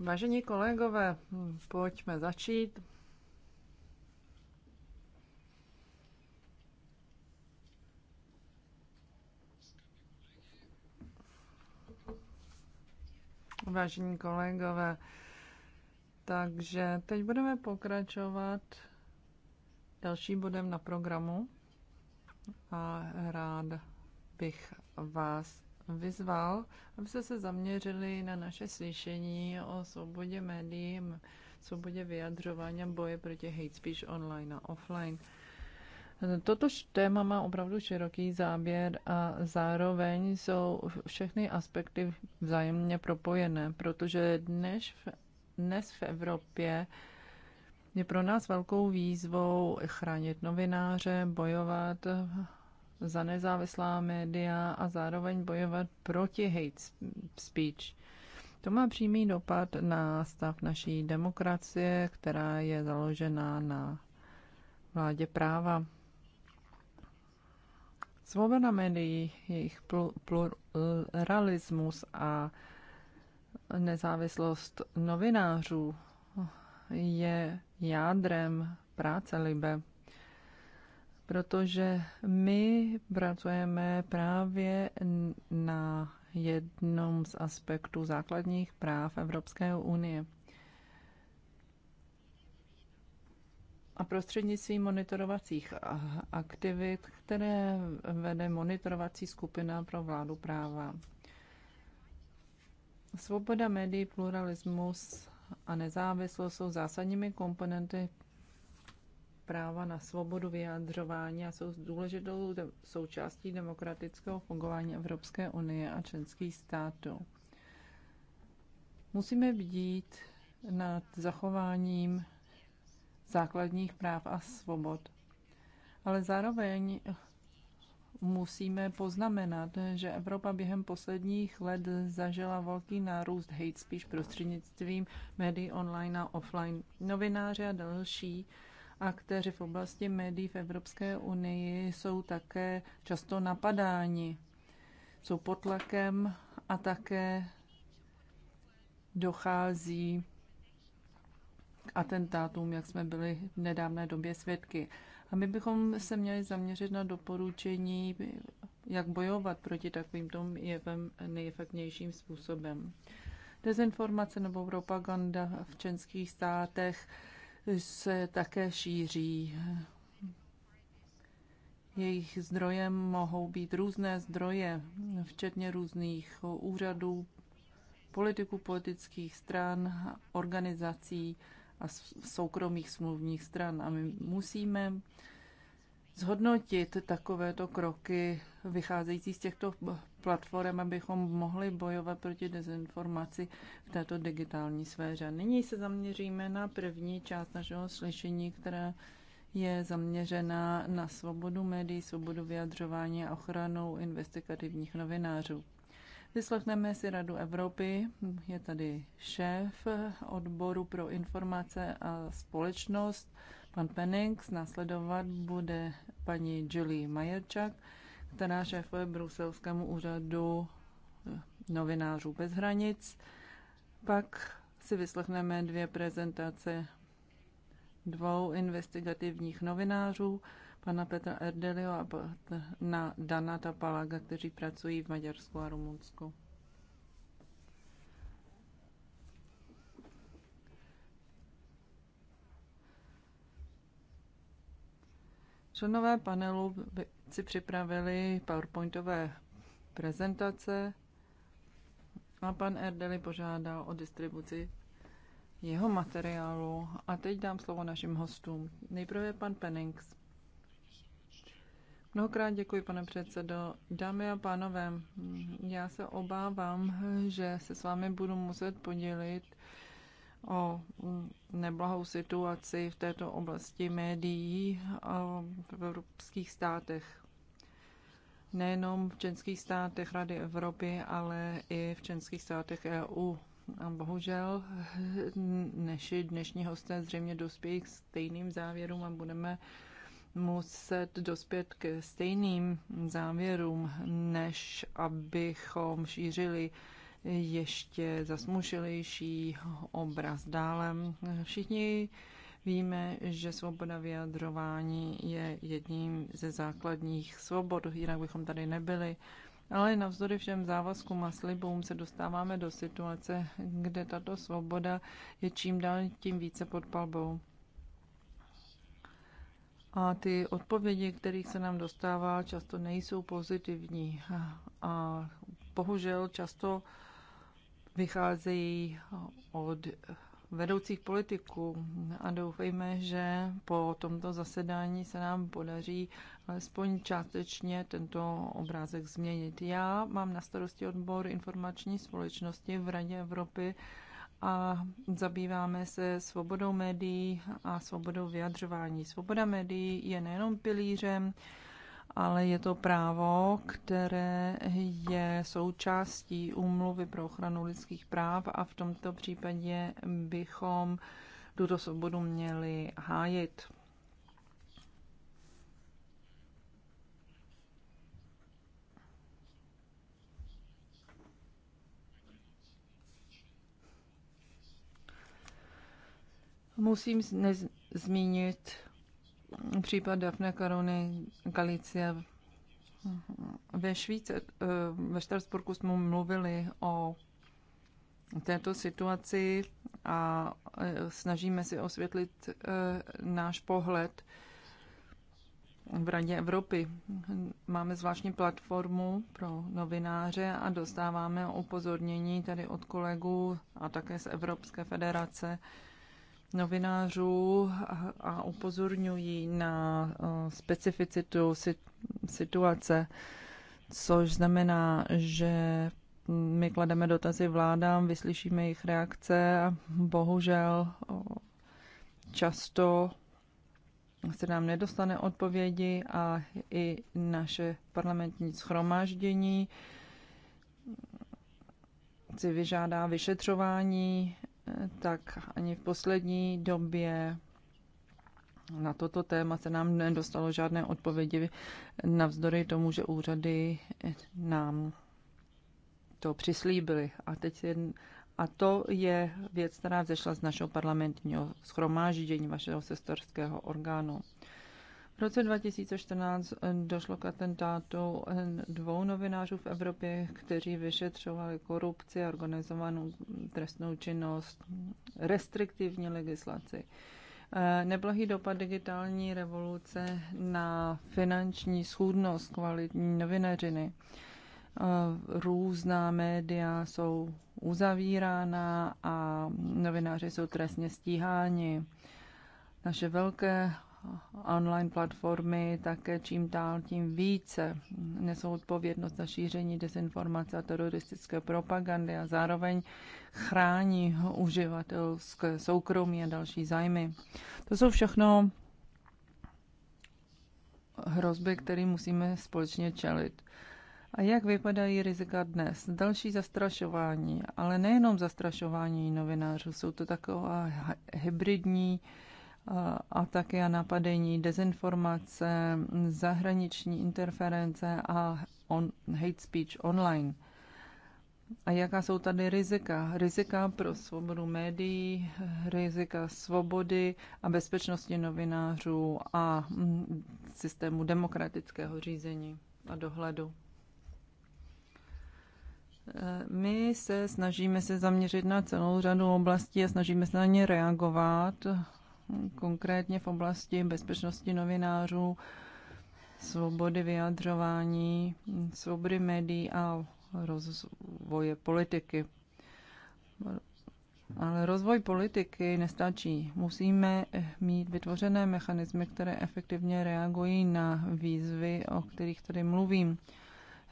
Vážení kolegové, hm, pojďme začít. Vážení kolegové, takže teď budeme pokračovat dalším bodem na programu a rád bych vás vyzval, aby se zaměřili na naše slyšení o svobodě médií, svobodě vyjadřování a boje proti hate speech online a offline. Toto téma má opravdu široký záběr a zároveň jsou všechny aspekty vzájemně propojené, protože dnes, v dnes v Evropě je pro nás velkou výzvou chránit novináře, bojovat za nezávislá média a zároveň bojovat proti hate speech. To má přímý dopad na stav naší demokracie, která je založená na vládě práva. Svoboda médií, jejich pluralismus a nezávislost novinářů je jádrem práce Libe protože my pracujeme právě na jednom z aspektů základních práv Evropské unie. A prostřednictvím monitorovacích aktivit, které vede monitorovací skupina pro vládu práva. Svoboda médií, pluralismus a nezávislost jsou zásadními komponenty práva na svobodu vyjadřování a jsou důležitou součástí demokratického fungování Evropské unie a členských států. Musíme bdít nad zachováním základních práv a svobod, ale zároveň musíme poznamenat, že Evropa během posledních let zažila velký nárůst hate speech prostřednictvím médií online a offline. Novináři a další Aktéři v oblasti médií v Evropské unii jsou také často napadáni, jsou pod tlakem a také dochází k atentátům, jak jsme byli v nedávné době svědky. A my bychom se měli zaměřit na doporučení, jak bojovat proti takovým jevem nejefektnějším způsobem. Dezinformace nebo propaganda v českých státech se také šíří. Jejich zdrojem mohou být různé zdroje, včetně různých úřadů, politiků, politických stran, organizací a soukromých smluvních stran. A my musíme zhodnotit takovéto kroky vycházející z těchto platform, abychom mohli bojovat proti dezinformaci v této digitální sféře. Nyní se zaměříme na první část našeho slyšení, která je zaměřená na svobodu médií, svobodu vyjadřování a ochranu investigativních novinářů. Vyslechneme si Radu Evropy, je tady šéf odboru pro informace a společnost, pan Pennings, následovat bude paní Julie Majerčak, která šéfuje bruselskému úřadu eh, novinářů bez hranic. Pak si vyslechneme dvě prezentace dvou investigativních novinářů, pana Petra Erdelio a pana Dana Tapalaga, kteří pracují v Maďarsku a Rumunsku. Členové panelu si připravili PowerPointové prezentace a pan Erdely požádal o distribuci jeho materiálu. A teď dám slovo našim hostům. Nejprve pan Pennings. Mnohokrát děkuji, pane předsedo. Dámy a pánové, já se obávám, že se s vámi budu muset podělit o neblahou situaci v této oblasti médií v evropských státech. Nejenom v členských státech Rady Evropy, ale i v členských státech EU. A bohužel dneši, dnešní hosté zřejmě dospějí k stejným závěrům a budeme muset dospět k stejným závěrům, než abychom šířili uh, ještě zasmušilejší obraz. Dále všichni Víme, že svoboda vyjadrování je jedním ze základních svobod, jinak bychom tady nebyli. Ale navzdory všem závazkům a slibům se dostáváme do situace, kde tato svoboda je čím dál tím více pod palbou. A ty odpovědi, kterých se nám dostává, často nejsou pozitivní. A bohužel často vycházejí od vedoucích politiků a doufejme, že po tomto zasedání se nám podaří alespoň částečně tento obrázek změnit. Já mám na starosti odbor informační společnosti v Radě Evropy a zabýváme se svobodou médií a svobodou vyjadřování. Svoboda médií je nejenom pilířem, ale je to právo, které je součástí úmluvy pro ochranu lidských práv a v tomto případě bychom tuto svobodu měli hájit. Musím zmínit Případ Dafne Karony Galicia ve Švíce, eh, ve Štrasburku jsme mluvili o této situaci a eh, snažíme si osvětlit eh, náš pohled v Radě Evropy. Máme zvláštní platformu pro novináře a dostáváme upozornění tady od kolegů a také z Evropské federace novinářů a, upozorňují na eh, specificitu situace, což znamená, že my klademe dotazy vládám, vyslyšíme jejich reakce a bohužel často se nám nedostane odpovědi a i naše parlamentní schromáždění si vyžádá vyšetřování tak ani v poslední době na toto téma se nám nedostalo žádné odpovědi, navzdory tomu, že úřady nám to přislíbily. A, teď je, a to je věc, která vzešla z našeho parlamentního schromáždění, vašeho sestorského orgánu. V roce 2014 eh, došlo k atentátu eh, dvou novinářů v Evropě, kteří vyšetřovali korupci organizovanou trestnou činnost, restriktivní legislaci. Eh, neblahý dopad digitální revoluce na finanční schůdnost kvalitní novinařiny. Různá média jsou uzavírána a novináři jsou trestně stíháni. Naše velké online platformy také čím dál tím více nesou odpovědnost za šíření dezinformace a teroristické propagandy a zároveň chrání uživatelské soukromí a další zájmy. To jsou všechno hrozby, které musíme společně čelit. A jak vypadají rizika dnes? Další zastrašování, ale nejenom zastrašování novinářů, jsou to taková hybridní uh, ataky a napadení, dezinformace, zahraniční interference a on, hate speech online. A jaká jsou tady rizika? Rizika pro svobodu médií, rizika svobody a bezpečnosti novinářů a mm, systému demokratického řízení a dohledu. E, my se snažíme se zaměřit na celou řadu oblastí a snažíme se na ně reagovat konkrétně v oblasti bezpečnosti novinářů, svobody vyjadřování, svobody médií a rozvoje politiky. Ale rozvoj politiky nestačí. Musíme mít vytvořené mechanismy, které efektivně reagují na výzvy, o kterých tady mluvím.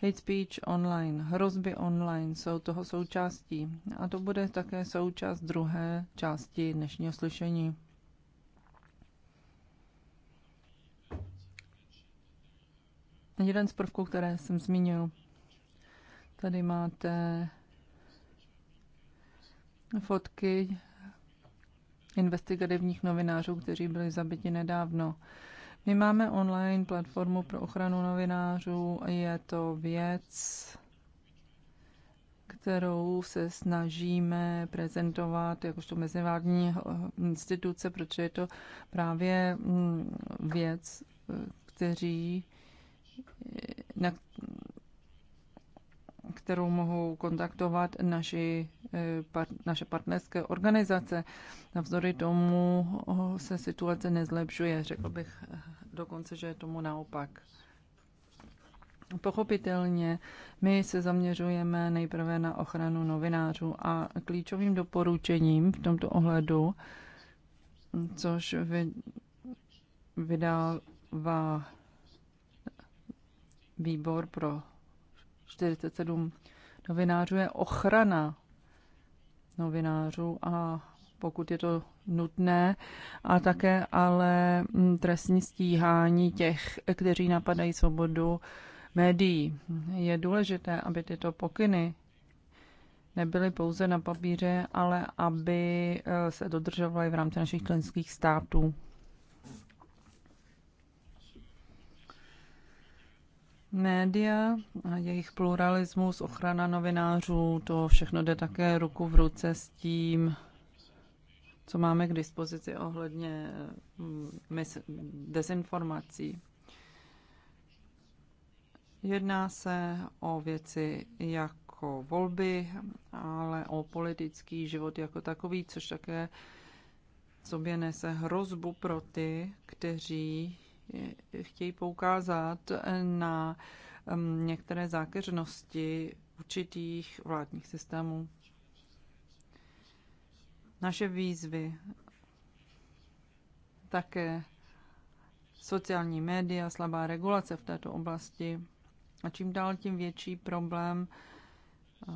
Hate speech online, hrozby online jsou toho součástí. A to bude také součást druhé části dnešního slyšení. jeden z prvků, které jsem zmínil. Tady máte fotky investigativních novinářů, kteří byli zabiti nedávno. My máme online platformu pro ochranu novinářů. a Je to věc, kterou se snažíme prezentovat jakožto mezinárodní instituce, protože je to právě mm, věc, kteří na kterou mohou kontaktovat naši, eh, naše partnerské organizace. Navzdory tomu eh, se situace nezlepšuje. Řekl bych eh, dokonce, že je tomu naopak. Pochopitelně my se zaměřujeme nejprve na ochranu novinářů a klíčovým doporučením v tomto ohledu, což vydává výbor pro 47 novinářů je ochrana novinářů a pokud je to nutné, a také ale mm, trestní stíhání těch, kteří napadají svobodu médií. Je důležité, aby tyto pokyny nebyly pouze na papíře, ale aby eh, se dodržovaly v rámci našich členských států. Média a jejich pluralismus, ochrana novinářů, to všechno jde také ruku v ruce s tím, co máme k dispozici ohledně mm, mis- dezinformací. Jedná se o věci jako volby, ale o politický život jako takový, což také sobě nese hrozbu pro ty, kteří chtějí poukázat na některé zákeřnosti určitých vládních systémů. Naše výzvy také sociální média, slabá regulace v této oblasti a čím dál tím větší problém eh,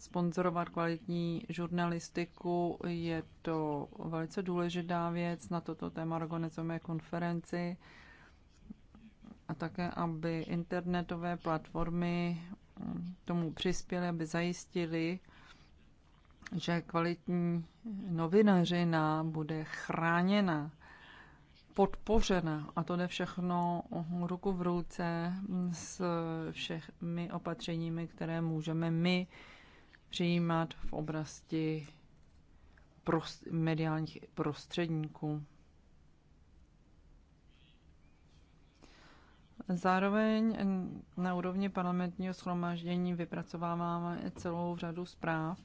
sponzorovat kvalitní žurnalistiku. Je to velice důležitá věc. Na toto téma organizujeme konferenci a také, aby internetové platformy mm, tomu přispěly, aby zajistili, že kvalitní novinařina bude chráněna, podpořena a to jde všechno ruku v ruce s všemi opatřeními, které můžeme my přijímat v oblasti prost- mediálních prostředníků. Zároveň na úrovni parlamentního schromáždění vypracováváme celou řadu zpráv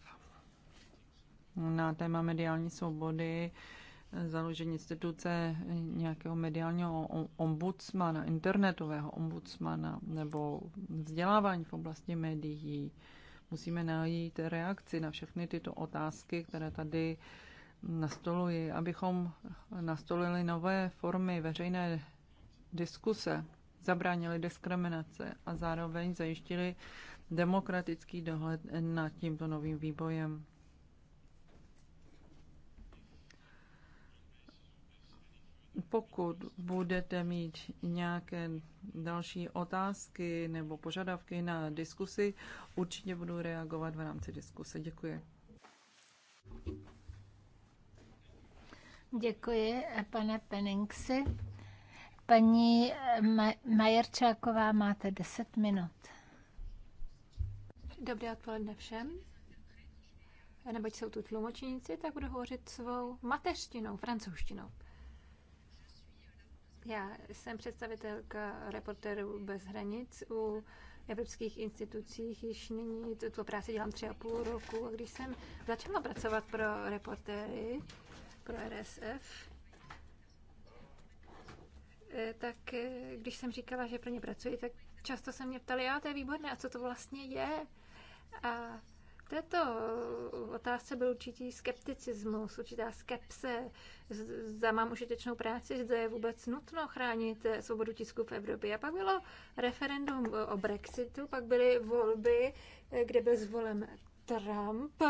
na téma mediální svobody, založení instituce nějakého mediálního ombudsmana, internetového ombudsmana nebo vzdělávání v oblasti médií. Musíme najít reakci na všechny tyto otázky, které tady nastoluji, abychom nastolili nové formy veřejné diskuse zabránili diskriminace a zároveň zajištili demokratický dohled nad tímto novým výbojem. Pokud budete mít nějaké další otázky nebo požadavky na diskusi, určitě budu reagovat v rámci diskuse. Děkuji. Děkuji, pane Penningse. Paní eh, Majerčáková, máte 10 minut. Dobré odpoledne všem. Neboť jsou tu tlumočníci, tak budu hovořit svou mateřštinou, francouzštinou. Já jsem představitelka reportérů bez hranic u evropských institucích. Již nyní tuto práci dělám tři a půl roku. A když jsem začala pracovat pro reportéry, pro RSF, E, tak e, když jsem říkala, že pro ně pracuji, tak často se mě ptali, já to je výborné, a co to vlastně je? A v této otázce byl určitý skepticismus, určitá skepse. Za mám užitečnou práci, zda je vůbec nutno chránit svobodu tisku v Evropě. A pak bylo referendum o Brexitu, pak byly volby, e, kde byl zvolen Trump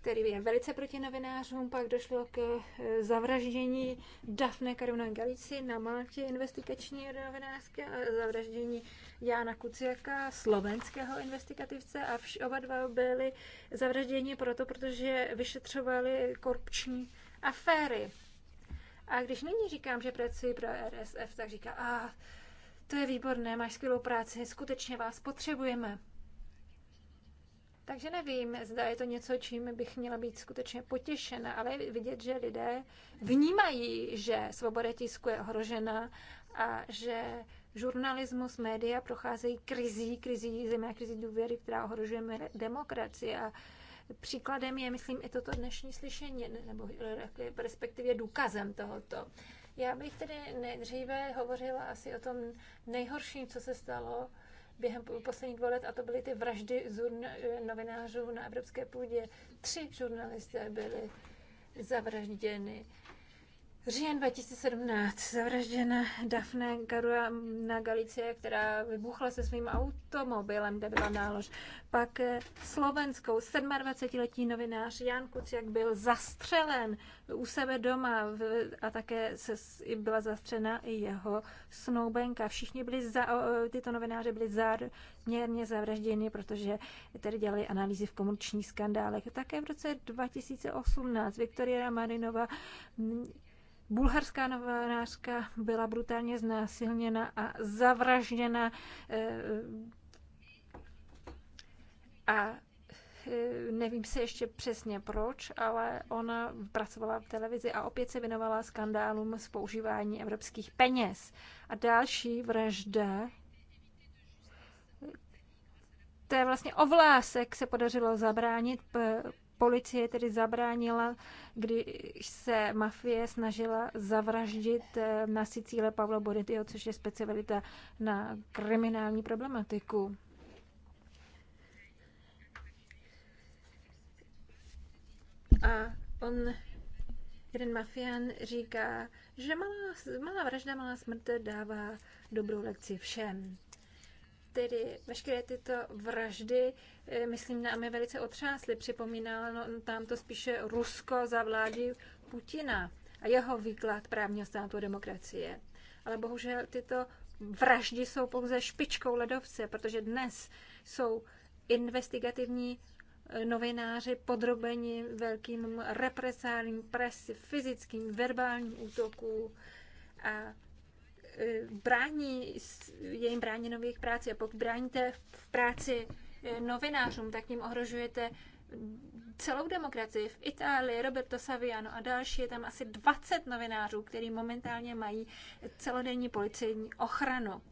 který je velice proti novinářům. Pak došlo k eh, zavraždění Dafne Karuna Galici na Maltě, investigační novinářské, a zavraždění Jana Kuciaka, slovenského investigativce a vš- oba dva byli zavražděni proto, protože vyšetřovali korupční aféry. A když nyní říkám, že pracuji pro RSF, tak říká, a ah, to je výborné, máš skvělou práci, skutečně vás potřebujeme. Takže nevím, zda je to něco, čím bych měla být skutečně potěšena, ale vidět, že lidé vnímají, že svoboda tisku je ohrožena a že žurnalismus, média procházejí krizí, krizí země, krizí důvěry, která ohrožuje demokracii. A příkladem je, myslím, i toto dnešní slyšení, nebo eh, respektive důkazem tohoto. Já bych tedy nejdříve hovořila asi o tom nejhorším, co se stalo během posledních dvou let, a to byly ty vraždy novinářů na evropské půdě. Tři žurnalisté byli zavražděni. Říjen 2017 zavražděna Daphne na Galicie, která vybuchla se svým automobilem, kde byla nálož. Pak eh, slovenskou 27-letý novinář Jan Kuciak byl zastřelen u sebe doma v, a také se, byla zastřena i jeho snoubenka. Všichni byli za, tyto novináři byli záměrně zavražděni, protože tedy dělali analýzy v komunčních skandálech. Také v roce 2018 Viktoria Marinova Bulharská novinářka byla brutálně znásilněna a zavražděna eh, a eh, nevím se ještě přesně proč, ale ona pracovala v televizi a opět se věnovala skandálům z používání evropských peněz. A další vražda, to je vlastně ovlásek, se podařilo zabránit policie tedy zabránila, když se mafie snažila zavraždit eh, na Sicíle Pavla Boritio, což je specialita na kriminální problematiku. A on, jeden mafián, říká, že malá, malá vražda, malá smrt dává dobrou lekci všem. Tedy veškeré tyto vraždy, eh, myslím, je velice otřásly. Připomínalo tam to spíše Rusko za vlády Putina a jeho výklad právního státu a demokracie. Ale bohužel tyto vraždy jsou pouze špičkou ledovce, protože dnes jsou investigativní eh, novináři podrobeni velkým represálním presi, fyzickým, verbálním útokům a Eh, brání, je jim brání v jejich práci. A pokud bráníte v práci eh, novinářům, tak jim ohrožujete celou demokracii v Itálii, Roberto Saviano a další, je tam asi 20 novinářů, kteří momentálně mají celodenní policejní ochranu.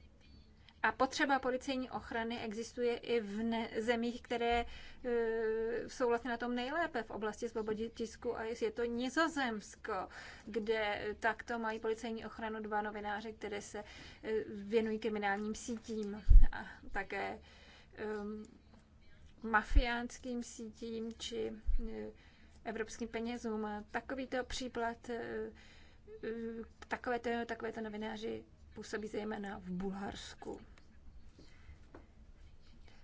A potřeba policejní ochrany existuje i v zemích, které e, jsou vlastně na tom nejlépe v oblasti svobody tisku a je to Nizozemsko, kde takto mají policejní ochranu dva novináři, které se e, věnují kriminálním sítím a také e, mafiánským sítím či e, evropským penězům. Takovýto případ, e, e, takovéto, takovéto novináři působí zejména v Bulharsku.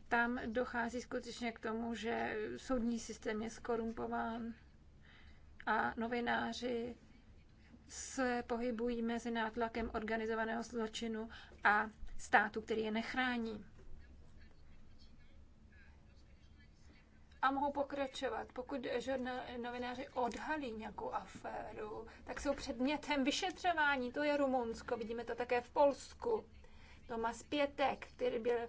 Tam dochází skutečně k tomu, že soudní systém je skorumpován a novináři se pohybují mezi nátlakem organizovaného zločinu a státu, který je nechrání. a mohou pokračovat. Pokud že novináři odhalí nějakou aféru, tak jsou předmětem vyšetřování. To je Rumunsko, vidíme to také v Polsku. Tomas Pětek, který byl, eh,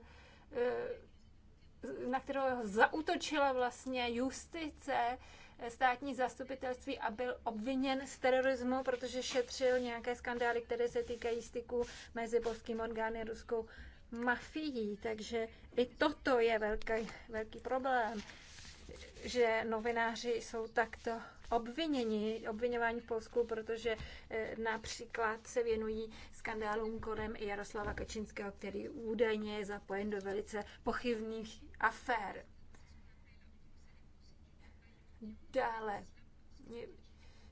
na kterého zautočila vlastně justice, eh, státní zastupitelství a byl obviněn z terorismu, protože šetřil nějaké skandály, které se týkají styku mezi polským orgány a ruskou mafií. Takže i toto je velký, velký problém že novináři jsou takto obviněni, obviněváni v Polsku, protože eh, například se věnují skandálům kolem Jaroslava Kačinského, který údajně je zapojen do velice pochybných afér. Dále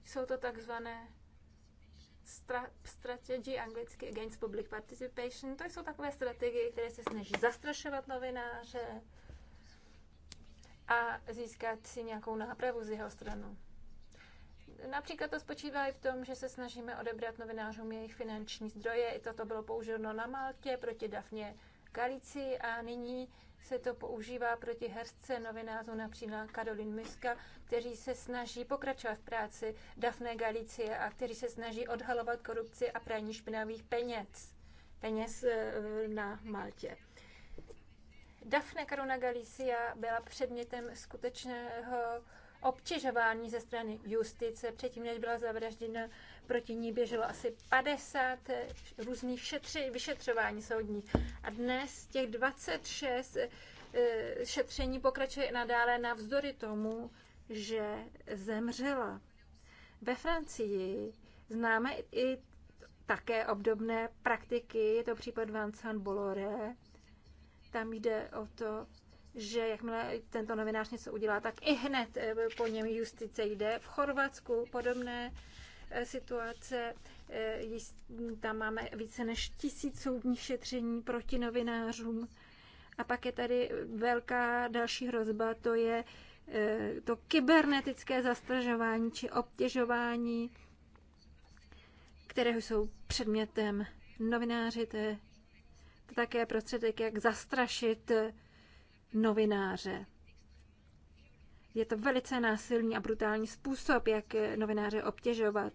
jsou to takzvané stra- strategy, anglicky against public participation. To jsou takové strategie, které se snaží zastrašovat novináře, a získat si nějakou nápravu z jeho stranu. Například to spočívá i v tom, že se snažíme odebrat novinářům jejich finanční zdroje. I toto bylo použito na Maltě proti Dafně Galici a nyní se to používá proti herce novinářů například Karolin Miska, kteří se snaží pokračovat v práci Dafné Galicie a kteří se snaží odhalovat korupci a praní špinavých peněz, peněz eh, na Maltě. Daphne Karuna Galicia byla předmětem skutečného obtěžování ze strany justice. Předtím, než byla zavražděna, proti ní běželo asi 50 různých šetři, vyšetřování soudních. A dnes těch 26 eh, šetření pokračuje nadále navzdory tomu, že zemřela. Ve Francii známe i také obdobné praktiky, je to případ Vincent Bolloré, tam jde o to, že jakmile tento novinář něco udělá, tak i hned eh, po něm justice jde. V Chorvatsku podobné eh, situace. Eh, tam máme více než tisíc soudních šetření proti novinářům. A pak je tady velká další hrozba, to je to kybernetické zastražování či obtěžování, kterého jsou předmětem novináři, to je také prostředek, jak zastrašit novináře. Je to velice násilný a brutální způsob, jak novináře obtěžovat.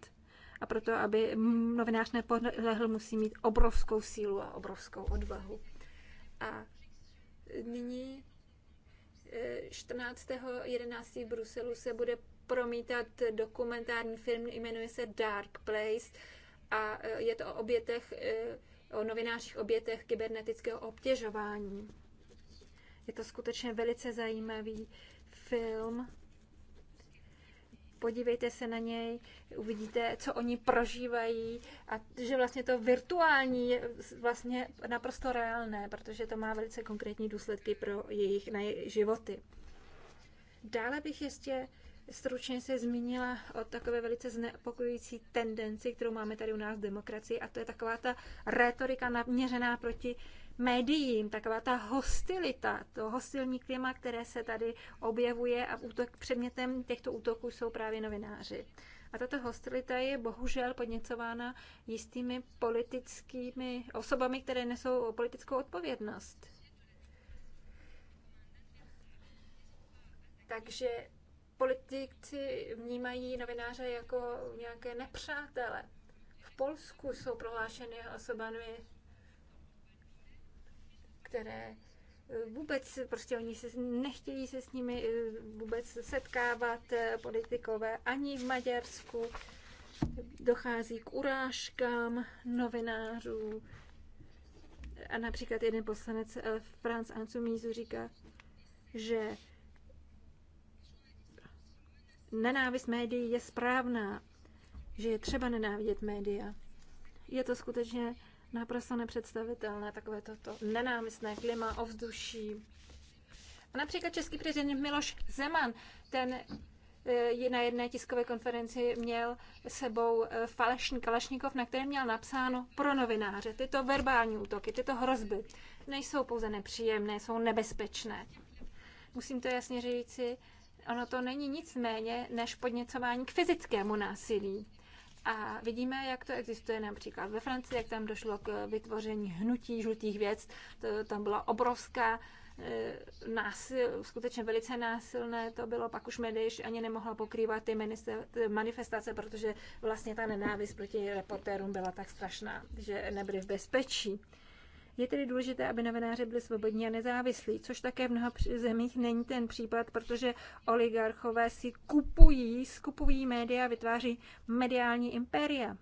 A proto, aby novinář nepodlehl, musí mít obrovskou sílu a obrovskou odvahu. A nyní 14.11. Eh, v Bruselu se bude promítat dokumentární film, jmenuje se Dark Place a eh, je to o obětech eh, o novinářích obětech kybernetického obtěžování. Je to skutečně velice zajímavý film. Podívejte se na něj, uvidíte, co oni prožívají a že vlastně to virtuální je vlastně naprosto reálné, protože to má velice konkrétní důsledky pro jejich na jejich životy. Dále bych ještě stručně se zmínila o takové velice znepokojující tendenci, kterou máme tady u nás v demokracii, a to je taková ta rétorika naměřená proti médiím, taková ta hostilita, to hostilní klima, které se tady objevuje a útok, předmětem těchto útoků jsou právě novináři. A tato hostilita je bohužel podněcována jistými politickými osobami, které nesou politickou odpovědnost. Takže politici vnímají novináře jako nějaké nepřátele. V Polsku jsou prohlášeny osobami, které eh, vůbec prostě oni se nechtějí se s nimi eh, vůbec setkávat eh, politikové ani v Maďarsku. Dochází k urážkám novinářů. A například jeden poslanec Franz Ansumízu říká, že nenávist médií je správná, že je třeba nenávidět média. Je to skutečně naprosto nepředstavitelné, takové toto nenávistné klima, ovzduší. A například český prezident Miloš Zeman, ten e, na jedné tiskové konferenci měl sebou e, falešný kalašníkov, na kterém měl napsáno pro novináře. Tyto verbální útoky, tyto hrozby nejsou pouze nepříjemné, jsou nebezpečné. Musím to jasně říci, Ono to není nic méně než podněcování k fyzickému násilí. A vidíme, jak to existuje například ve Francii, jak tam došlo k vytvoření hnutí žlutých věc. To, tam byla obrovská eh, násil, skutečně velice násilné to bylo, pak už médiš ani nemohla pokrývat ty, minister, ty manifestace, protože vlastně ta nenávist proti reportérům byla tak strašná, že nebyli v bezpečí. Je tedy důležité, aby novináři byli svobodní a nezávislí, což také v mnoha zemích není ten případ, protože oligarchové si kupují, skupují média, vytváří mediální impéria.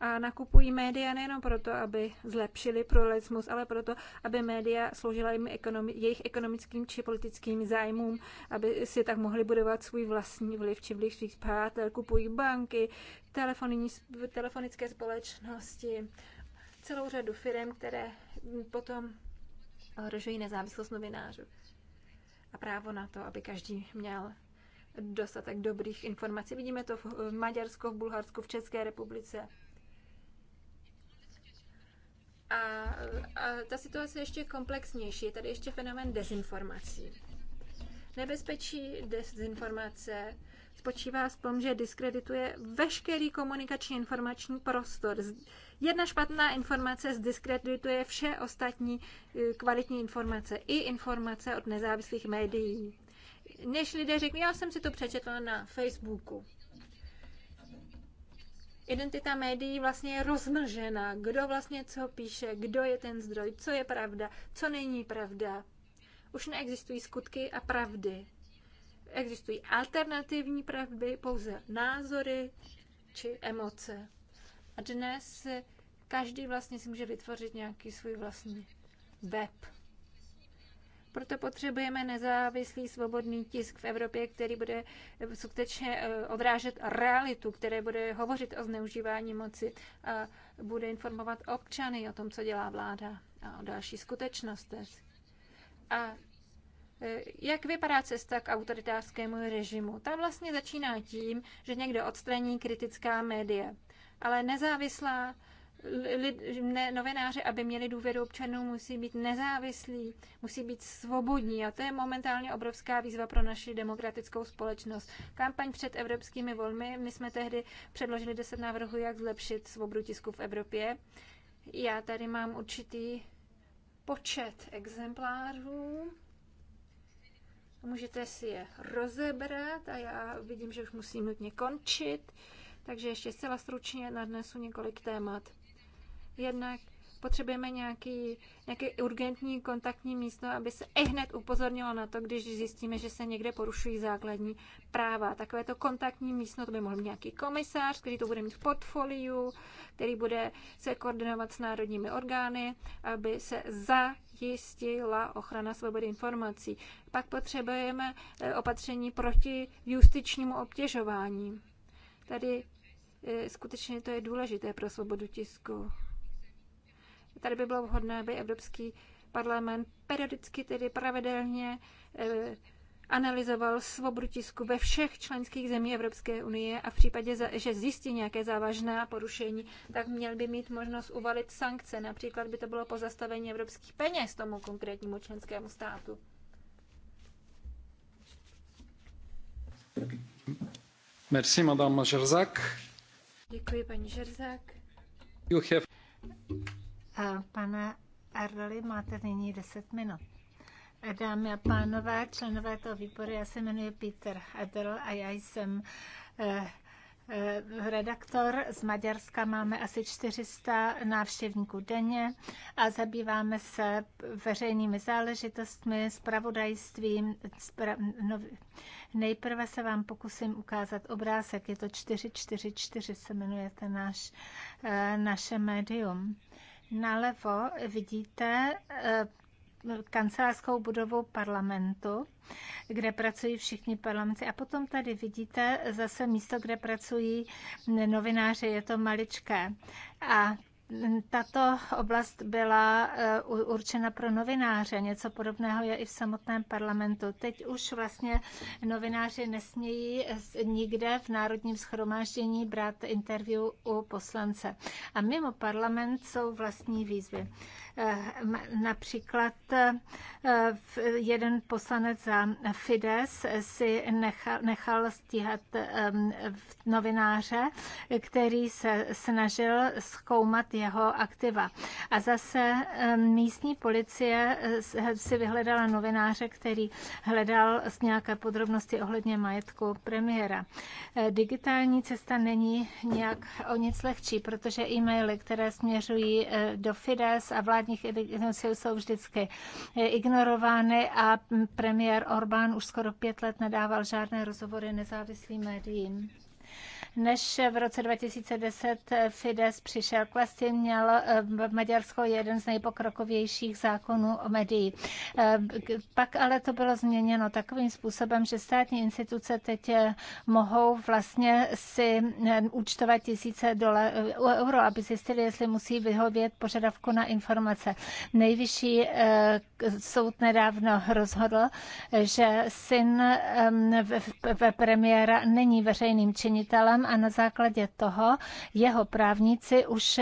A nakupují média nejenom proto, aby zlepšili pluralismus, ale proto, aby média sloužila jim ekonomi- jejich ekonomickým či politickým zájmům, aby si tak mohli budovat svůj vlastní vliv či vliv svých přátel. Kupují banky, telefonické společnosti, celou řadu firm, které potom ohrožují nezávislost novinářů a právo na to, aby každý měl dostatek dobrých informací. Vidíme to eh, v Maďarsku, v Bulharsku, v České republice. A, a ta situace je ještě komplexnější. Je tady ještě fenomén dezinformací. Nebezpečí dezinformace spočívá v tom, že diskredituje veškerý komunikační informační prostor. Jedna špatná informace zdiskredituje vše ostatní eh, kvalitní informace, i informace od nezávislých médií. Než lidé řeknou, já jsem si to přečetla na Facebooku. Identita médií vlastně je rozmlžená. Kdo vlastně co píše, kdo je ten zdroj, co je pravda, co není pravda. Už neexistují skutky a pravdy. Existují alternativní pravdy, pouze názory či emoce. A dnes každý vlastně si může vytvořit nějaký svůj vlastní web. Proto potřebujeme nezávislý svobodný tisk v Evropě, který bude skutečně eh, odrážet realitu, které bude hovořit o zneužívání moci a bude informovat občany o tom, co dělá vláda a o další skutečnostech. A jak vypadá cesta k autoritářskému režimu? Ta vlastně začíná tím, že někdo odstraní kritická média, ale nezávislá lid, ne, novináři, aby měli důvěru občanů, musí být nezávislí, musí být svobodní. A to je momentálně obrovská výzva pro naši demokratickou společnost. Kampaň před evropskými volmi, my jsme tehdy předložili deset návrhů, jak zlepšit svobodu tisku v Evropě. Já tady mám určitý počet exemplářů. Můžete si je rozebrat a já vidím, že už musím nutně končit, takže ještě zcela stručně nadnesu několik témat. Jednak potřebujeme nějaký, nějaké urgentní kontaktní místo, aby se i hned upozornilo na to, když zjistíme, že se někde porušují základní práva. Takové to kontaktní místo, to by mohl nějaký komisář, který to bude mít v portfoliu, který bude se koordinovat s národními orgány, aby se za zajistila ochrana svobody informací. Pak potřebujeme eh, opatření proti justičnímu obtěžování. Tady eh, skutečně to je důležité pro svobodu tisku. Tady by bylo vhodné, aby Evropský parlament periodicky, tedy pravidelně, eh, analyzoval svobodu tisku ve všech členských zemí Evropské unie a v případě, že zjistí nějaké závažné porušení, tak měl by mít možnost uvalit sankce. Například by to bylo pozastavení evropských peněz tomu konkrétnímu členskému státu. Merci, madame Žerzak. Děkuji, paní Žerzak. You have... Pane Erli, máte nyní 10 minut. Dámy a pánové, členové toho výboru, já se jmenuji Peter Adel a já jsem eh, eh, redaktor z Maďarska. Máme asi 400 návštěvníků denně a zabýváme se veřejnými záležitostmi, spravodajstvím. nejprve se vám pokusím ukázat obrázek. Je to 444, se jmenuje ten náš, eh, naše médium. Nalevo vidíte kancelářskou budovu parlamentu, kde pracují všichni parlamenty. A potom tady vidíte zase místo, kde pracují novináři, je to maličké. A tato oblast byla eh, určena pro novináře. Něco podobného je i v samotném parlamentu. Teď už vlastně novináři nesmějí nikde v Národním schromáždění brát interview u poslance. A mimo parlament jsou vlastní výzvy. Eh, například eh, jeden poslanec za Fides si nechal, nechal stíhat ehm, novináře, který se snažil zkoumat jeho aktiva. A zase ehm, místní policie eh, si vyhledala novináře, který hledal s nějaké podrobnosti ohledně majetku premiéra. Digitální cesta není nějak o nic lehčí, protože e-maily, které směřují do Fides a vládní národních identity jsou vždycky ignorovány a premiér Orbán už skoro pět let nedával žádné rozhovory nezávislým médiím. Než v roce 2010 Fides přišel k vlasti, měl eh, v Maďarsko jeden z nejpokrokovějších zákonů o médií. Eh, pak ale to bylo změněno takovým způsobem, že státní instituce teď eh, mohou vlastně si účtovat tisíce dolar, euro, aby zjistili, jestli musí vyhovět požadavku na informace. Nejvyšší soud nedávno rozhodl, že syn ve premiéra není veřejným činitelem, Iránem a na základě toho jeho právníci už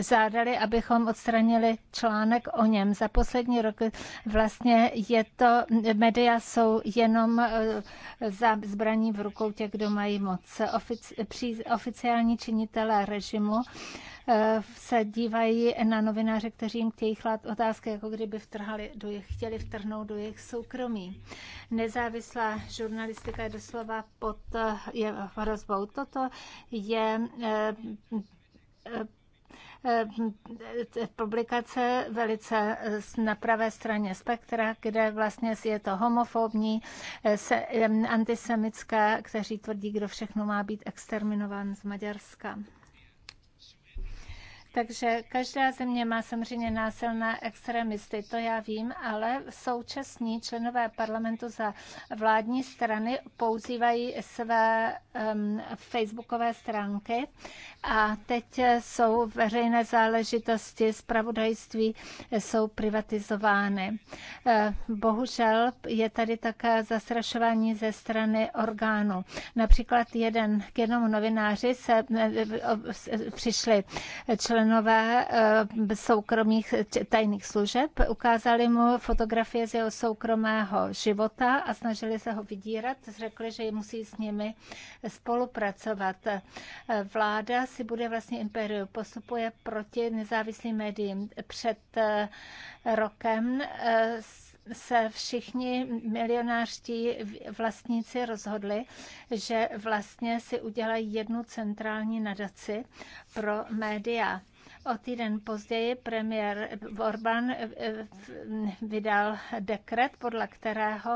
zádali, eh, abychom odstranili článek o něm. Za poslední roky vlastně je to, média jsou jenom eh, za zbraní v rukou těch, kdo mají moc. Ofici, oficiální činitelé režimu Eh, se dívají na novináře, kteří jim chtějí chlát otázky, jako kdyby vtrhali do jejich, chtěli vtrhnout do jejich soukromí. Nezávislá žurnalistika je doslova pod eh, je hrozbou. Toto je eh, publikace velice na pravé straně spektra, kde vlastně je to homofobní, antisemické, kteří tvrdí, kdo všechno má být exterminován z Maďarska. Takže každá země má samozřejmě násilné extremisty, to já vím, ale současní členové parlamentu za vládní strany používají své um, facebookové stránky a teď jsou veřejné záležitosti, zpravodajství jsou privatizovány. E, bohužel je tady také zastrašování ze strany orgánů. Například jeden, k jednomu novináři se e, e, přišli člen členové eh, soukromých tajných služeb. Ukázali mu fotografie z jeho soukromého života a snažili se ho vydírat. Řekli, že musí s nimi spolupracovat. Eh, vláda si bude vlastně imperiu postupuje proti nezávislým médiím. Před eh, rokem se všichni milionářští vlastníci rozhodli, že vlastně si udělají jednu centrální nadaci pro média. O týden později premiér Orbán eh, eh, vydal dekret, podle kterého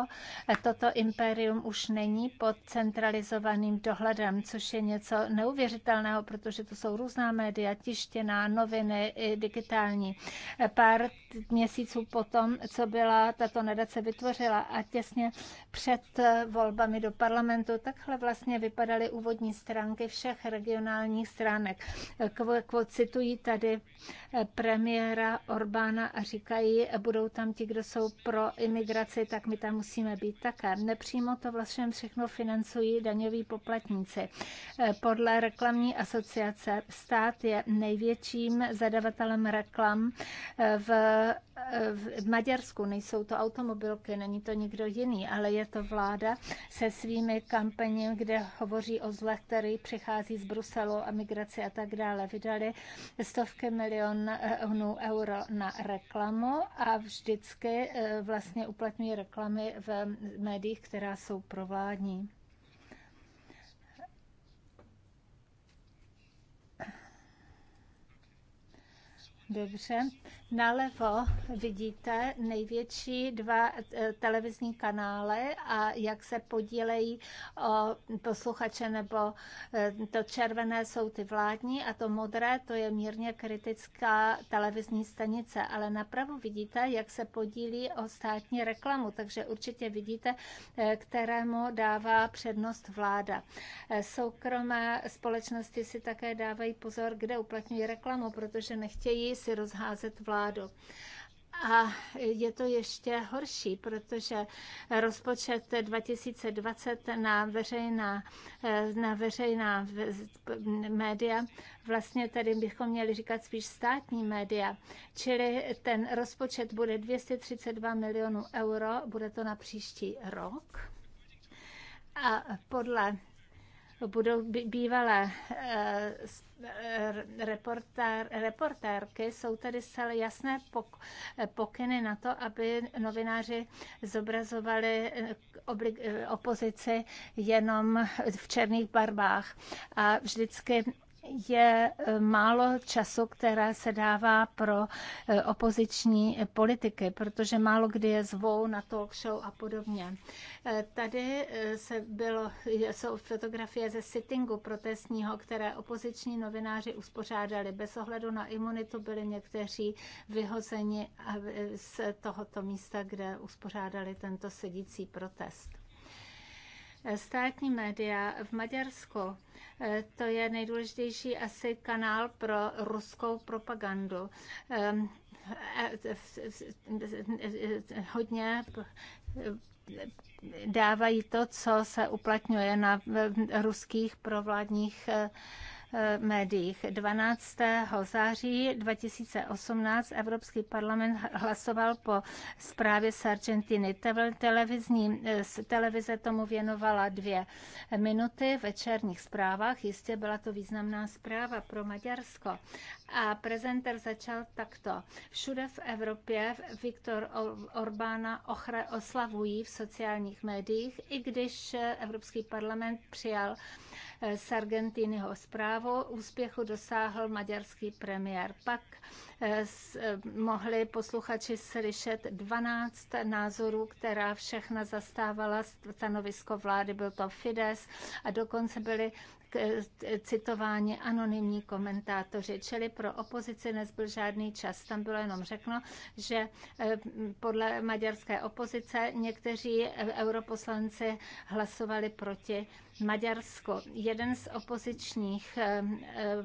eh, toto impérium už není pod centralizovaným dohledem, což je něco neuvěřitelného, protože to jsou různá média, tištěná, noviny i digitální. Pár měsíců potom, co byla tato nadace vytvořila a těsně před volbami do parlamentu, takhle vlastně vypadaly úvodní stránky všech regionálních stránek. Kvo, kvo, citují tady tady premiéra Orbána a říkají, budou tam ti, kdo jsou pro imigraci, tak my tam musíme být také. Nepřímo to vlastně všechno financují daňoví poplatníci. Podle reklamní asociace stát je největším zadavatelem reklam v v Maďarsku nejsou to automobilky, není to nikdo jiný, ale je to vláda se svými kampaněmi, kde hovoří o zle, který přichází z Bruselu a migraci a tak dále. Vydali stovky milionů eh, euro na reklamu a vždycky eh, vlastně uplatňují reklamy v médiích, která jsou provládní. Dobře. Nalevo vidíte největší dva eh, televizní kanály a jak se podílejí o posluchače nebo eh, to červené jsou ty vládní a to modré to je mírně kritická televizní stanice, ale napravo vidíte, jak se podílí o státní reklamu, takže určitě vidíte, eh, kterému dává přednost vláda. Soukromé společnosti si také dávají pozor, kde uplatňují reklamu, protože nechtějí si rozházet vládu vládu. A je to ještě horší, protože rozpočet 2020 na veřejná, na veřejná média, vlastně tady bychom měli říkat spíš státní média, čili ten rozpočet bude 232 milionů euro, bude to na příští rok. A podle budou bývalé eh, eh, reportér, reportérky, jsou tady celé jasné pokyny na to, aby novináři zobrazovali eh, opozici jenom v černých barbách. A vždycky je eh, málo času, které se dává pro eh, opoziční politiky, protože málo kdy je zvou na talk show a podobně. Eh, tady se bylo, jsou fotografie ze sittingu protestního, které opoziční novináři uspořádali. Bez ohledu na imunitu byli někteří vyhozeni z tohoto místa, kde uspořádali tento sedící protest. Státní média v Maďarsku Eh, to je nejdůležitější asi kanál pro ruskou propagandu. Ehm, eh, hodně eh, dávají to, co se uplatňuje na ruských provládních Eh, médiích. 12. září 2018 Evropský parlament hlasoval po zprávě z Argentiny. Televizní, eh, televize tomu věnovala dvě minuty v večerních zprávách. Jistě byla to významná zpráva pro Maďarsko. A prezenter začal takto. Všude v Evropě Viktor Orbána oslavují v sociálních médiích, i když eh, Evropský parlament přijal s Argentinyho zprávu. Úspěchu dosáhl maďarský premiér. Pak eh, eh, mohli posluchači slyšet 12 názorů, která všechna zastávala stanovisko vlády. Byl to Fides a dokonce byly E, citováni anonymní komentátoři, čili pro opozici nezbyl žádný čas. Tam bylo jenom řekno, že e, podle maďarské opozice někteří e, europoslanci hlasovali proti Maďarsku. Jeden z opozičních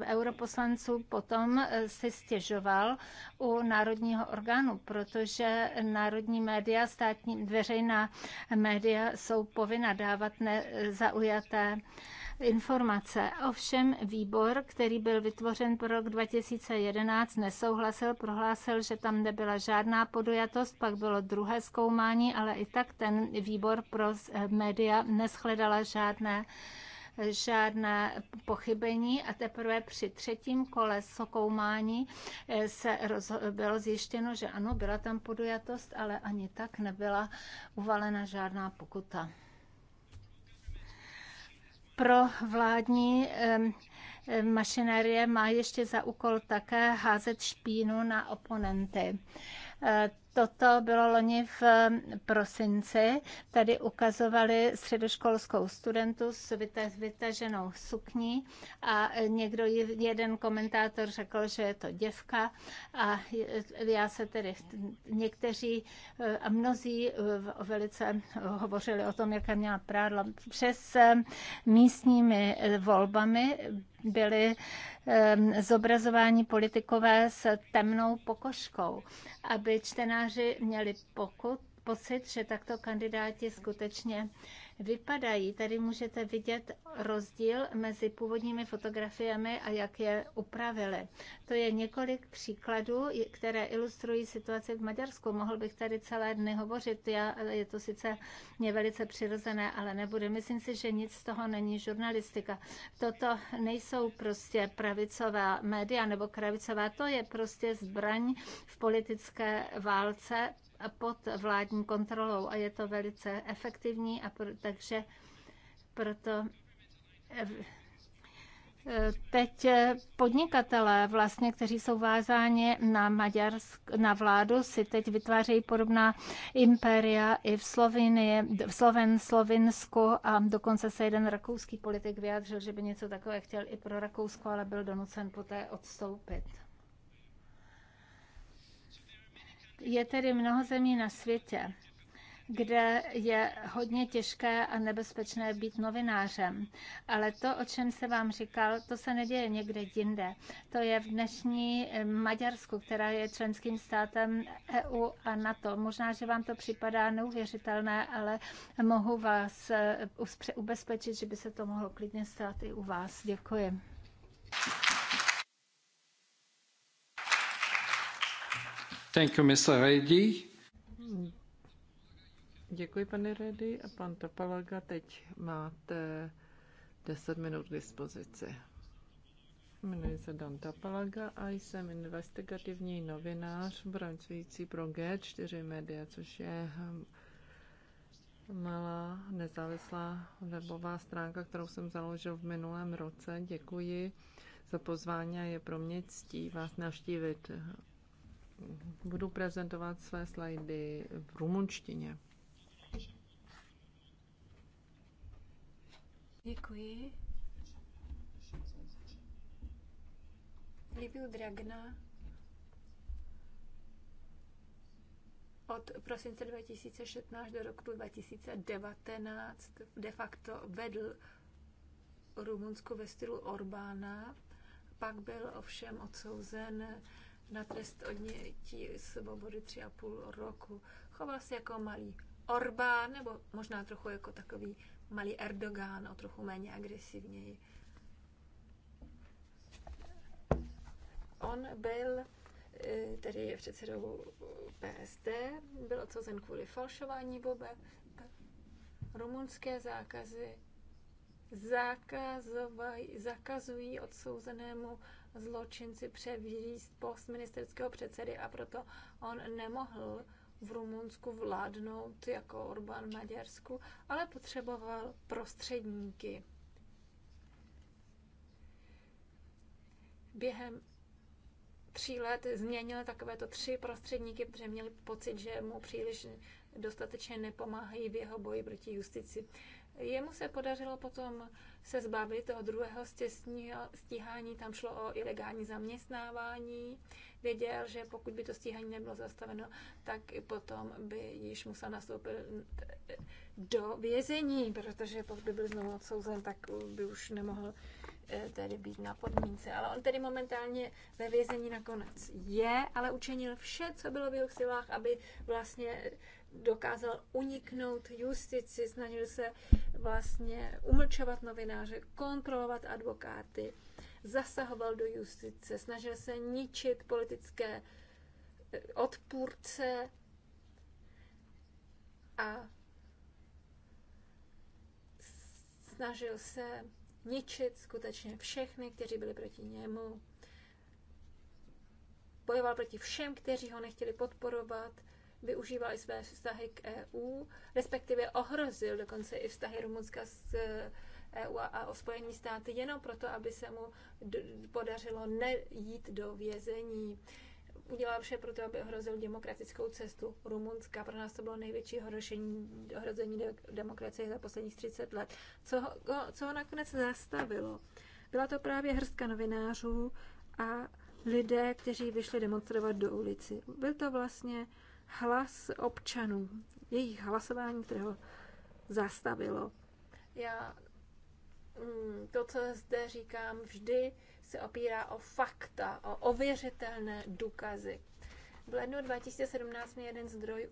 europoslanců potom si stěžoval u národního orgánu, protože národní média, státní veřejná média jsou povinna dávat nezaujaté informace. Ovšem výbor, který byl vytvořen pro rok 2011, nesouhlasil, prohlásil, že tam nebyla žádná podujatost, pak bylo druhé zkoumání, ale i tak ten výbor pro média neschledala žádné žádné pochybení a teprve při třetím kole sokoumání eh, se bylo zjištěno, že ano, byla tam podujatost, ale ani tak nebyla uvalena žádná pokuta pro vládní mašinerie má ještě za úkol také házet špínu na oponenty eh, Toto bylo loni v eh, prosinci. Tady ukazovali středoškolskou studentu s vytaženou sukní a eh, někdo, jeden komentátor řekl, že je to děvka a eh, já se tedy někteří a mnozí velice hovořili o tom, jaké měla prádlo. přes místními volbami byli zobrazováni politikové s temnou pokožkou, aby čtenáři měli pokud, pocit, že takto kandidáti skutečně vypadají. Tady můžete vidět rozdíl mezi původními fotografiemi a jak je upravili. To je několik příkladů, které ilustrují situaci v Maďarsku. Mohl bych tady celé dny hovořit, Já, je to sice mě velice přirozené, ale nebude. Myslím si, že nic z toho není žurnalistika. Toto nejsou prostě pravicová média nebo kravicová, to je prostě zbraň v politické válce pod vládní kontrolou a je to velice efektivní, a pro, takže proto eh, eh, Teď eh, podnikatelé, vlastně, kteří jsou vázáni na, Maďarsk, na vládu, si teď vytvářejí podobná impéria i v, Slovinii, v Sloven, Slovinsku a dokonce se jeden rakouský politik vyjádřil, že by něco takového chtěl i pro Rakousko, ale byl donucen poté odstoupit. Je tedy mnoho zemí na světě, kde je hodně těžké a nebezpečné být novinářem. Ale to, o čem se vám říkal, to se neděje někde jinde. To je v dnešní eh, Maďarsku, která je členským státem EU a NATO. Možná, že vám to připadá neuvěřitelné, ale mohu vás eh, ubezpečit, že by se to mohlo klidně stát i u vás. Děkuji. Thank you, Mr. Reddy. Děkuji, pane Reddy. A pan Topalaga, teď máte 10 minut k dispozici. Jmenuji se Dan Tapalaga a jsem investigativní novinář pracující pro G4 Media, což je malá nezávislá webová stránka, kterou jsem založil v minulém roce. Děkuji za pozvání a je pro mě ctí vás navštívit budu prezentovat své slajdy v rumunštině. Děkuji. Liviu Dragna od prosince 2016 do roku 2019 de facto vedl Rumunsku ve stylu Orbána, pak byl ovšem odsouzen na trest odnětí svobody tři a půl roku. Choval se jako malý Orbán, nebo možná trochu jako takový malý Erdogan, o trochu méně agresivněji. On byl eh, tedy je předsedou PSD, byl odsouzen kvůli falšování bobe, rumunské zákazy zakazují odsouzenému zločinci převíst post ministerského předsedy a proto on nemohl v Rumunsku vládnout jako Orbán v Maďarsku, ale potřeboval prostředníky. Během tří let změnil takovéto tři prostředníky, protože měli pocit, že mu příliš dostatečně nepomáhají v jeho boji proti justici. Jemu se podařilo potom se zbavit toho druhého stíhání, tam šlo o ilegální zaměstnávání. Věděl, že pokud by to stíhání nebylo zastaveno, tak potom by již musel nastoupit do vězení, protože pokud by byl znovu odsouzen, tak by už nemohl eh, tedy být na podmínce. Ale on tedy momentálně ve vězení nakonec je, ale učinil vše, co bylo v jeho silách, aby vlastně dokázal uniknout justici, snažil se vlastně umlčovat novináře, kontrolovat advokáty, zasahoval do justice, snažil se ničit politické eh, odpůrce a snažil se ničit skutečně všechny, kteří byli proti němu. Bojoval proti všem, kteří ho nechtěli podporovat využívali své vztahy k EU, respektive ohrozil dokonce i vztahy Rumunska s EU e a o Spojení státy jenom proto, aby se mu podařilo nejít do vězení. Udělal vše proto, aby ohrozil demokratickou cestu Rumunska. Pro nás to bylo největší ohrožení ohrození demokracie za posledních 30 let. Co ho, co ho nakonec zastavilo? Byla to právě hrstka novinářů a lidé, kteří vyšli demonstrovat do ulici. Byl to vlastně hlas občanů, jejich hlasování, které ho zastavilo. Já mm, to, co zde říkám, vždy se opírá o fakta, o ověřitelné důkazy. V lednu 2017 mě jeden zdroj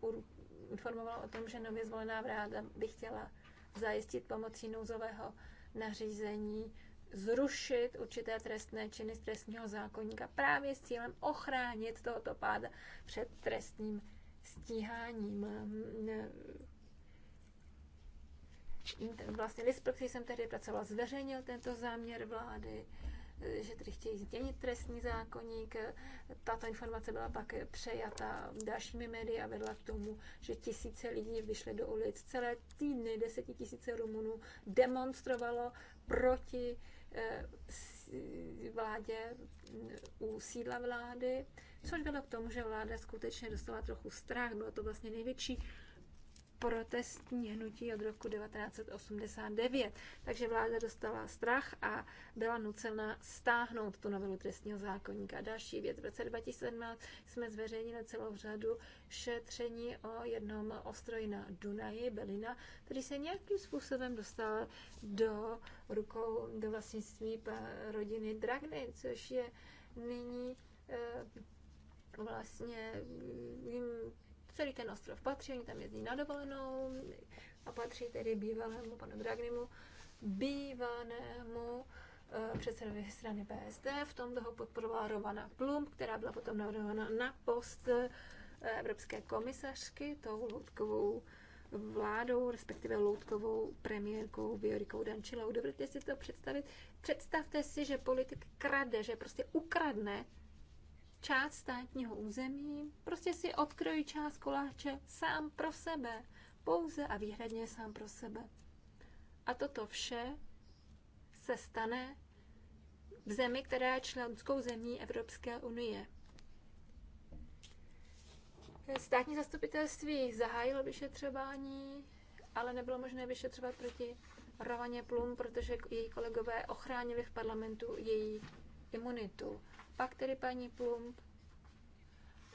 informoval o tom, že nově zvolená vláda by chtěla zajistit pomocí nouzového nařízení zrušit určité trestné činy z trestního zákonníka právě s cílem ochránit tohoto páda před trestním stíháním. Vlastně list, pro který jsem tehdy pracovala, zveřejnil tento záměr vlády, že tedy chtějí změnit trestní zákonník. Tato informace byla pak přejata dalšími médii a vedla k tomu, že tisíce lidí vyšly do ulic. Celé týdny desetitisíce Rumunů demonstrovalo proti eh, vládě u sídla vlády což vedlo k tomu, že vláda skutečně dostala trochu strach. Bylo to vlastně největší protestní hnutí od roku 1989. Takže vláda dostala strach a byla nucena stáhnout tu novelu trestního zákonníka. Další věc. V roce 2017 jsme zveřejnili celou řadu šetření o jednom ostroji na Dunaji, Belina, který se nějakým způsobem dostal do rukou, do vlastnictví rodiny Dragny, což je nyní eh, vlastně jim mm, celý ten ostrov patří, oni tam jezdí na dovolenou a patří tedy bývalému panu Dragnimu, bývanému eh, předsedovi strany PSD. V tom toho podporovala Rovana Plum, která byla potom navrhována na post eh, Evropské komisařky, tou loutkovou vládou, respektive loutkovou premiérkou Viorikou Dančilou. Dovedete si to představit? Představte si, že politik krade, že prostě ukradne část státního území, prostě si odkrojí část koláče sám pro sebe, pouze a výhradně sám pro sebe. A toto vše se stane v zemi, která je členskou zemí Evropské unie. Státní zastupitelství zahájilo vyšetřování, ale nebylo možné vyšetřovat proti Rovaně Plum, protože její kolegové ochránili v parlamentu její imunitu. Pak tedy paní Plump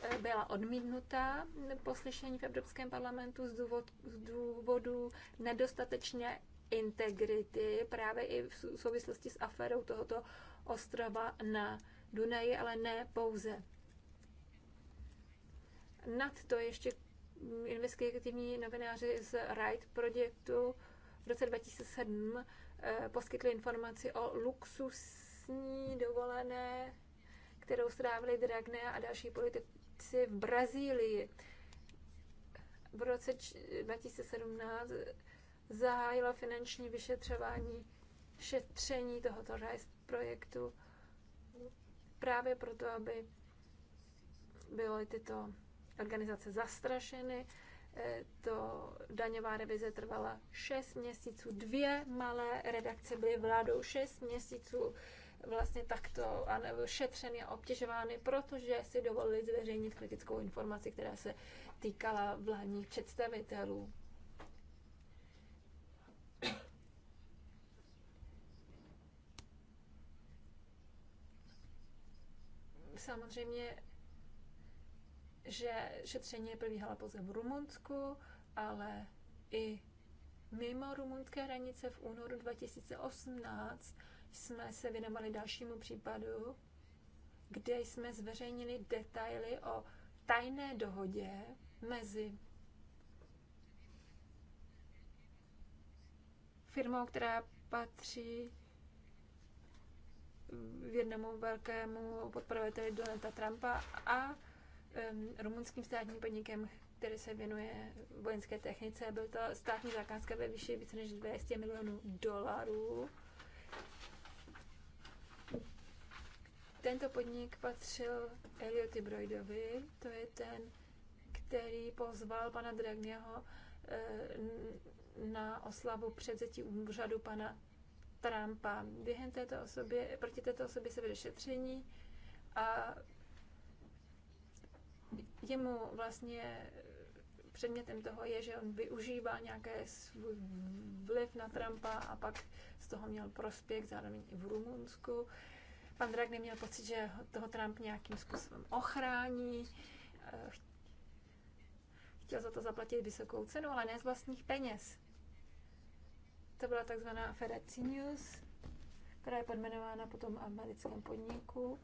eh, byla odmítnuta poslyšení v Evropském parlamentu z, důvod, z důvodu nedostatečně integrity právě i v souvislosti s aférou tohoto ostrova na Dunaji, ale ne pouze. Nad to ještě investigativní novináři z Right Projectu v roce 2007 eh, poskytli informaci o luxusní dovolené kterou strávili Dragne a další politici v Brazílii. V roce 2017 zahájila finanční vyšetřování šetření tohoto RISE projektu právě proto, aby byly tyto organizace zastrašeny. Eh, to daňová revize trvala 6 měsíců, dvě malé redakce byly vládou 6 měsíců vlastně takto a šetřeny a obtěžovány, protože si dovolili zveřejnit kritickou informaci, která se týkala vládních představitelů. Samozřejmě, že šetření probíhala pouze v Rumunsku, ale i mimo rumunské hranice v únoru 2018 jsme se věnovali dalšímu případu, kde jsme zveřejnili detaily o tajné dohodě mezi firmou, která patří jednomu velkému podporovateli Donata Trumpa a um, rumunským státním podnikem, který se věnuje vojenské technice. Byl to státní zakázka ve výši více než 200 milionů dolarů. Tento podnik patřil Elioti Broidovi, to je ten, který pozval pana Dragneho eh, na oslavu předzetí úřadu pana Trumpa. Během této osobě, proti této osobě se vede šetření a jemu vlastně předmětem toho je, že on využívá nějaké svůj vliv na Trumpa a pak z toho měl prospěch zároveň i v Rumunsku. Pan Drak měl pocit, že toho Trump nějakým způsobem ochrání. Eh, chtěl za to zaplatit vysokou cenu, ale ne z vlastních peněz. To byla takzvaná aféra News, která je podmenována potom americkém podniku.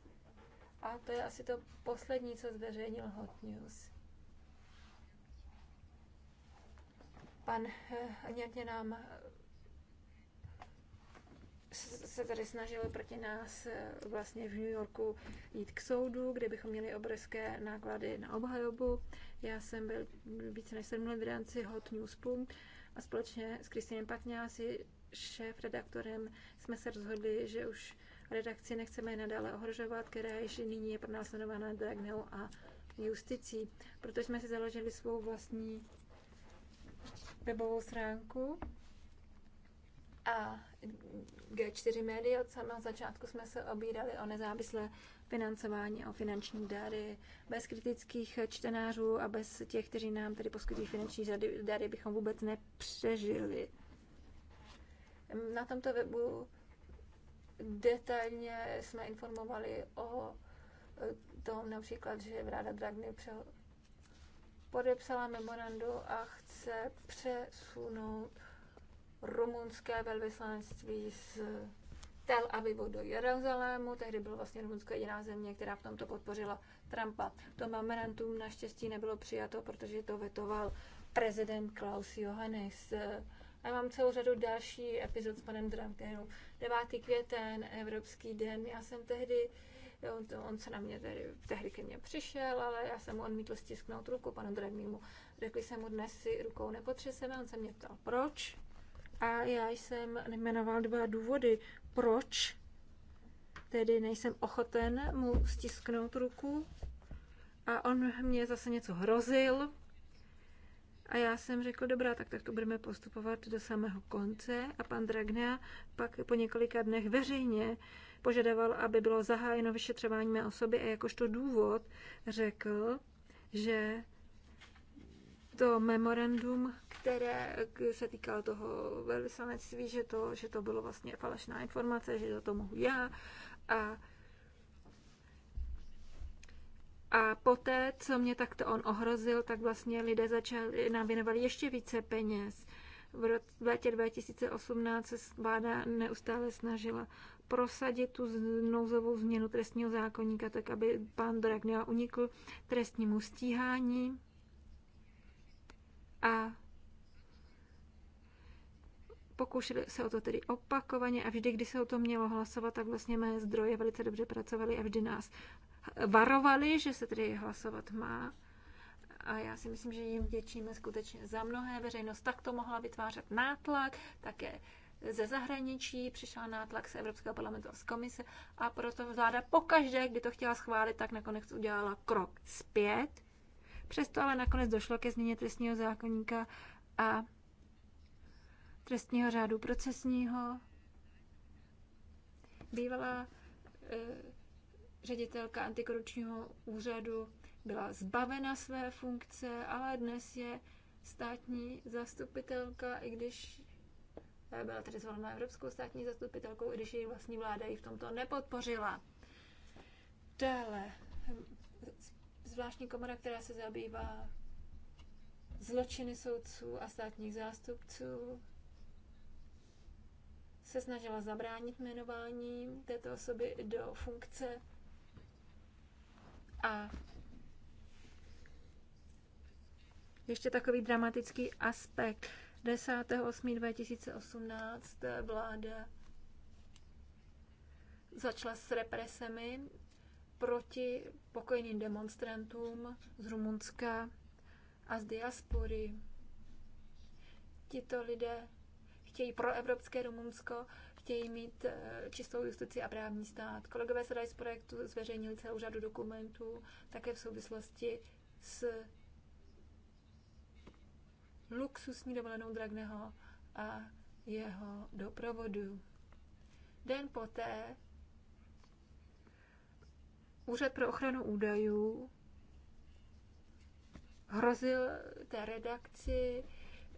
A to je asi to poslední, co zveřejnil Hot News. Pan eh, nám eh, se tady snažili proti nás eh, vlastně v New Yorku jít k soudu, kde bychom měli obrovské náklady na obhajobu. Já jsem byl více než sedm let v rámci Hot News Pum a společně s Kristýnem Patňási, šéf redaktorem, jsme se rozhodli, že už redakci nechceme nadále ohrožovat, která již nyní je pronásledována Dragnou a justicí. Proto jsme si založili svou vlastní webovou stránku a G4 Media od samého začátku jsme se obírali o nezávislé financování, o finanční dary. Bez kritických čtenářů a bez těch, kteří nám tedy poskytují finanční dary, bychom vůbec nepřežili. Na tomto webu detailně jsme informovali o tom například, že Vráda Dragny podepsala memorandum a chce přesunout rumunské velvyslanectví z Tel Avivu do Jeruzalému. Tehdy byl vlastně Rumunsko jediná země, která v tomto podpořila Trumpa. To memorandum naštěstí nebylo přijato, protože to vetoval prezident Klaus Johannes. A mám celou řadu další epizod s panem Drumpkenu. 9. květen, Evropský den. Já jsem tehdy, on, to, on se na mě tehdy, tehdy ke mně přišel, ale já jsem mu odmítl stisknout ruku panu Dremnímu. Řekli jsem mu, dnes si rukou nepotřeseme, on se mě ptal, proč. A já jsem jmenoval dva důvody, proč tedy nejsem ochoten mu stisknout ruku. A on mě zase něco hrozil. A já jsem řekl, dobrá, tak, tak to budeme postupovat do samého konce. A pan Dragnea pak po několika dnech veřejně požadoval, aby bylo zahájeno vyšetřování mé osoby a jakožto důvod řekl, že to memorandum které se týkalo toho velvyslanectví, že to, že to bylo vlastně falešná informace, že za to mohu já. A, a poté, co mě takto on ohrozil, tak vlastně lidé začali, nám věnovali ještě více peněz. V roce 2018 se vláda neustále snažila prosadit tu nouzovou změnu trestního zákonníka, tak aby pan Dragnea unikl trestnímu stíhání. A Pokoušeli se o to tedy opakovaně a vždy, když se o to mělo hlasovat, tak vlastně mé zdroje velice dobře pracovaly a vždy nás varovali, že se tedy hlasovat má. A já si myslím, že jim děčíme skutečně za mnohé. Veřejnost to mohla vytvářet nátlak, také ze zahraničí, přišel nátlak z Evropského parlamentu a z komise a proto vláda pokaždé, kdy to chtěla schválit, tak nakonec udělala krok zpět. Přesto ale nakonec došlo ke změně trestního zákonníka a trestního řádu procesního. Bývalá eh, ředitelka antikorupčního úřadu byla zbavena své funkce, ale dnes je státní zastupitelka, i když eh, byla tedy zvolena evropskou státní zastupitelkou, i když její vlastní vláda ji v tomto nepodpořila. Dále, eh, zvláštní komora, která se zabývá zločiny soudců a státních zástupců, se snažila zabránit jmenování této osoby do funkce a ještě takový dramatický aspekt. 10.8.2018 vláda začala s represemi proti pokojným demonstrantům z Rumunska a z diaspory. Tito lidé chtějí proevropské Rumunsko, chtějí mít eh, čistou justici a právní stát. Kolegové se dají z projektu zveřejnili celou řadu dokumentů, také v souvislosti s luxusní dovolenou Dragneho a jeho doprovodu. Den poté Úřad pro ochranu údajů hrozil té redakci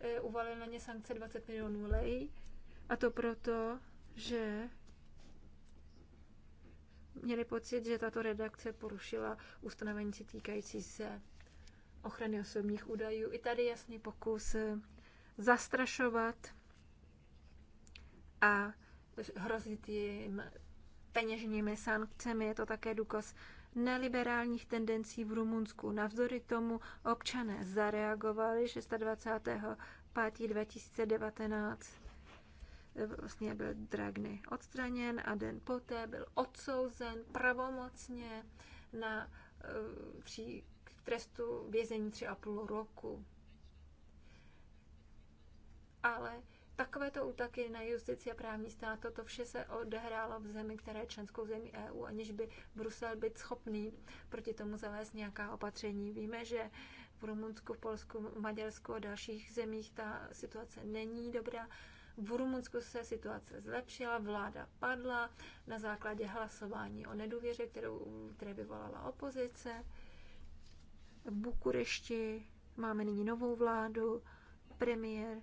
E, uvalil na ně sankce 20 milionů lei. A to proto, že měli pocit, že tato redakce porušila ustanovení týkající se ochrany osobních údajů. I tady jasný pokus e, zastrašovat a hrozit jim peněžními sankcemi. Je to také důkaz neliberálních tendencí v Rumunsku. Navzdory tomu občané zareagovali 26.5.2019 vlastně byl Dragny odstraněn a den poté byl odsouzen pravomocně na eh, tří, k trestu vězení 3,5 roku. Ale takovéto útaky na justici a právní stát, to, vše se odehrálo v zemi, která je členskou zemí EU, aniž by Brusel byl schopný proti tomu zavést nějaká opatření. Víme, že v Rumunsku, v Polsku, v Maďarsku a dalších zemích ta situace není dobrá. V Rumunsku se situace zlepšila, vláda padla na základě hlasování o nedůvěře, kterou, které vyvolala opozice. V Bukurešti máme nyní novou vládu, premiér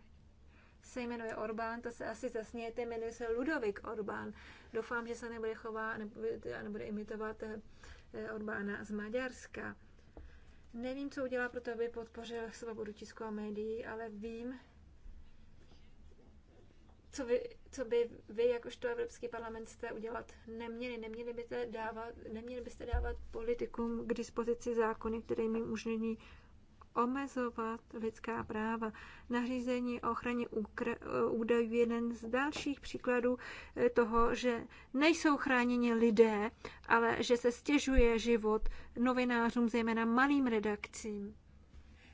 se jmenuje Orbán, to se asi zasnějete, jmenuje se Ludovik Orbán. Doufám, že se nebude chovat, nebude, nebude imitovat eh, Orbána z Maďarska. Nevím, co udělá pro to, aby podpořil svobodu tisku a médií, ale vím, co, vy, co by vy, jakožto Evropský parlament, jste udělat neměli. Neměli byste dávat, neměli byste dávat politikům k dispozici zákony, které jim umožňují omezovat lidská práva. Nařízení o ochraně údajů je jeden z dalších příkladů eh, toho, že nejsou chráněni lidé, ale že se stěžuje život novinářům, zejména malým redakcím.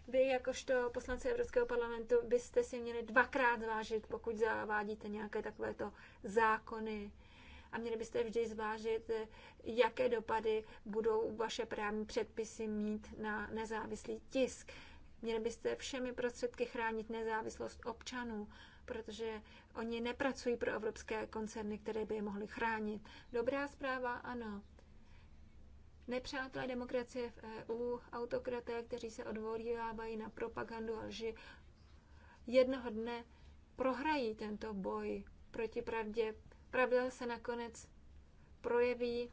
Vy, jakožto poslanci Evropského parlamentu, byste si měli dvakrát zvážit, pokud zavádíte nějaké takovéto zákony a měli byste vždy zvážit, eh, jaké dopady budou vaše právní předpisy mít na nezávislý tisk. Měli byste všemi prostředky chránit nezávislost občanů, protože oni nepracují pro evropské koncerny, které by je mohly chránit. Dobrá zpráva, ano. Nepřátelé demokracie v EU, autokraté, kteří se odvolávají na propagandu a lži, jednoho dne prohrají tento boj proti pravdě pravidla se nakonec projeví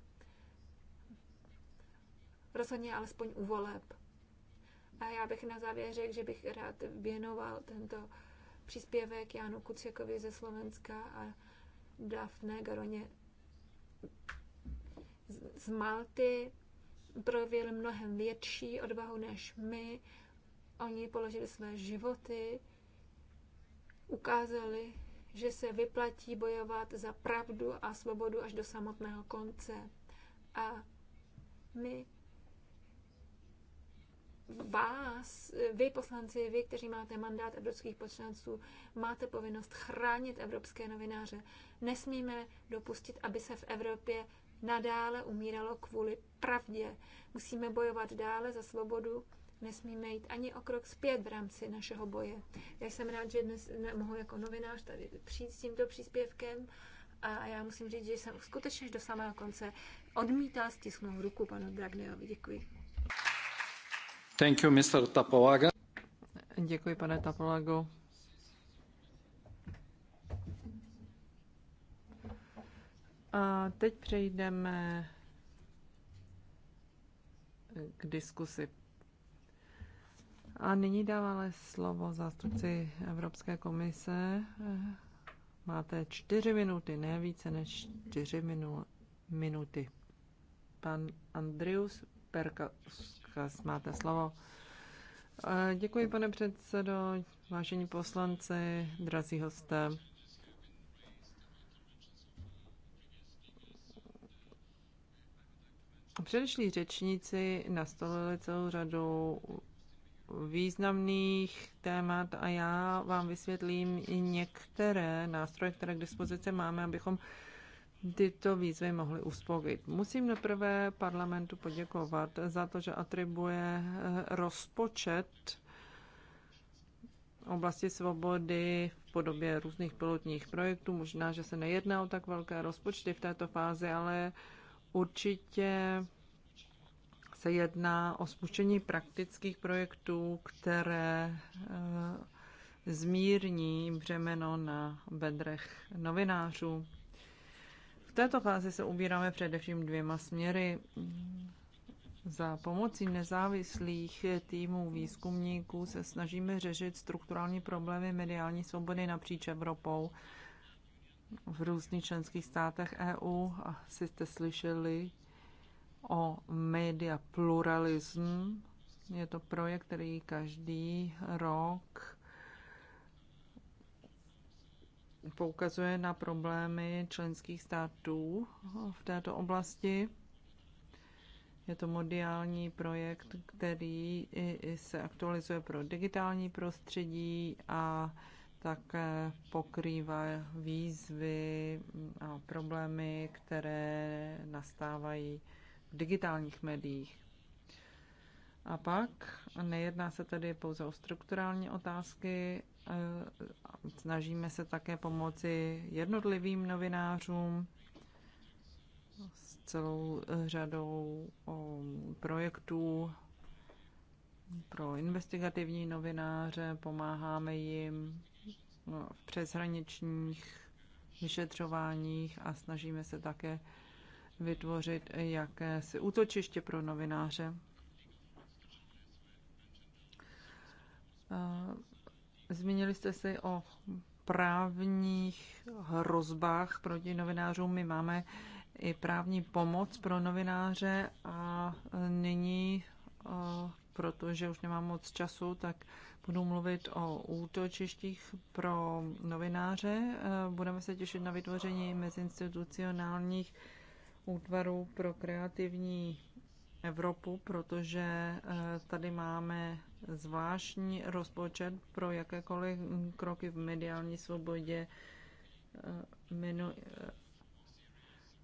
rozhodně alespoň u voleb. A já bych na závěr řekl, že bych rád věnoval tento příspěvek Janu Kuciakovi ze Slovenska a Daphne Garoně z Malty. Projevili mnohem větší odvahu než my. Oni položili své životy, ukázali, že se vyplatí bojovat za pravdu a svobodu až do samotného konce. A my vás, vy poslanci, vy, kteří máte mandát evropských poslanců, máte povinnost chránit evropské novináře. Nesmíme dopustit, aby se v Evropě nadále umíralo kvůli pravdě. Musíme bojovat dále za svobodu nesmíme jít ani o krok zpět v rámci našeho boje. Já jsem rád, že dnes mohu jako novinář tady přijít s tímto příspěvkem a já musím říct, že jsem skutečně do samého konce odmítal stisknout ruku panu Dragneovi. Děkuji. Thank you, Mr. Tapolaga. Děkuji, pane Tapolago. A teď přejdeme k diskusi a nyní dáváme slovo zástupci Evropské komise. Máte čtyři minuty, ne více než čtyři minu- minuty. Pan Andrius Perkas, máte slovo. Eh, děkuji, pane předsedo, vážení poslanci, drazí hosté. Předešlí řečníci nastolili celou řadu významných témat a já vám vysvětlím i některé nástroje, které k dispozici máme, abychom tyto výzvy mohly uspokojit. Musím nejprve parlamentu poděkovat za to, že atribuje eh, rozpočet oblasti svobody v podobě různých pilotních projektů. Možná, že se nejedná o tak velké rozpočty v této fázi, ale určitě se jedná o spuštění praktických projektů, které eh, zmírní břemeno na bedrech novinářů. V této fázi se ubíráme především dvěma směry. Za pomocí nezávislých týmů výzkumníků se snažíme řešit strukturální problémy mediální svobody napříč Evropou v různých členských státech EU. Asi jste slyšeli o media pluralism. Je to projekt, který každý rok poukazuje na problémy členských států v této oblasti. Je to modiální projekt, který se aktualizuje pro digitální prostředí a také pokrývá výzvy a problémy, které nastávají digitálních médiích. A pak nejedná se tedy pouze o strukturální otázky, eh, snažíme se také pomoci jednotlivým novinářům s celou řadou eh, projektů pro investigativní novináře, pomáháme jim eh, v přeshraničních vyšetřováních a snažíme se také vytvořit jakési útočiště pro novináře. Eh, zmínili jste si o právních hrozbách proti novinářům. My máme i právní pomoc pro novináře a nyní, eh, protože už nemám moc času, tak budu mluvit o útočištích pro novináře. Eh, budeme se těšit na vytvoření mezinstitucionálních útvaru pro kreativní Evropu, protože eh, tady máme zvláštní rozpočet pro jakékoliv kroky v mediální svobodě, eh, minu, eh,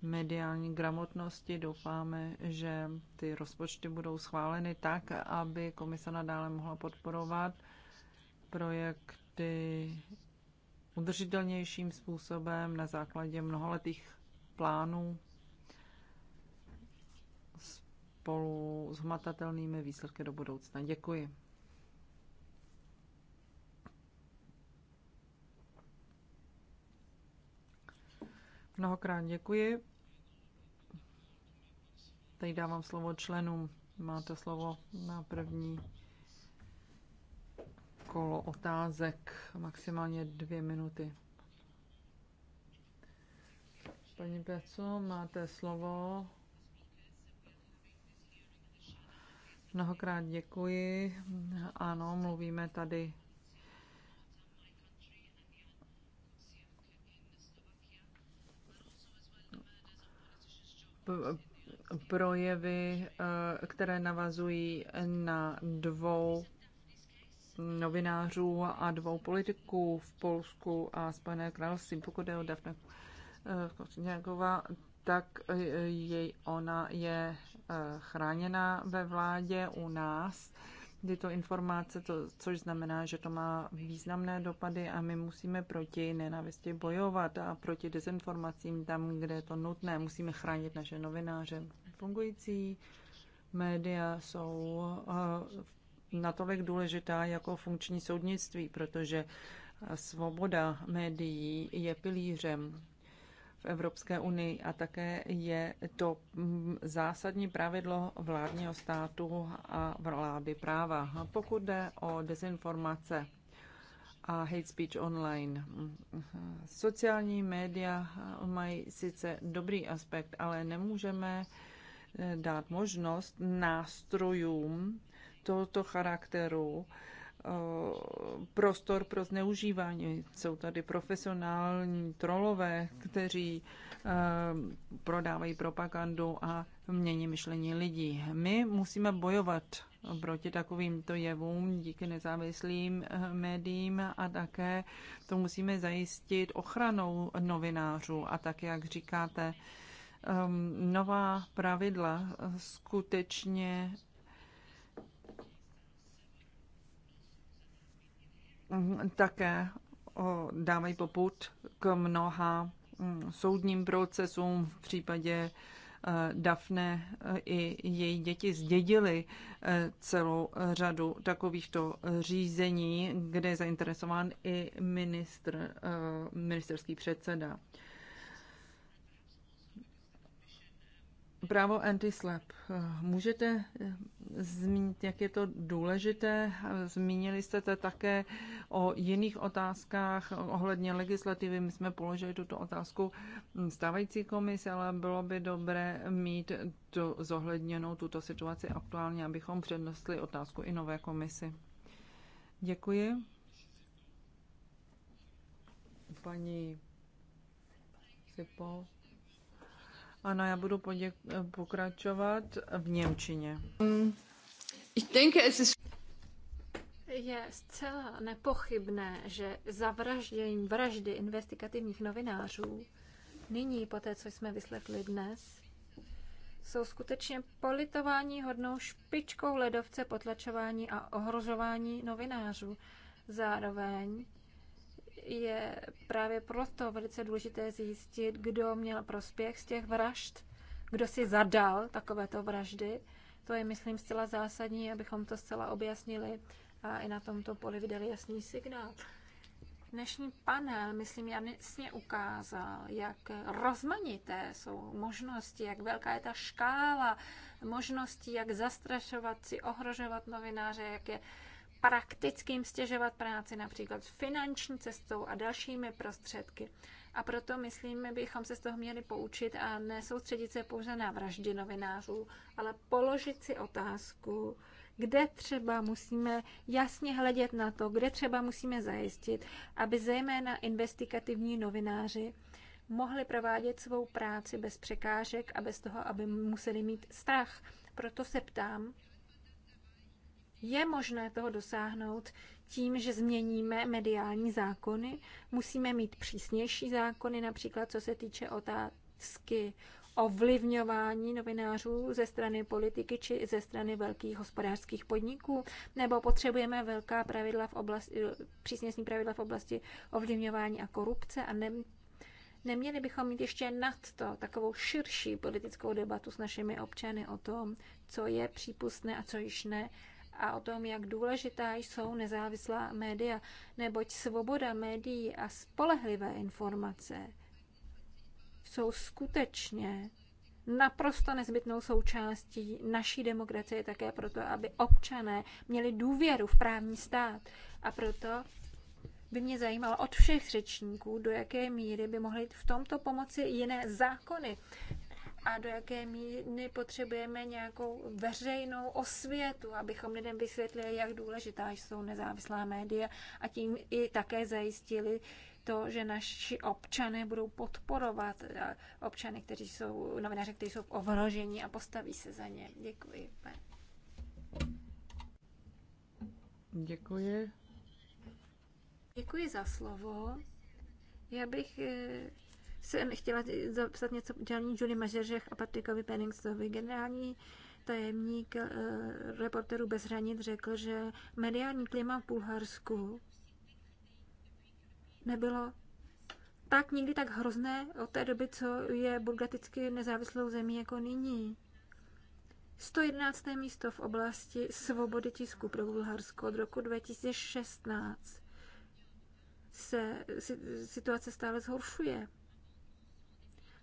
mediální gramotnosti. Doufáme, že ty rozpočty budou schváleny tak, aby komise nadále mohla podporovat projekty udržitelnějším způsobem na základě mnoholetých plánů spolu s hmatatelnými výsledky do budoucna. Děkuji. Mnohokrát děkuji. Teď dávám slovo členům. Máte slovo na první kolo otázek, maximálně dvě minuty. Paní Peco, máte slovo. Mnohokrát děkuji. Ano, mluvíme tady projevy, eh, které navazují na dvou novinářů a dvou politiků v Polsku a Spojené království. Pokud je o Dafne eh, tak eh, jej, ona je Eh, chráněna ve vládě u nás tyto informace, to, což znamená, že to má významné dopady a my musíme proti nenávisti bojovat a proti dezinformacím tam, kde je to nutné. Musíme chránit naše novináře. Fungující média jsou eh, natolik důležitá jako funkční soudnictví, protože svoboda médií je pilířem v Evropské unii a také je to mm, zásadní pravidlo vládního státu a vlády práva. Pokud jde o dezinformace a hate speech online, mm, sociální média mají sice dobrý aspekt, ale nemůžeme eh, dát možnost nástrojům tohoto charakteru Eh, prostor pro zneužívání. Jsou tady profesionální trolové, kteří eh, prodávají propagandu a mění myšlení lidí. My musíme bojovat proti takovýmto jevům díky nezávislým eh, médiím a také to musíme zajistit ochranou novinářů. A tak, jak říkáte, nová pravidla skutečně Mhm, také dávají poput k mnoha mm, soudním procesům v případě e, Dafne e, i její děti zdědili e, celou řadu takovýchto řízení, kde je zainteresován i ministr, ministerský předseda. Právo anti-slap. Můžete eh, zmínit, jak je to důležité? Zmínili jste to také o jiných otázkách ohledně legislativy. My jsme položili tuto otázku stávající komise, ale bylo by dobré mít tu zohledněnou tuto situaci aktuálně, abychom přednostli otázku i nové komisi. Děkuji. Paní Sipol. Ano, já budu poděk- pokračovat v Němčině. Ich denke, es ist je zcela nepochybné, že zavraždění vraždy investigativních novinářů nyní, po té, co jsme vyslechli dnes, jsou skutečně politování hodnou špičkou ledovce potlačování a ohrožování novinářů. Zároveň je právě proto velice důležité zjistit, kdo měl prospěch z těch vražd, kdo si zadal takovéto vraždy. To je, myslím, zcela zásadní, abychom to zcela objasnili a i na tomto poli vydali jasný signál. Dnešní panel, myslím, jasně ukázal, jak rozmanité jsou možnosti, jak velká je ta škála možností, jak zastrašovat si, ohrožovat novináře, jak je praktickým stěžovat práci například finanční cestou a dalšími prostředky. A proto, myslím, bychom se z toho měli poučit a nesoustředit se pouze na vraždy novinářů, ale položit si otázku, kde třeba musíme jasně hledět na to, kde třeba musíme zajistit, aby zejména investigativní novináři mohli provádět svou práci bez překážek a bez toho, aby museli mít strach. Proto se ptám, je možné toho dosáhnout tím, že změníme mediální zákony. Musíme mít přísnější zákony, například co se týče otázky ovlivňování novinářů ze strany politiky či ze strany velkých hospodářských podniků, nebo potřebujeme velká pravidla v oblasti, přísnější pravidla v oblasti ovlivňování a korupce a ne, neměli bychom mít ještě nad to takovou širší politickou debatu s našimi občany o tom, co je přípustné a co již ne a o tom, jak důležitá jsou nezávislá média, neboť svoboda médií a spolehlivé informace jsou skutečně naprosto nezbytnou součástí naší demokracie také proto, aby občané měli důvěru v právní stát. A proto by mě zajímalo od všech řečníků, do jaké míry by mohly v tomto pomoci jiné zákony a do jaké míry potřebujeme nějakou veřejnou osvětu, abychom lidem vysvětlili, jak důležitá jsou nezávislá média a tím i také zajistili to, že naši občané budou podporovat eh, občany, kteří jsou, novináři, kteří jsou v ohrožení a postaví se za ně. Děkuji. Děkuji. Děkuji za slovo. Já bych eh, se chtěla zapsat něco dělání Julie Mažeřech a Patrikovi Penningsovi. Generální tajemník e, eh, reporterů bez hranic řekl, že mediální klima v Bulharsku nebylo tak nikdy tak hrozné od té doby, co je bulgaticky nezávislou zemí jako nyní. 111. místo v oblasti svobody tisku pro Bulharsko od roku 2016 se situace stále zhoršuje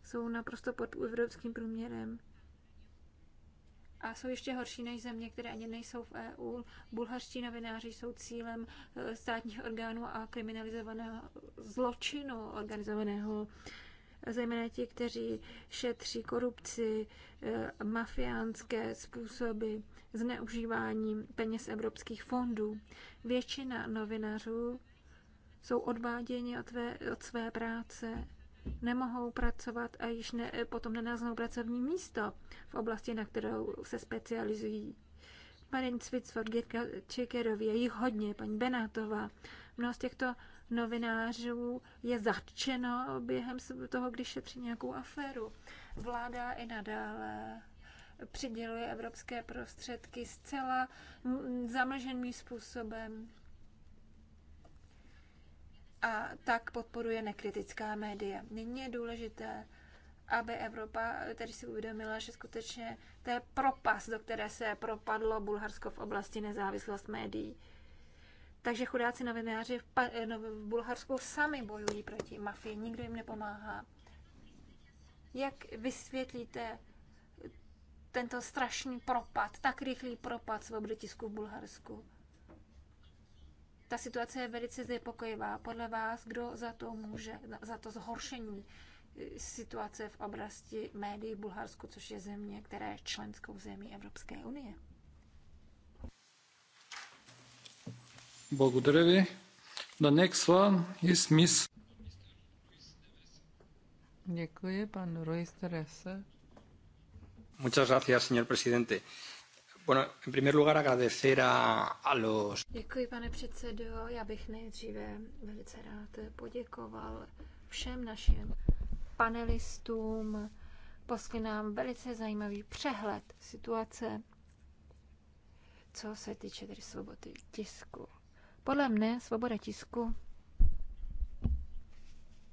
jsou naprosto pod evropským průměrem. A jsou ještě horší než země, které ani nejsou v EU. Bulharští novináři jsou cílem eh, státních orgánů a kriminalizovaného zločinu organizovaného zejména ti, kteří šetří korupci, eh, mafiánské způsoby zneužívání peněz evropských fondů. Většina novinářů jsou odváděni od, tvé, od své práce nemohou pracovat a již ne, potom nenáznou pracovní místo v oblasti, na kterou se specializují. Paní Cvicford, Girka Čekerovi, je jich hodně, paní Benátová. Mnoho z těchto novinářů je zatčeno během toho, když šetří nějakou aféru. Vláda i nadále přiděluje evropské prostředky zcela zamlženým způsobem a tak podporuje nekritická média. Nyní je důležité, aby Evropa tedy si uvědomila, že skutečně to je propas, do které se propadlo Bulharsko v oblasti nezávislost médií. Takže chudáci novináři v, pa- no, v Bulharsku sami bojují proti mafii, nikdo jim nepomáhá. Jak vysvětlíte tento strašný propad, tak rychlý propad svobody tisku v Bulharsku? Ta situace je velice znepokojivá. Podle vás, kdo za to může, za to zhoršení situace v oblasti médií v Bulharsku, což je země, která je členskou zemí Evropské unie? Благодаря ви. The next one is Miss. Děkuji, pan Ruiz Terese. Muchas gracias, señor presidente. Děkuji, pane předsedo. Já bych nejdříve velice rád poděkoval všem našim panelistům. Poskytli nám velice zajímavý přehled situace, co se týče tedy svobody tisku. Podle mne svoboda tisku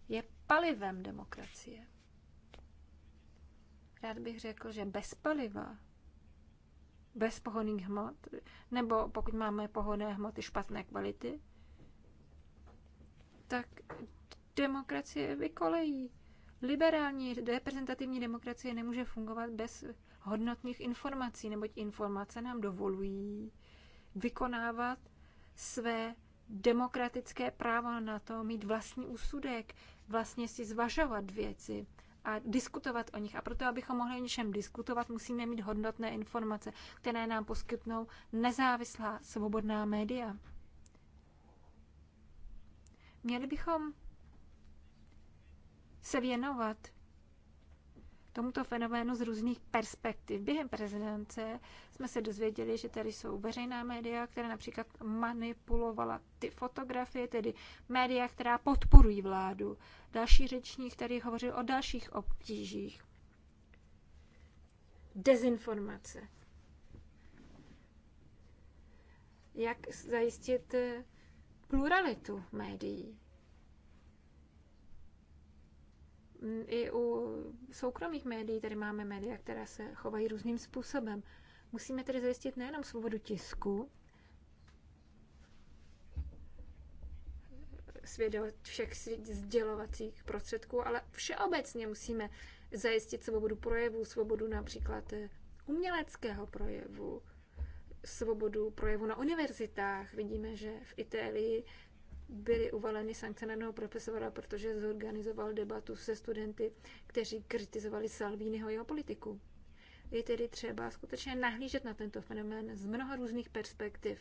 je palivem demokracie. Rád bych řekl, že bez paliva bez pohoných hmot, nebo pokud máme pohodné hmoty špatné kvality, tak demokracie vykolejí. Liberální reprezentativní demokracie nemůže fungovat bez hodnotných informací, neboť informace nám dovolují vykonávat své demokratické právo na to, mít vlastní úsudek, vlastně si zvažovat věci a diskutovat o nich. A proto, abychom mohli o něčem diskutovat, musíme mít hodnotné informace, které nám poskytnou nezávislá svobodná média. Měli bychom se věnovat tomuto fenoménu z různých perspektiv. Během prezidence jsme se dozvěděli, že tady jsou veřejná média, která například manipulovala ty fotografie, tedy média, která podporují vládu. Další řečník tady hovořil o dalších obtížích. Dezinformace. Jak zajistit pluralitu médií? Mm, i u soukromých médií tady máme média, která se chovají různým způsobem. Musíme tedy zajistit nejenom svobodu tisku, svědomit všech sdělovacích prostředků, ale všeobecně musíme zajistit svobodu projevu, svobodu například eh, uměleckého projevu, svobodu projevu na univerzitách. Vidíme, že v Itálii byly uvaleny sankce na jednoho profesora, protože zorganizoval debatu se studenty, kteří kritizovali Salviniho jeho politiku. Je tedy třeba skutečně nahlížet na tento fenomén z mnoha různých perspektiv.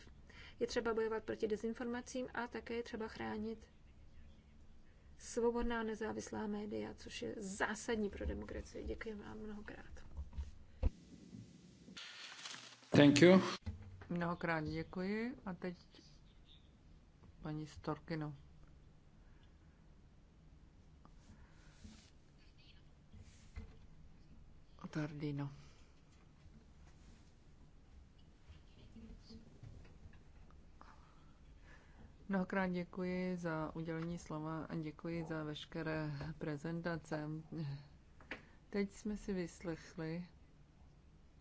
Je třeba bojovat proti dezinformacím a také je třeba chránit svobodná nezávislá média, což je zásadní pro demokracii. Děkuji vám mnohokrát. Thank you. Mnohokrát děkuji a teď paní Storkino. Tardino. Mnohokrát děkuji za udělení slova a děkuji za veškeré prezentace. Teď jsme si vyslechli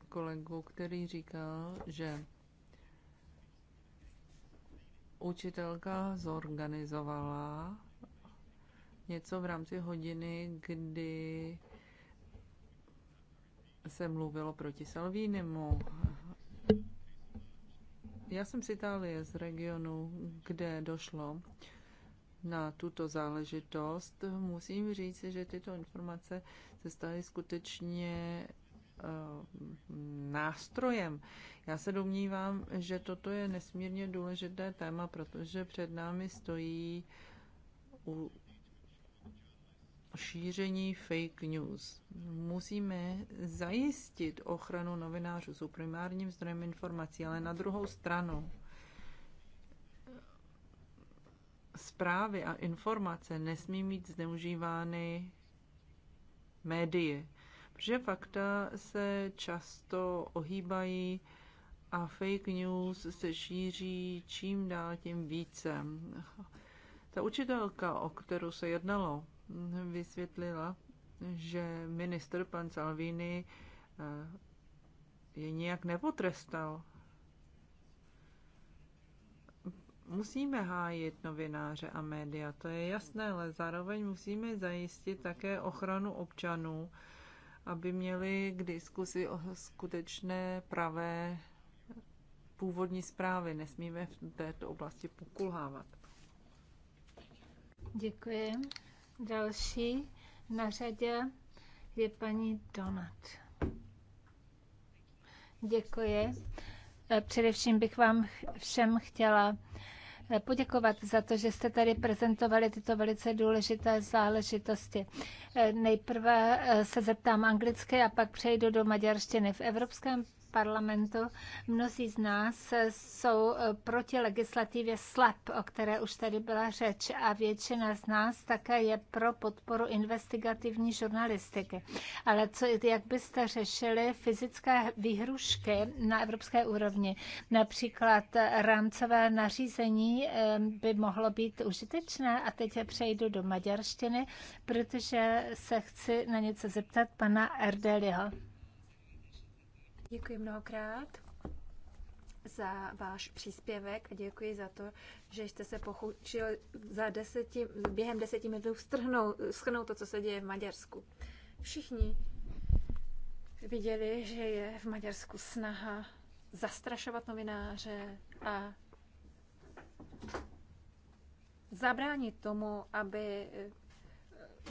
kolegu, který říkal, že učitelka zorganizovala něco v rámci hodiny, kdy se mluvilo proti Salvínimu. Já jsem z Itálie, z regionu, kde došlo na tuto záležitost. Musím říct, že tyto informace se staly skutečně Eh, nástrojem. Já se domnívám, že toto je nesmírně důležité téma, protože před námi stojí u šíření fake news. Musíme zajistit ochranu novinářů, jsou primárním zdrojem informací, ale na druhou stranu zprávy a informace nesmí mít zneužívány médii že fakta se často ohýbají a fake news se šíří čím dál tím více. Ta učitelka, o kterou se jednalo, vysvětlila, že minister pan Salvini eh, je nijak nepotrestal. Musíme hájit novináře a média, to je jasné, ale zároveň musíme zajistit také ochranu občanů, aby měli k diskusi o skutečné pravé původní zprávy. Nesmíme v této oblasti pokulhávat. Děkuji. Další na řadě je paní Donat. Děkuji. Především bych vám všem chtěla poděkovat za to, že jste tady prezentovali tyto velice důležité záležitosti. Nejprve eh, se zeptám anglicky a pak přejdu do maďarštiny. V Evropském parlamentu. Mnozí z nás jsou proti legislativě SLAP, o které už tady byla řeč, a většina z nás také je pro podporu investigativní žurnalistiky. Ale co, jak byste řešili fyzické výhrušky na evropské úrovni? Například rámcové nařízení by mohlo být užitečné a teď přejdu do maďarštiny, protože se chci na něco zeptat pana Erdeliho. Děkuji mnohokrát za váš příspěvek a děkuji za to, že jste se pochučil za deseti, během deseti minut schrnout to, co se děje v Maďarsku. Všichni viděli, že je v Maďarsku snaha zastrašovat novináře a zabránit tomu, aby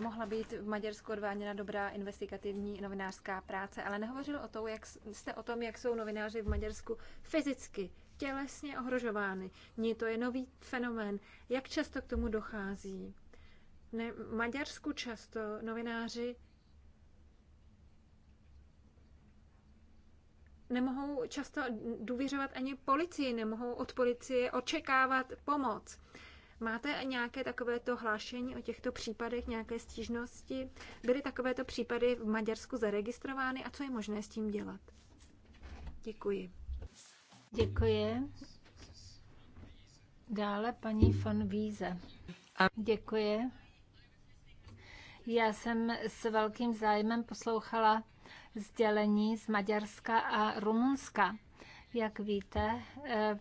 mohla být v Maďarsku odváděna dobrá investigativní novinářská práce, ale nehovořil o tom, jak, jste o tom, jak jsou novináři v Maďarsku fyzicky, tělesně ohrožovány. Ní to je nový fenomén. Jak často k tomu dochází? Ne, v Maďarsku často novináři nemohou často důvěřovat ani policii, nemohou od policie očekávat pomoc. Máte nějaké takovéto hlášení o těchto případech, nějaké stížnosti? Byly takovéto případy v Maďarsku zaregistrovány a co je možné s tím dělat? Děkuji. Děkuji. Dále paní von Víze. Děkuji. Já jsem s velkým zájmem poslouchala sdělení z Maďarska a Rumunska. Jak víte, eh,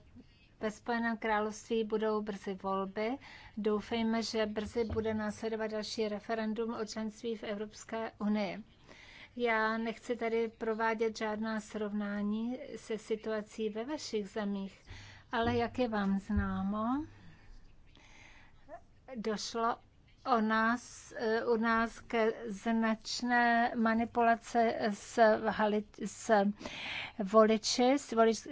ve Spojeném království budou brzy volby. Doufejme, že brzy bude následovat další referendum o členství v Evropské unii. Já nechci tady provádět žádná srovnání se situací ve vašich zemích, ale jak je vám známo, došlo o nás, e, u nás ke značné manipulace s, hali, s voliči s volič,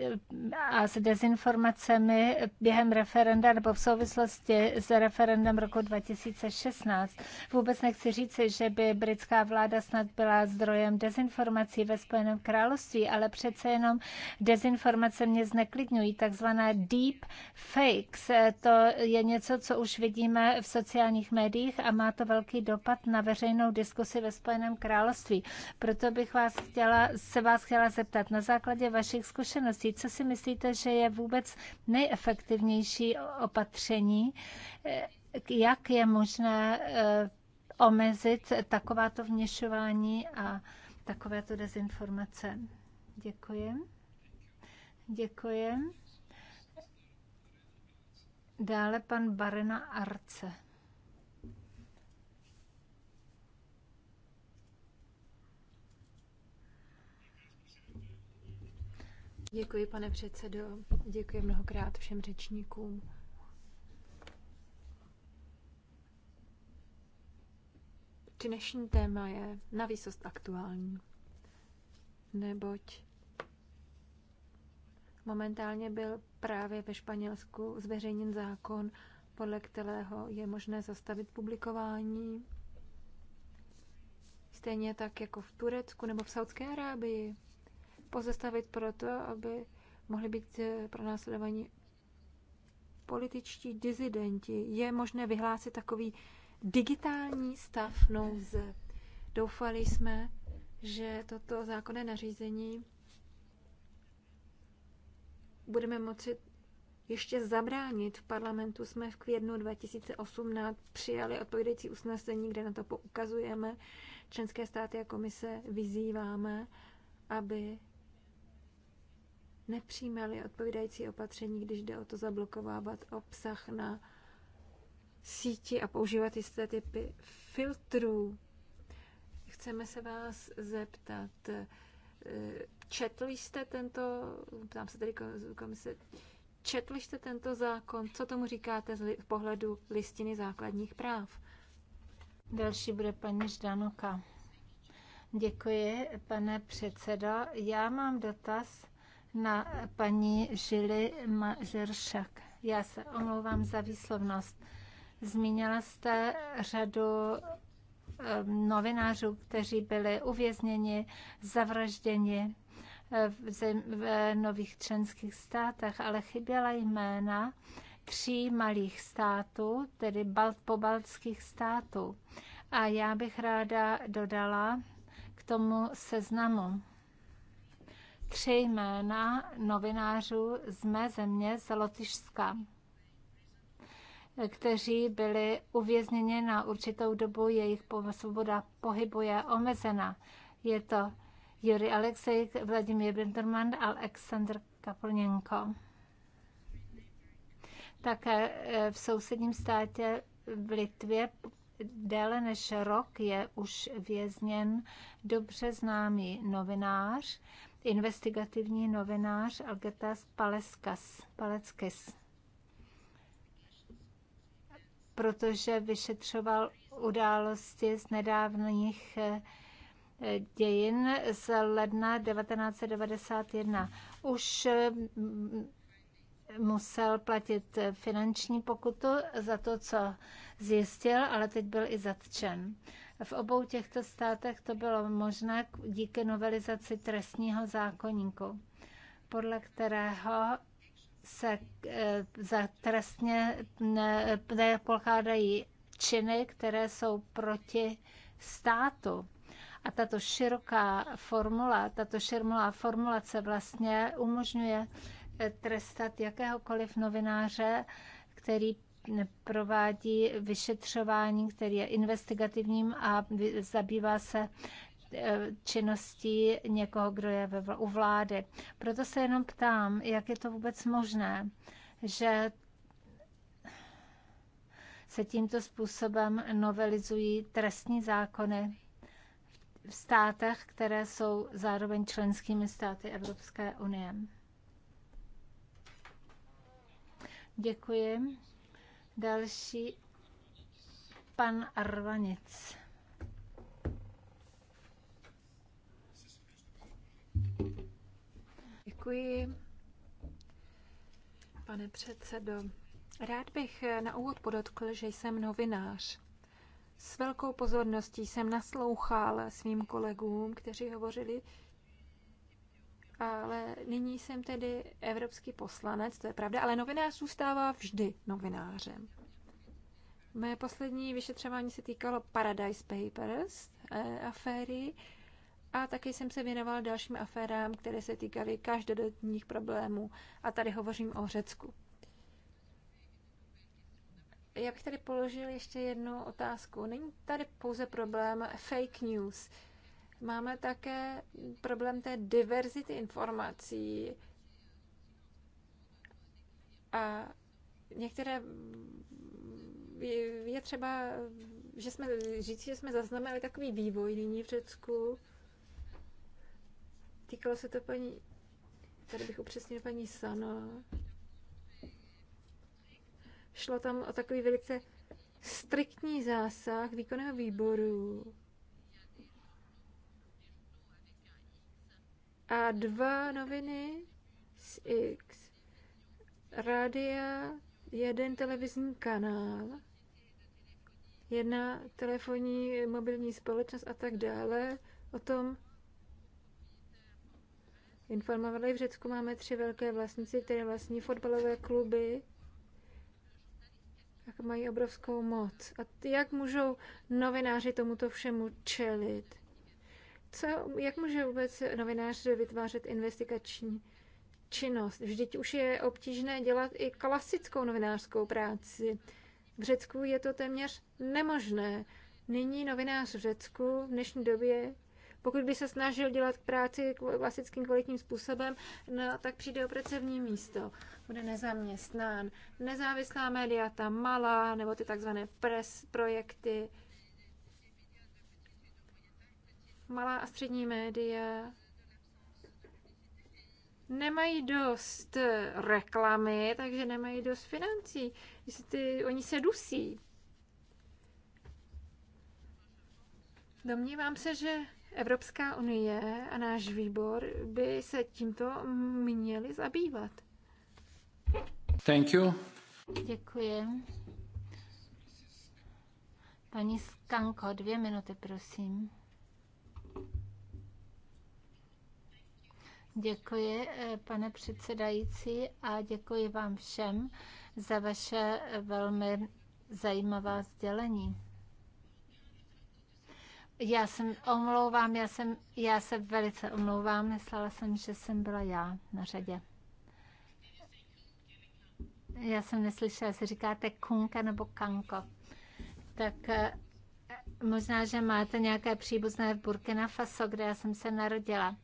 a s dezinformacemi během referenda nebo v souvislosti s referendem roku 2016. Vůbec nechci říct, že by britská vláda snad byla zdrojem dezinformací ve Spojeném království, ale přece jenom dezinformace mě zneklidňují, takzvané deep fakes. E, to je něco, co už vidíme v sociálních médiích médiích a má to velký dopad na veřejnou diskusi ve Spojeném království. Proto bych vás chtěla, se vás chtěla zeptat na základě vašich zkušeností, co si myslíte, že je vůbec nejefektivnější opatření, jak je možné eh, omezit takováto vněšování a takovéto dezinformace. Děkuji. Děkuji. Dále pan Barena Arce. Děkuji, pane předsedo. Děkuji mnohokrát všem řečníkům. Dnešní téma je na výsost aktuální, neboť momentálně byl právě ve Španělsku zveřejněn zákon, podle kterého je možné zastavit publikování, stejně tak jako v Turecku nebo v Saudské Arábii pozastavit proto, aby mohli být eh, pronásledovaní političtí dizidenti. Je možné vyhlásit takový digitální stav nouze. Doufali jsme, že toto zákonné nařízení budeme moci ještě zabránit. V parlamentu jsme v květnu 2018 přijali odpovědající usnesení, kde na to poukazujeme. Členské státy a komise vyzýváme, aby nepřijímali odpovídající opatření, když jde o to zablokovávat obsah na síti a používat jisté typy filtrů. Chceme se vás zeptat, eh, četl jste tento, ptám se tedy komise, četl jste tento zákon, co tomu říkáte z pohledu listiny základních práv? Další bude paní Ždanoka. Děkuji, pane předsedo. Já mám dotaz na paní Žili Mažeršak. Já se omlouvám za výslovnost. Zmínila jste řadu eh, novinářů, kteří byli uvězněni, zavražděni eh, v, zem, v eh, nových členských státech, ale chyběla jména tří malých států, tedy balt, pobaltských států. A já bych ráda dodala k tomu seznamu tři jména novinářů z mé země, z Lotyšska, kteří byli uvězněni na určitou dobu, jejich svoboda pohybu je omezena. Je to Juri Alexej, Vladimír Binderman a Aleksandr Kaplněnko. Také eh, v sousedním státě v Litvě déle než rok je už vězněn dobře známý novinář, investigativní novinář Algetas Paleskas, Paleckis, protože vyšetřoval události z nedávných eh, dějin z ledna 1991. Už mm, musel platit finanční pokutu za to, co zjistil, ale teď byl i zatčen. V obou těchto státech to bylo možné díky novelizaci trestního zákoníku, podle kterého se eh, za trestně pokládají činy, které jsou proti státu. A tato široká formula, tato širmová formulace vlastně umožňuje eh, trestat jakéhokoliv novináře, který provádí vyšetřování, který je investigativním a zabývá se e, činností někoho, kdo je u vlády. Proto se jenom ptám, jak je to vůbec možné, že se tímto způsobem novelizují trestní zákony v státech, které jsou zároveň členskými státy Evropské unie. Děkuji. Další pan Arvanic. Děkuji, pane předsedo. Rád bych na úvod podotkl, že jsem novinář. S velkou pozorností jsem naslouchal svým kolegům, kteří hovořili ale nyní jsem tedy evropský poslanec, to je pravda, ale novinář zůstává vždy novinářem. Mé poslední vyšetřování se týkalo Paradise Papers eh, aféry a taky jsem se věnoval dalším aférám, které se týkaly každodenních problémů a tady hovořím o Řecku. Já bych tady položil ještě jednu otázku. Není tady pouze problém fake news. Eh, Máme také problém té diverzity informací a některé je třeba, že jsme říci, že jsme zaznamenali takový vývoj nyní v Řecku. Týkalo se to paní, tady bych upřesnil paní Sano. Šlo tam o takový velice striktní zásah výkonného výboru a dva noviny z X, rádia, jeden televizní kanál, jedna telefonní mobilní společnost a tak dále. O tom informovali. V Řecku máme tři velké vlastníci, které vlastní fotbalové kluby mají obrovskou moc. A jak můžou novináři tomuto všemu čelit? co, jak může vůbec novinář vytvářet investigační činnost? Vždyť už je obtížné dělat i klasickou novinářskou práci. V Řecku je to téměř nemožné. Nyní novinář v Řecku v dnešní době, pokud by se snažil dělat práci klasickým kvalitním způsobem, no, tak přijde o pracovní místo. Bude nezaměstnán. Nezávislá média, ta malá, nebo ty takzvané pres projekty, malá a střední média nemají dost reklamy, takže nemají dost financí. Jestli ty, oni se dusí. Domnívám se, že Evropská unie a náš výbor by se tímto měli zabývat. Thank you. Děkuji. Paní Skanko, dvě minuty, prosím. Děkuji, eh, pane předsedající, a děkuji vám všem za vaše eh, velmi zajímavá sdělení. Já jsem omlouvám, já, jsem, já se velice omlouvám, myslela jsem, že jsem byla já na řadě. Já jsem neslyšela, jestli říkáte kunka nebo kanko. Tak eh, možná, že máte nějaké příbuzné v Burkina Faso, kde já jsem se narodila.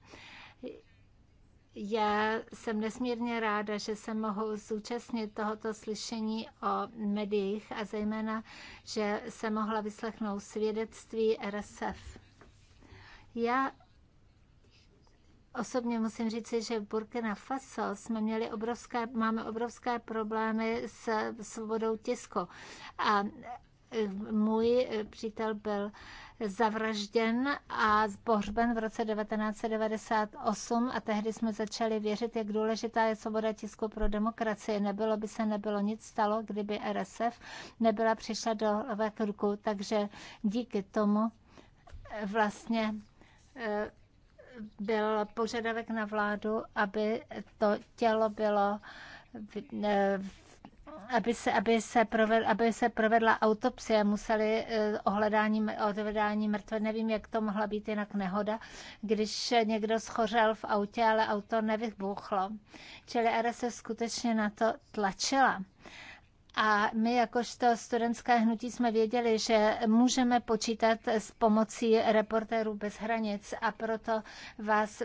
Já jsem nesmírně ráda, že se mohu zúčastnit tohoto slyšení o médiích a zejména, že se mohla vyslechnout svědectví RSF. Já Osobně musím říci, že v Burkina Faso jsme měli obrovské, máme obrovské problémy s svobodou tisku. A můj přítel byl zavražděn a pohřben v roce 1998 a tehdy jsme začali věřit, jak důležitá je svoboda tisku pro demokracii. Nebylo by se nebylo nic stalo, kdyby RSF nebyla přišla do ruku, takže díky tomu eh, vlastně eh, byl požadavek na vládu, aby to tělo bylo eh, aby se, aby se, proved, aby se provedla autopsie, museli eh, ohledání, ohledání mrtvé, nevím, jak to mohla být jinak nehoda, když někdo schořel v autě, ale auto nevybuchlo. Čili Era se skutečně na to tlačila. A my jakožto studentské hnutí jsme věděli, že můžeme počítat s pomocí reportérů bez hranic a proto vás,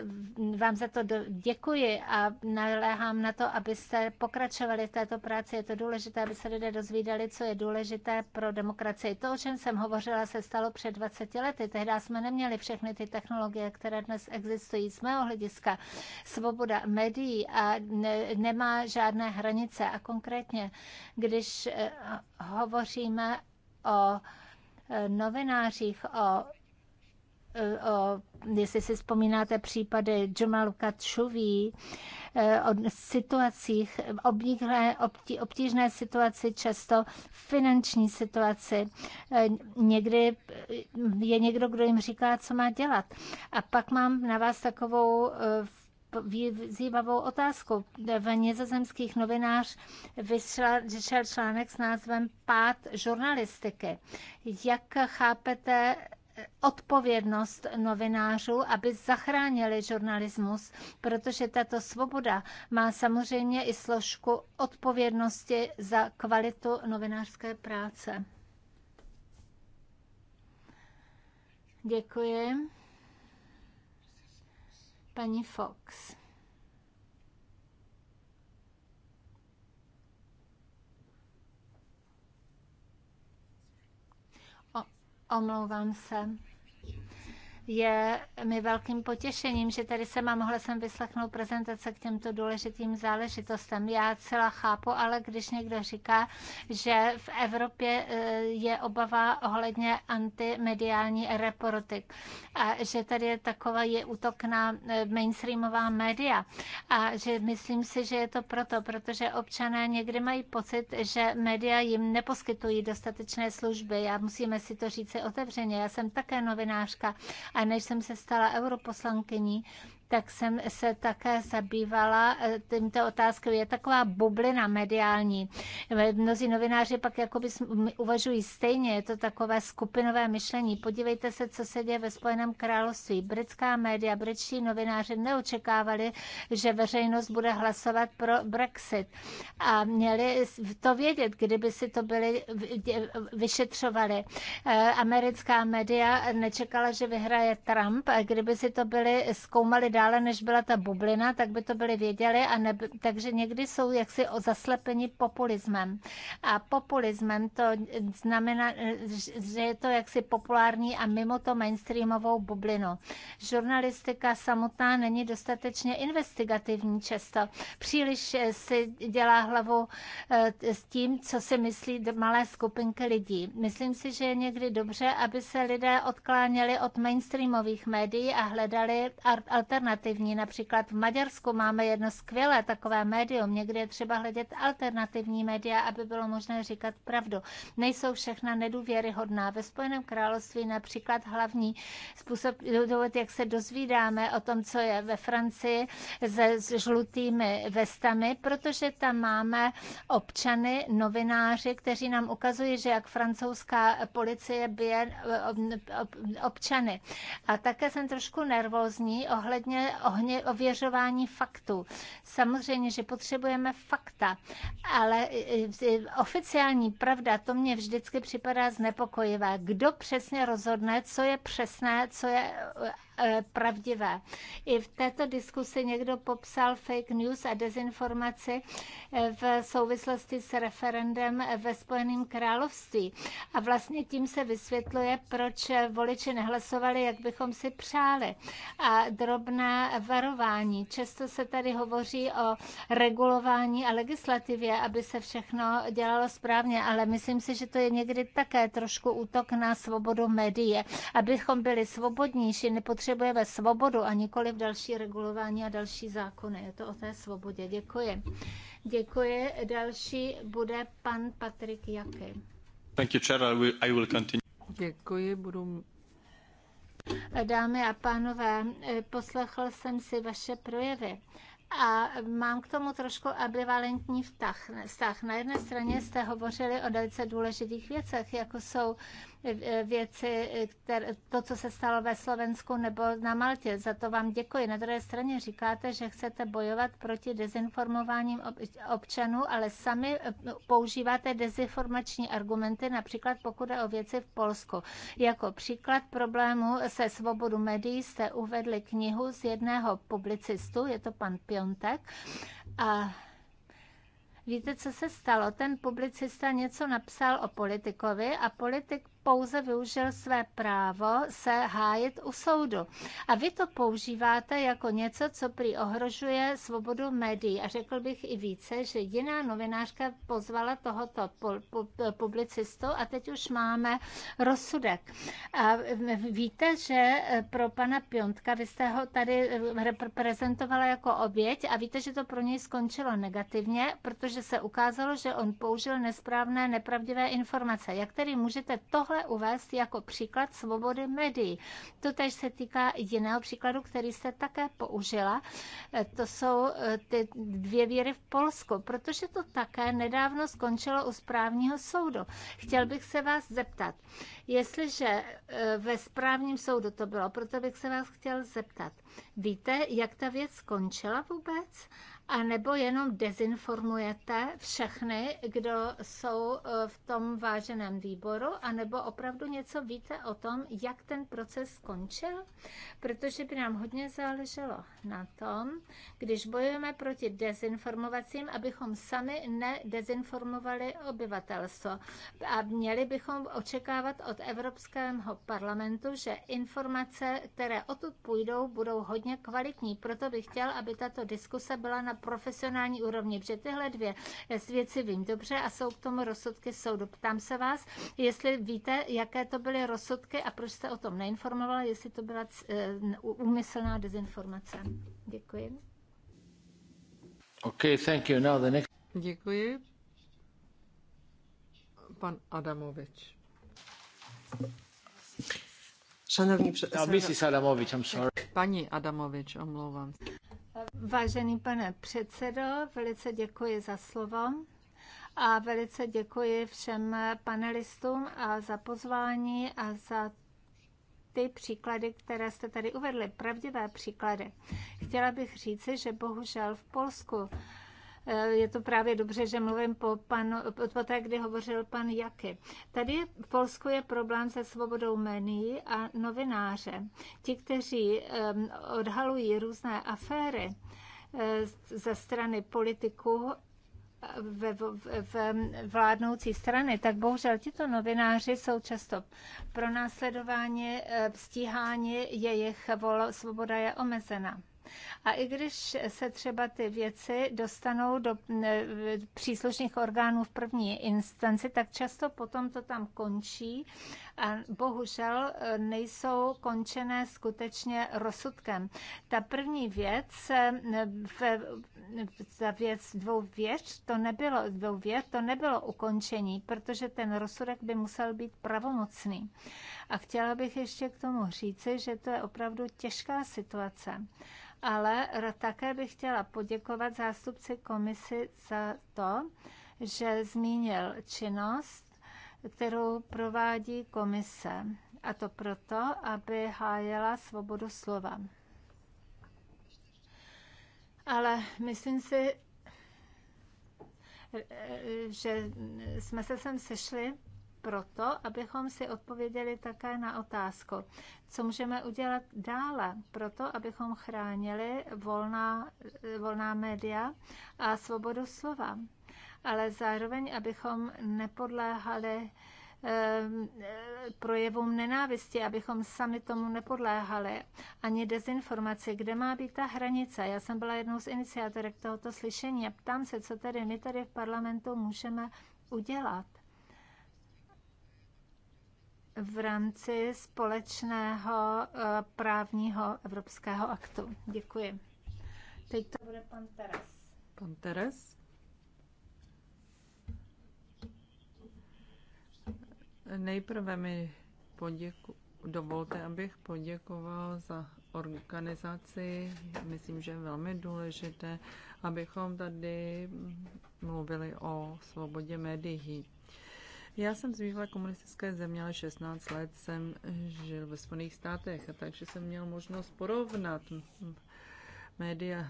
vám za to děkuji a naléhám na to, abyste pokračovali v této práci. Je to důležité, aby se lidé dozvídali, co je důležité pro demokracii. To, o čem jsem hovořila, se stalo před 20 lety. Tehdy jsme neměli všechny ty technologie, které dnes existují. Z mého hlediska svoboda médií a ne, nemá žádné hranice. A konkrétně, když když eh, hovoříme o eh, novinářích, o eh, o, jestli si vzpomínáte případy Jamal Khashoggi, o situacích, obtížné, obtížné situaci, často finanční situaci. Někdy je někdo, kdo jim říká, co má dělat. A pak mám na vás takovou vyzývavou otázku. V nizozemských novinář vyšel článek s názvem Pád žurnalistiky. Jak chápete eh, odpovědnost novinářů, aby zachránili žurnalismus, protože tato svoboda má samozřejmě i složku odpovědnosti za kvalitu novinářské práce. Děkuji. Paní Fox. O, omlouvám se. Je mi velkým potěšením, že tady jsem a mohla jsem vyslechnout prezentace k těmto důležitým záležitostem. Já celá chápu, ale když někdo říká, že v Evropě e, je obava ohledně antimediální reportik a že tady je takový útok na e, mainstreamová média a že myslím si, že je to proto, protože občané někdy mají pocit, že média jim neposkytují dostatečné služby a musíme si to říct otevřeně. Já jsem také novinářka a než jsem se stala europoslankyní, tak jsem se také zabývala eh, tímto otázkou. Je taková bublina mediální. Mnozí novináři pak jakoby uvažují stejně, je to takové skupinové myšlení. Podívejte se, co se děje ve Spojeném království. Britská média, britští novináři neočekávali, že veřejnost bude hlasovat pro Brexit. A měli to vědět, kdyby si to byli vyšetřovali. Eh, americká média nečekala, že vyhraje Trump, kdyby si to byli zkoumali dál dále, než byla ta bublina, tak by to byli věděli, a ne, takže někdy jsou jaksi o zaslepení populismem. A populismem to znamená, že je to jaksi populární a mimo to mainstreamovou bublinu. Žurnalistika samotná není dostatečně investigativní často. Příliš eh, si dělá hlavu eh, s tím, co si myslí malé skupinky lidí. Myslím si, že je někdy dobře, aby se lidé odkláněli od mainstreamových médií a hledali alternativy alternativní. Například v Maďarsku máme jedno skvělé takové médium. Někdy je třeba hledět alternativní média, aby bylo možné říkat pravdu. Nejsou všechna nedůvěryhodná. Ve Spojeném království například hlavní způsob, jak se dozvídáme o tom, co je ve Francii se žlutými vestami, protože tam máme občany, novináři, kteří nám ukazují, že jak francouzská policie bije eh, občany. A také jsem trošku nervózní ohledně ohně, ohně, ověřování faktů. Samozřejmě, že potřebujeme fakta, ale e, e, oficiální pravda, to mě vždycky připadá znepokojivé. Kdo přesně rozhodne, co je přesné, co je Eh, pravdivé. I v této diskusi někdo popsal fake news a dezinformaci eh, v souvislosti s referendem eh, ve Spojeném království. A vlastně tím se vysvětluje, proč voliči nehlasovali, jak bychom si přáli. A drobné varování. Často se tady hovoří o regulování a legislativě, aby se všechno dělalo správně, ale myslím si, že to je někdy také trošku útok na svobodu médií. Abychom byli svobodnější, nepotřebujeme potřebujeme svobodu a nikoli v další regulování a další zákony. Je to o té svobodě. Děkuji. Děkuji. Další bude pan Patrik Jaky. Thank you, Chair. I will continue. Děkuji, budu Dámy a pánové, eh, poslechl jsem si vaše projevy a mám k tomu trošku ambivalentní vztah. Na jedné straně jste hovořili o velice důležitých věcech, jako jsou Eh, věci, eh, které, to, co se stalo ve Slovensku nebo na Maltě. Za to vám děkuji. Na druhé straně říkáte, že chcete bojovat proti dezinformováním občanů, ale sami eh, používáte dezinformační argumenty, například pokud je o věci v Polsku. Jako příklad problému se svobodu médií jste uvedli knihu z jedného publicistu, je to pan Piontek, a Víte, co se stalo? Ten publicista něco napsal o politikovi a politik pouze využil své právo se hájit u soudu. A vy to používáte jako něco, co prý ohrožuje svobodu médií. A řekl bych i více, že jiná novinářka pozvala tohoto publicistu a teď už máme rozsudek. A víte, že eh, pro pana Piontka, vy jste ho tady eh, reprezentovala jako oběť a víte, že to pro něj skončilo negativně, protože se ukázalo, že on použil nesprávné, nepravdivé informace. Jak tedy můžete tohle rychle uvést jako příklad svobody médií. To tež se týká jiného příkladu, který se také použila. E, to jsou e, ty dvě věry v Polsku, protože to také nedávno skončilo u správního soudu. Chtěl bych se vás zeptat, jestliže e, ve správním soudu to bylo, proto bych se vás chtěl zeptat. Víte, jak ta věc skončila vůbec? a nebo jenom dezinformujete všechny, kdo jsou eh, v tom váženém výboru, a nebo opravdu něco víte o tom, jak ten proces skončil? Protože by nám hodně záleželo na tom, když bojujeme proti dezinformacím, abychom sami nedezinformovali obyvatelstvo. A měli bychom očekávat od Evropského parlamentu, že informace, které odtud půjdou, budou hodně kvalitní. Proto bych chtěl, aby tato diskuse byla na na profesionální úrovni. Protože tyhle dvě věci vím dobře a jsou k tomu rozsudky soudu. Ptám se vás, jestli víte, jaké to byly rozsudky a proč jste o tom neinformovala, jestli to byla eh, úmyslná dezinformace. Děkuji. Okay, thank you. Now the next... Děkuji. Pan Adamovič. Šanovní předsedo. No, Mrs. Adamovič, I'm sorry. Paní Adamovič, omlouvám. Vážený pane předsedo, velice děkuji za slovo a velice děkuji všem panelistům a za pozvání a za ty příklady, které jste tady uvedli, pravdivé příklady. Chtěla bych říci, že bohužel v Polsku Eh, je to právě dobře, že mluvím po, pan, po té, kdy hovořil pan Jaky. Tady v Polsku je problém se svobodou médií a novináře. Ti, kteří odhalují různé aféry eh, ze strany politiků eh, ve, ve vládnoucí strany, tak bohužel tito novináři jsou často pro následování, stíhání, jejich svoboda je omezena. A i když se třeba ty věci dostanou do příslušných orgánů v první instanci, tak často potom to tam končí bohužel e, nejsou končené skutečně rozsudkem. Ta první věc, ta e, věc dvou věc, to nebylo dvou věc, to nebylo ukončení, protože ten rozsudek by musel být pravomocný. A chtěla bych ještě k tomu říci, že to je opravdu těžká situace ale také bych chtěla poděkovat zástupci komisi za to, že zmínil činnost kterou provádí komise. A to proto, aby hájela svobodu slova. Ale myslím si, že jsme se sem sešli proto, abychom si odpověděli také na otázku, co můžeme udělat dále, proto, abychom chránili volná, volná média a svobodu slova ale zároveň, abychom nepodléhali ehm, projevům nenávisti, abychom sami tomu nepodléhali, ani dezinformaci, kde má být ta hranice. Já jsem byla jednou z iniciátorek tohoto slyšení a ptám se, co tedy my tady v parlamentu můžeme udělat v rámci společného eh, právního evropského aktu. Děkuji. Teď to bude pan Teres. Pan Teres. Nejprve mi poděku, dovolte, abych poděkoval za organizaci. Myslím, že je velmi důležité, abychom tady mluvili o svobodě médií. Já jsem z bývalé komunistické země, ale 16 let jsem žil ve Spojených státech, takže jsem měl možnost porovnat média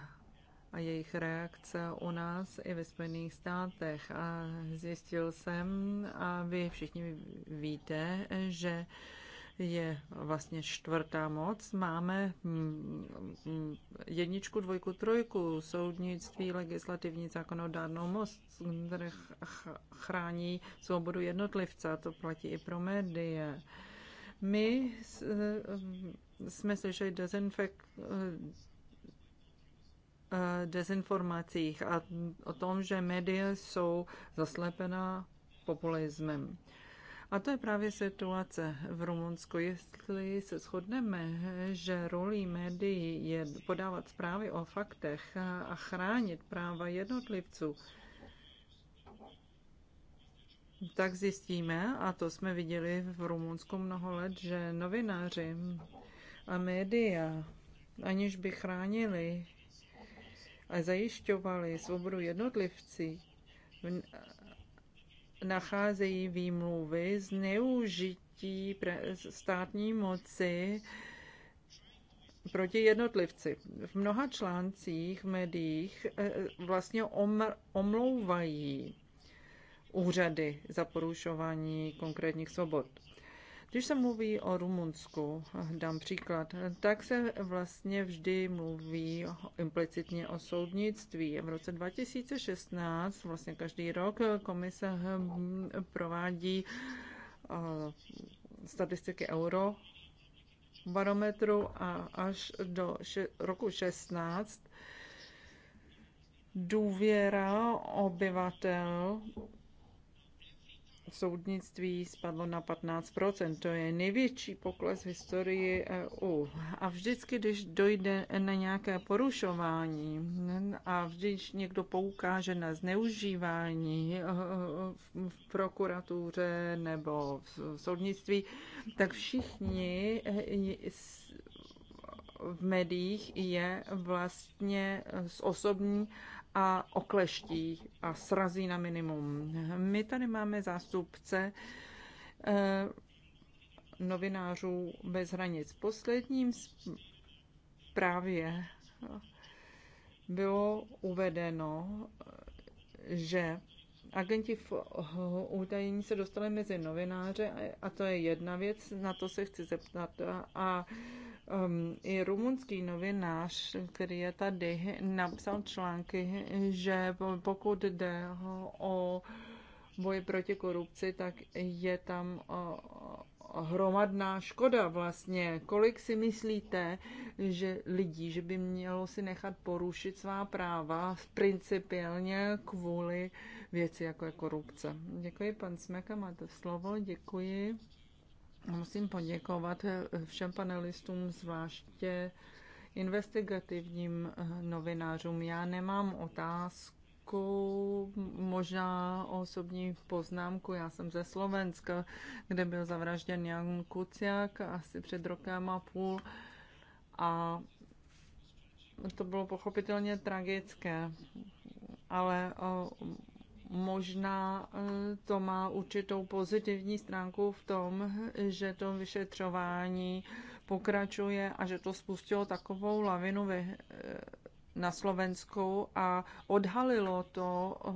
a jejich reakce u nás i ve Spojených státech. A zjistil jsem, a vy všichni víte, že je vlastně čtvrtá moc. Máme mm, mm, jedničku, dvojku, trojku, soudnictví, legislativní, zákonodárnou moc, které chrání svobodu jednotlivce. To platí i pro médie. My e, jsme slyšeli dezinfek, Eh, dezinformacích a o tom, že média jsou zaslepená populismem. A to je právě situace v Rumunsku. Jestli se shodneme, že rolí médií je podávat zprávy o faktech a chránit práva jednotlivců, tak zjistíme, a to jsme viděli v Rumunsku mnoho let, že novináři a média, aniž by chránili a zajišťovali svobodu jednotlivci, nacházejí výmluvy zneužití státní moci proti jednotlivci. V mnoha článcích, médiích eh, vlastně omlouvají úřady za porušování konkrétních svobod. Když se mluví o Rumunsku, dám příklad, tak se vlastně vždy mluví implicitně o soudnictví. V roce 2016, vlastně každý rok, komise provádí eh, statistiky euro barometru a až do roku 16 důvěra obyvatel soudnictví spadlo na 15%. To je největší pokles v historii EU. A vždycky, když dojde na nějaké porušování a když někdo poukáže na zneužívání e, e, v prokuratuře nebo v soudnictví, tak všichni e, v médiích je vlastně z osobní a okleští a srazí na minimum. My tady máme zástupce eh, novinářů bez hranic. Posledním právě bylo uvedeno, že agenti v útajení se dostali mezi novináře a to je jedna věc, na to se chci zeptat. A um, i rumunský novinář, který je tady, napsal články, že pokud jde o boji proti korupci, tak je tam hromadná škoda vlastně. Kolik si myslíte, že lidí, že by mělo si nechat porušit svá práva principiálně kvůli věci jako je korupce? Děkuji, pan Smeka, máte slovo, děkuji. Musím poděkovat všem panelistům, zvláště investigativním eh, novinářům. Já nemám otázku, možná osobní poznámku. Já jsem ze Slovenska, kde byl zavražděn Jan Kuciak asi před rokem a půl a to bylo pochopitelně tragické, ale eh, Možná eh, to má určitou pozitivní stránku v tom, že to vyšetřování pokračuje a že to spustilo takovou lavinu ve, eh, na Slovensku a odhalilo to eh,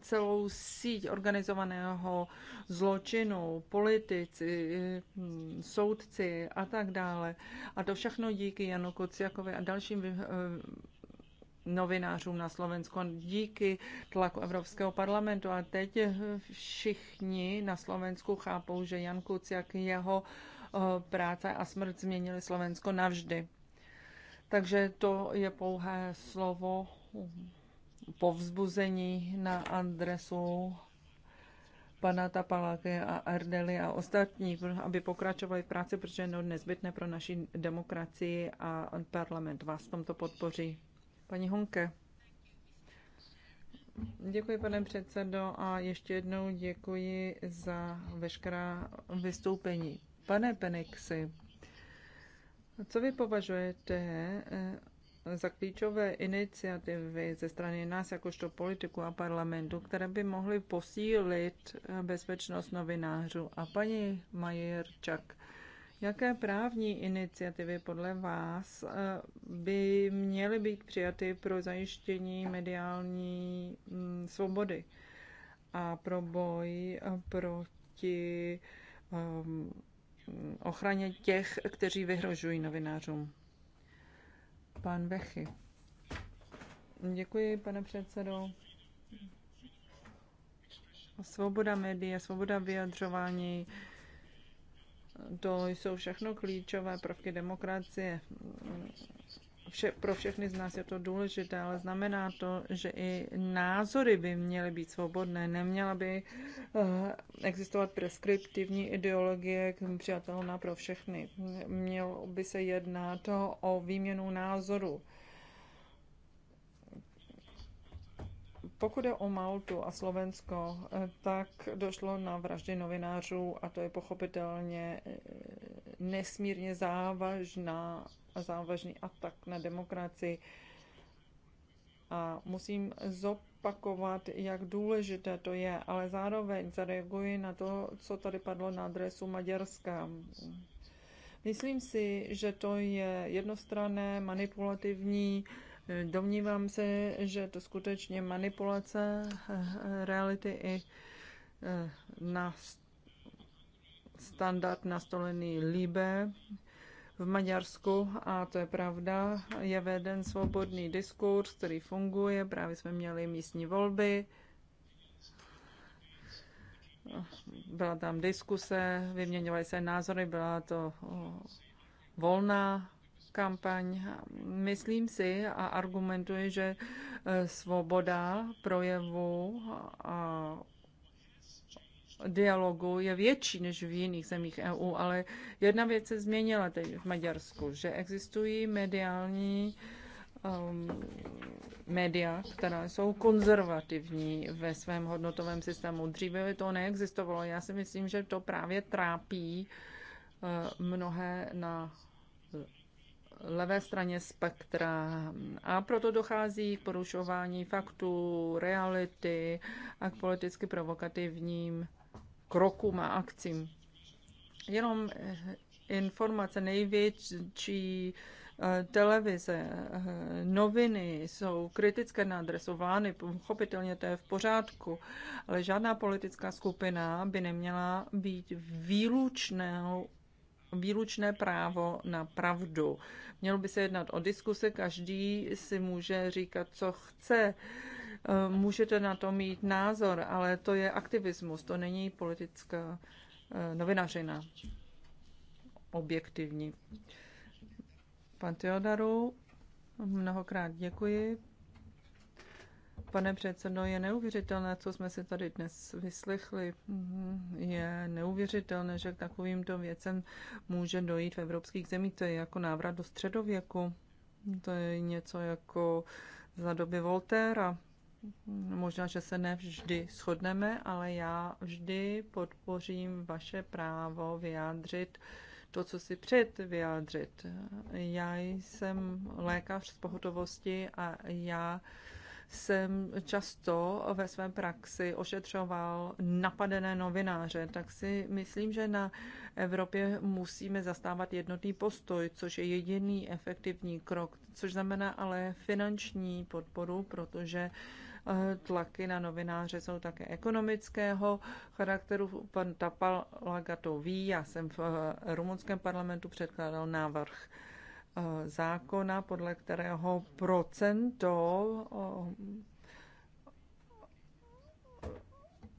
celou síť organizovaného zločinu, politici, hm, soudci a tak dále. A to všechno díky Janu Kuciakovi a dalším novinářům na Slovensku díky tlaku Evropského parlamentu. A teď všichni na Slovensku chápou, že Jan Kuciak, jeho eh, práce a smrt změnili Slovensko navždy. Takže to je pouhé slovo povzbuzení na adresu pana Tapaláky a Ardely a ostatní, aby pokračovali v práci, protože je nezbytné pro naši demokracii a parlament vás v tomto podpoří. Paní Honke. Děkuji, pane předsedo, a ještě jednou děkuji za veškerá vystoupení. Pane Penixi, co vy považujete eh, za klíčové iniciativy ze strany nás jakožto politiku a parlamentu, které by mohly posílit bezpečnost novinářů? A paní Majerčak, Jaké právní iniciativy podle vás eh, by měly být přijaty pro zajištění mediální mm, svobody a pro boj eh, proti ehm, ochraně těch, kteří vyhrožují novinářům? Pan Vechy. Děkuji, pane předsedo. Svoboda médií, svoboda vyjadřování, to jsou všechno klíčové prvky demokracie. Vše, pro všechny z nás je to důležité, ale znamená to, že i názory by měly být svobodné. Neměla by eh, existovat preskriptivní ideologie přijatelná pro všechny. Mělo by se jednat o výměnu názoru Pokud je o Maltu a Slovensko, eh, tak došlo na vraždy novinářů a to je pochopitelně eh, nesmírně závažná, závažný atak na demokracii. A musím zopakovat, jak důležité to je, ale zároveň zareaguji na to, co tady padlo na adresu Maďarska. Myslím si, že to je jednostranné, manipulativní, Domnívám se, že to skutečně manipulace eh, reality i eh, na standard nastolený líbe v Maďarsku, a to je pravda, je veden svobodný diskurs, který funguje, právě jsme měli místní volby, byla tam diskuse, vyměňovaly se názory, byla to eh, volná kampaň. Myslím si a argumentuji, že eh, svoboda projevu a dialogu je větší než v jiných zemích EU, ale jedna věc se změnila teď v Maďarsku, že existují mediální um, média, která jsou konzervativní ve svém hodnotovém systému. Dříve to neexistovalo. Já si myslím, že to právě trápí uh, mnohé na levé straně spektra. A proto dochází k porušování faktů, reality a k politicky provokativním krokům a akcím. Jenom informace největší eh, televize, eh, noviny jsou kritické na adresu vlády, pochopitelně to je v pořádku, ale žádná politická skupina by neměla být výlučnou výlučné právo na pravdu. Mělo by se jednat o diskuse, každý si může říkat, co chce. Eh, můžete na to mít názor, ale to je aktivismus, to není politická eh, novinařina objektivní. Pan Teodaru, mnohokrát děkuji. Pane předsedo, je neuvěřitelné, co jsme si tady dnes vyslechli. Je neuvěřitelné, že k takovýmto věcem může dojít v evropských zemích. To je jako návrat do středověku. To je něco jako za doby Voltéra. Možná, že se nevždy shodneme, ale já vždy podpořím vaše právo vyjádřit to, co si před vyjádřit. Já jsem lékař z pohotovosti a já jsem často ve své praxi ošetřoval napadené novináře, tak si myslím, že na Evropě musíme zastávat jednotný postoj, což je jediný efektivní krok, což znamená ale finanční podporu, protože eh, tlaky na novináře jsou také ekonomického charakteru. Pan Tapalaga to ví, já jsem v eh, rumunském parlamentu předkládal návrh Eh, zákona, podle kterého procento eh,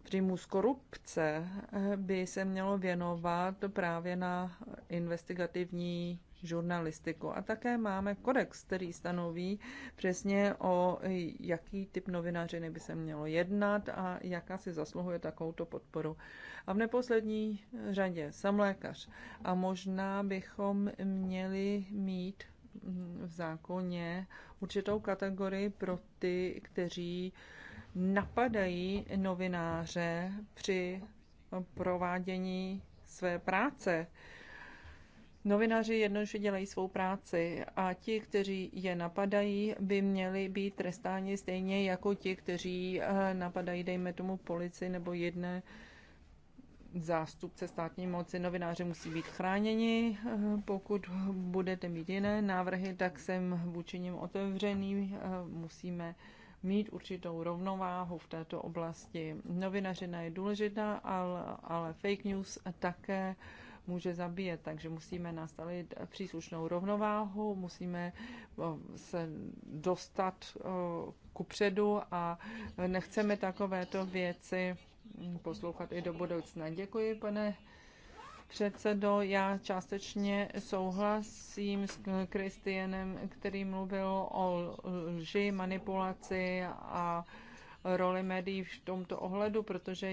příjmu z korupce eh, by se mělo věnovat právě na investigativní žurnalistiku. A také máme kodex, který stanoví přesně o jaký typ novinařiny by se mělo jednat a jaká si zasluhuje takovouto podporu. A v neposlední řadě jsem lékař a možná bychom měli mít hm, v zákoně určitou kategorii pro ty, kteří napadají novináře při provádění své práce. Novináři jednoduše dělají svou práci a ti, kteří je napadají, by měli být trestáni stejně jako ti, kteří eh, napadají, dejme tomu, policii nebo jedné zástupce státní moci. Novináři musí být chráněni. Eh, pokud budete mít jiné návrhy, tak jsem vůči nim otevřený. Eh, musíme mít určitou rovnováhu v této oblasti. Novinařina je důležitá, ale, ale fake news také může zabíjet. Takže musíme nastavit příslušnou rovnováhu, musíme eh, se dostat eh, ku předu a nechceme takovéto věci poslouchat i do budoucna. Děkuji, pane předsedo. Já částečně souhlasím s Kristianem, který mluvil o lži, manipulaci a roli médií v tomto ohledu, protože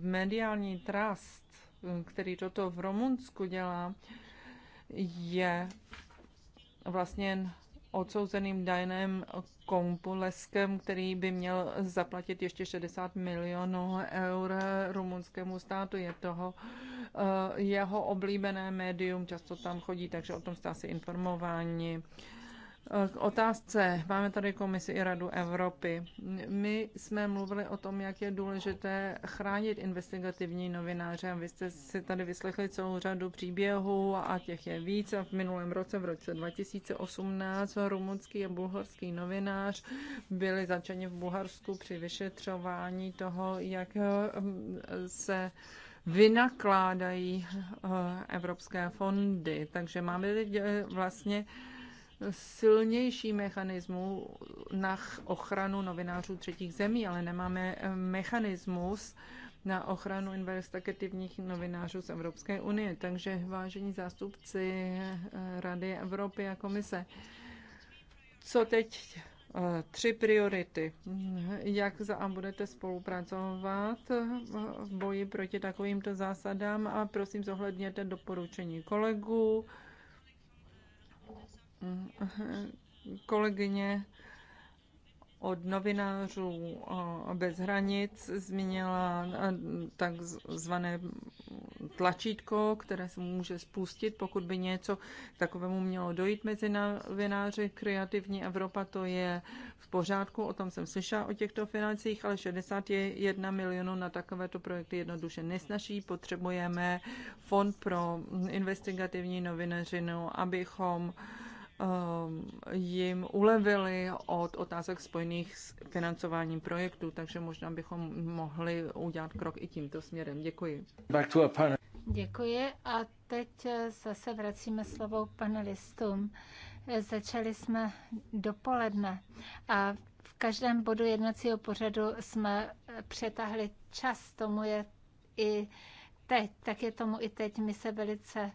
mediální trust, který toto v Rumunsku dělá, je vlastně odsouzeným Dainem Kompuleskem, který by měl zaplatit ještě 60 milionů eur rumunskému státu. Je toho eh, jeho oblíbené médium, často tam chodí, takže o tom jste asi informováni. K otázce. Máme tady komisi i Radu Evropy. My jsme mluvili o tom, jak je důležité chránit investigativní novináře. Vy jste si tady vyslechli celou řadu příběhů a těch je víc. A v minulém roce, v roce 2018, rumunský a bulharský novinář byli začeni v Bulharsku při vyšetřování toho, jak eh, se vynakládají eh, evropské fondy. Takže máme teď eh, vlastně silnější mechanismus na ochranu novinářů třetích zemí, ale nemáme eh, mechanismus na ochranu investigativních novinářů z Evropské unie. Takže vážení zástupci eh, Rady Evropy a komise, co teď eh, tři priority. Jak za a budete spolupracovat v boji proti takovýmto zásadám a prosím zohledněte doporučení kolegů, kolegyně od novinářů eh, bez hranic zmínila eh, takzvané tlačítko, které se může spustit, pokud by něco takovému mělo dojít mezi novináři. Kreativní Evropa to je v pořádku, o tom jsem slyšela o těchto financích, ale 61 milionů na takovéto projekty jednoduše nesnaší. Potřebujeme fond pro investigativní novinařinu, abychom Um, jim ulevili od otázek spojených s financováním projektů, takže možná bychom mohli udělat krok i tímto směrem. Děkuji. Děkuji a teď eh, zase vracíme slovo panelistům. Eh, začali jsme dopoledne a v každém bodu jednacího pořadu jsme eh, přetahli čas, tomu je i teď, tak je tomu i teď. My se velice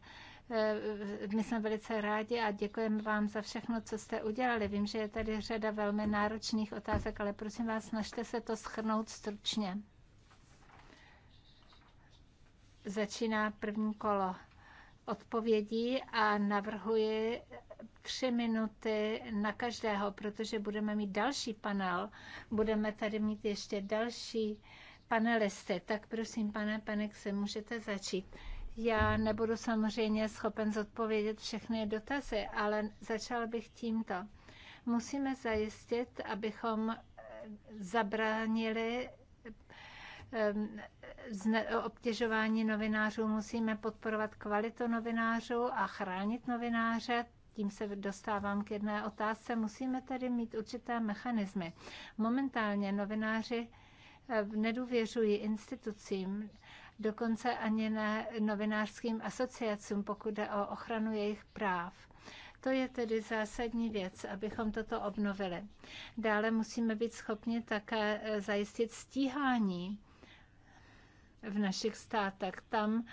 Eh, my jsme velice rádi a děkujeme vám za všechno, co jste udělali. Vím, že je tady řada velmi náročných otázek, ale prosím vás, snažte se to schrnout stručně. Začíná první kolo odpovědí a navrhuji tři minuty na každého, protože budeme mít další panel. Budeme tady mít ještě další panelisty. Tak prosím, pane Penek, se můžete začít. Já nebudu samozřejmě schopen zodpovědět všechny dotazy, ale začal bych tímto. Musíme zajistit, abychom eh, zabránili ehm, obtěžování novinářů. Musíme podporovat kvalitu novinářů a chránit novináře. Tím se dostávám k jedné otázce. Musíme tedy mít určité mechanismy. Momentálně novináři eh, nedůvěřují institucím, dokonce ani ne novinářským asociacím, pokud jde o ochranu jejich práv. To je tedy zásadní věc, abychom toto obnovili. Dále musíme být schopni také eh, zajistit stíhání v našich státech. Tam,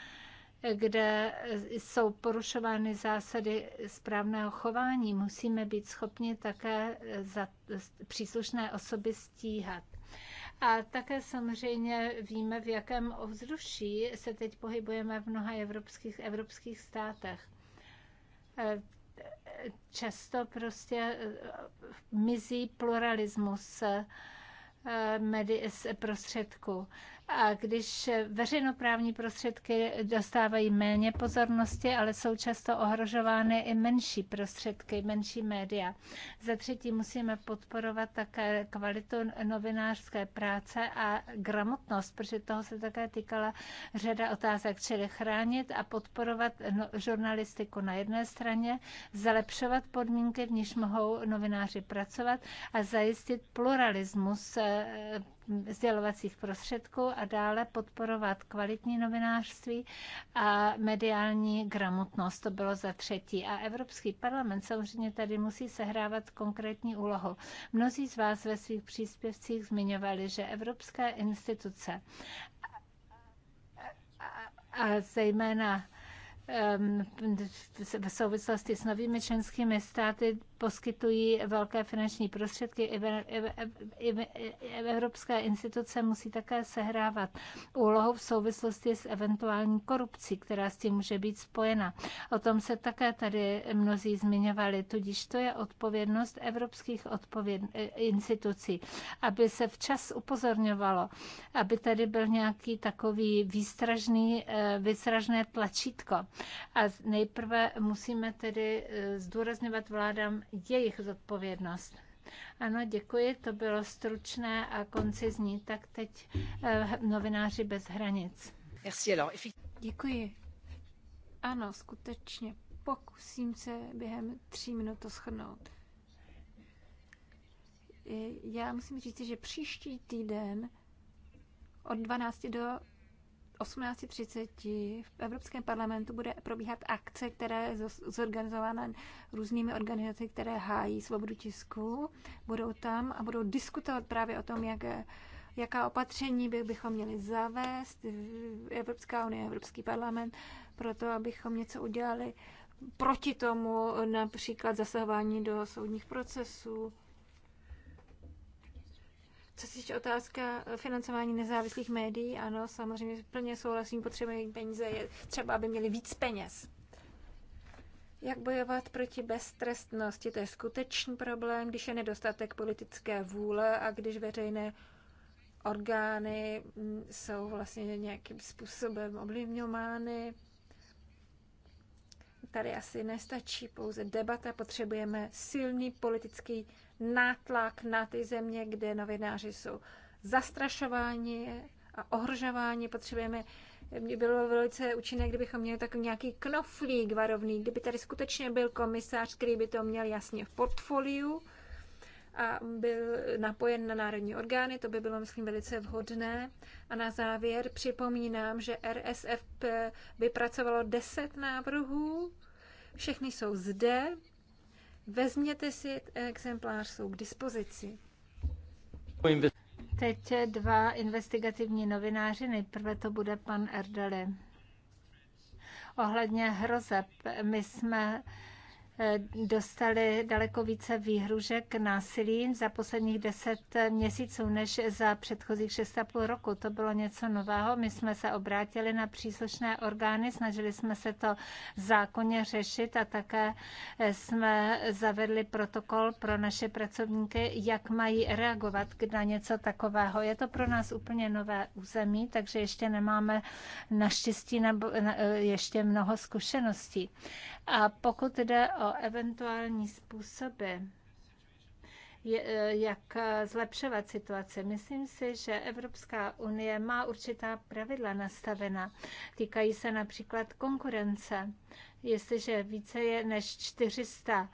kde eh, jsou porušovány zásady správného chování, musíme být schopni také eh, za příslušné osoby stíhat. A také samozřejmě víme, v jakém ovzduší se teď pohybujeme v mnoha evropských, evropských státech. E, často prostě e, mizí pluralismus e, medi- prostředku. A když veřejnoprávní prostředky dostávají méně pozornosti, ale jsou často ohrožovány i menší prostředky, menší média. Za třetí musíme podporovat také kvalitu novinářské práce a gramotnost, protože toho se také týkala řada otázek, čili chránit a podporovat no, žurnalistiku na jedné straně, zlepšovat podmínky, v níž mohou novináři pracovat a zajistit pluralismus eh, vzdělovacích prostředků a dále podporovat kvalitní novinářství a mediální gramotnost. To bylo za třetí. A Evropský parlament samozřejmě tady musí sehrávat konkrétní úlohu. Mnozí z vás ve svých příspěvcích zmiňovali, že evropské instituce a zejména um, v souvislosti s novými členskými státy poskytují velké finanční prostředky. Evropské instituce musí také sehrávat úlohu v souvislosti s eventuální korupcí, která s tím může být spojena. O tom se také tady mnozí zmiňovali, tudíž to je odpovědnost evropských odpověd... institucí, aby se včas upozorňovalo, aby tady byl nějaký takový výstražný, eh, výstražné tlačítko. A nejprve musíme tedy eh, zdůrazňovat vládám, jejich zodpovědnost. Ano, děkuji, to bylo stručné a koncizní, tak teď eh, novináři bez hranic. Děkuji. Ano, skutečně. Pokusím se během tří minut to schrnout. Eh, já musím říct, že příští týden od 12 do 18.30 v Evropském parlamentu bude probíhat akce, která je zorganizována různými organizacemi, které hájí svobodu tisku. Budou tam a budou diskutovat právě o tom, jak, jaká opatření by, bychom měli zavést, Evropská unie, Evropský parlament, proto abychom něco udělali proti tomu, například zasahování do soudních procesů co se týče otázka financování nezávislých médií, ano, samozřejmě plně souhlasím, potřebujeme peníze, je třeba, aby měli víc peněz. Jak bojovat proti beztrestnosti? To je skutečný problém, když je nedostatek politické vůle a když veřejné orgány jsou vlastně nějakým způsobem ovlivňovány. Tady asi nestačí pouze debata, potřebujeme silný politický nátlak na ty země, kde novináři jsou zastrašováni a ohrožováni. Potřebujeme mě bylo velice účinné, kdybychom měli takový nějaký knoflík varovný, kdyby tady skutečně byl komisář, který by to měl jasně v portfoliu a byl napojen na národní orgány, to by bylo, myslím, velice vhodné. A na závěr připomínám, že RSF vypracovalo 10 návrhů, všechny jsou zde, Vezměte si exemplář, jsou k dispozici. Teď dva investigativní novináři, nejprve to bude pan Erdely. Ohledně hrozeb, my jsme Eh, dostali daleko více výhružek násilí za posledních deset měsíců než za předchozích 6,5 roku. To bylo něco nového. My jsme se obrátili na příslušné orgány, snažili jsme se to zákonně řešit a také eh, jsme zavedli protokol pro naše pracovníky, jak mají reagovat na něco takového. Je to pro nás úplně nové území, takže ještě nemáme naštěstí nebo eh, ještě mnoho zkušeností. A pokud jde o o eventuální způsoby, e, jak zlepšovat situaci. Myslím si, že Evropská unie má určitá pravidla nastavena. Týkají se například konkurence. Jestliže více je než 400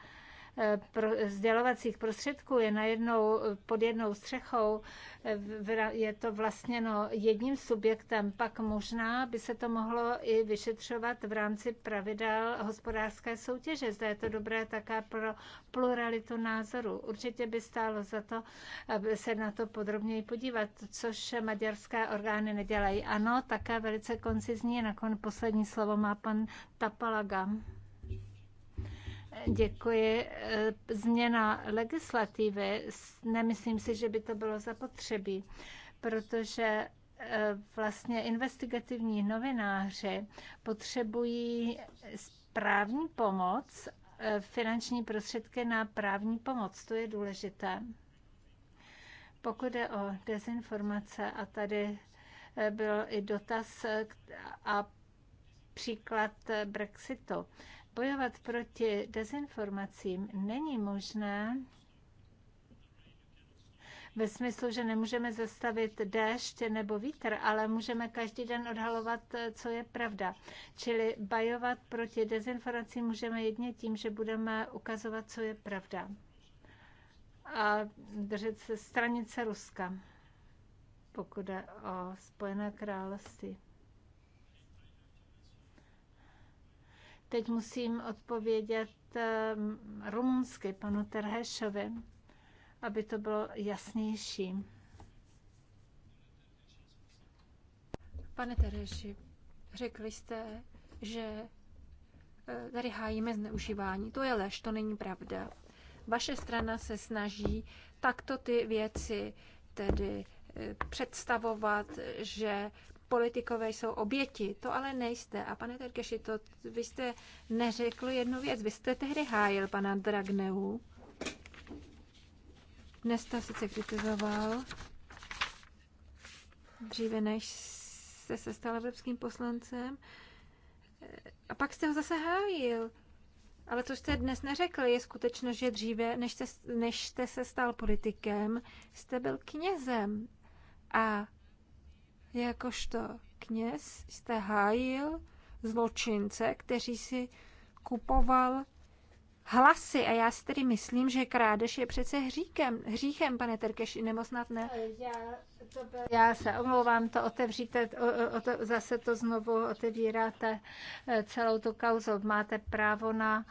Eh, sdělovacích prostředků je najednou pod jednou střechou, eh, je to vlastněno jedním subjektem, pak možná by se to mohlo i vyšetřovat v rámci pravidel hospodářské soutěže. Zde je to dobré také pro pluralitu názorů. Určitě by stálo za to aby se na to podrobněji podívat, což maďarské orgány nedělají. Ano, také velice koncizní. Nakon poslední slovo má pan Tapalaga. Děkuji. Eh, změna legislativy, nemyslím si, že by to bylo zapotřebí, protože eh, vlastně investigativní novináři potřebují právní pomoc, eh, finanční prostředky na právní pomoc. To je důležité. Pokud je o dezinformace, a tady byl i dotaz a příklad Brexitu bojovat proti dezinformacím není možné ve smyslu, že nemůžeme zastavit déšť nebo vítr, ale můžeme každý den odhalovat, co je pravda. Čili bojovat proti dezinformacím můžeme jedně tím, že budeme ukazovat, co je pravda. A držet se stranice Ruska, pokud je o Spojené království. Teď musím odpovědět ehm, rumunsky panu Terhešovi, aby to bylo jasnější. Pane Terheši, řekli jste, že eh, tady hájíme zneužívání. To je lež, to není pravda. Vaše strana se snaží takto ty věci tedy eh, představovat, že politikové jsou oběti. To ale nejste. A pane Terkeši, to vy jste neřekl jednu věc. Vy jste tehdy hájil pana Dragneu. Dnes to sice kritizoval, dříve než jste se stal evropským poslancem. A pak jste ho zase hájil. Ale co jste dnes neřekl, je skutečnost, že dříve, než jste, než jste se stal politikem, jste byl knězem. A jakožto kněz jste hájil zločince, kteří si kupoval hlasy. A já si tedy myslím, že krádež je přece hříkem, hříchem, pane Terkeši, nebo snad ne? Já, se omlouvám, to otevříte, o, o to, zase to znovu otevíráte eh, celou tu kauzu. Máte právo na uh,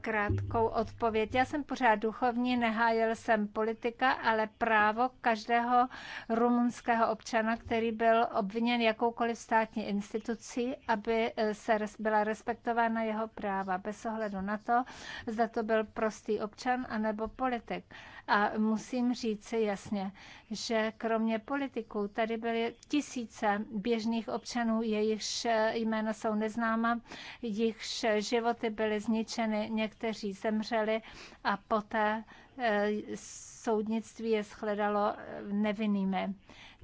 krátkou odpověď. Já jsem pořád duchovní, nehájel jsem politika, ale právo každého rumunského občana, který byl obviněn jakoukoliv státní institucí, aby eh, se byla respektována jeho práva, bez ohledu na to, zda to byl prostý občan anebo politik. A musím říct si jasně, že kromě politiků tady byly tisíce běžných občanů, jejichž jména jsou neznáma, jejichž životy byly zničeny, někteří zemřeli a poté eh, soudnictví je shledalo eh, nevinnými.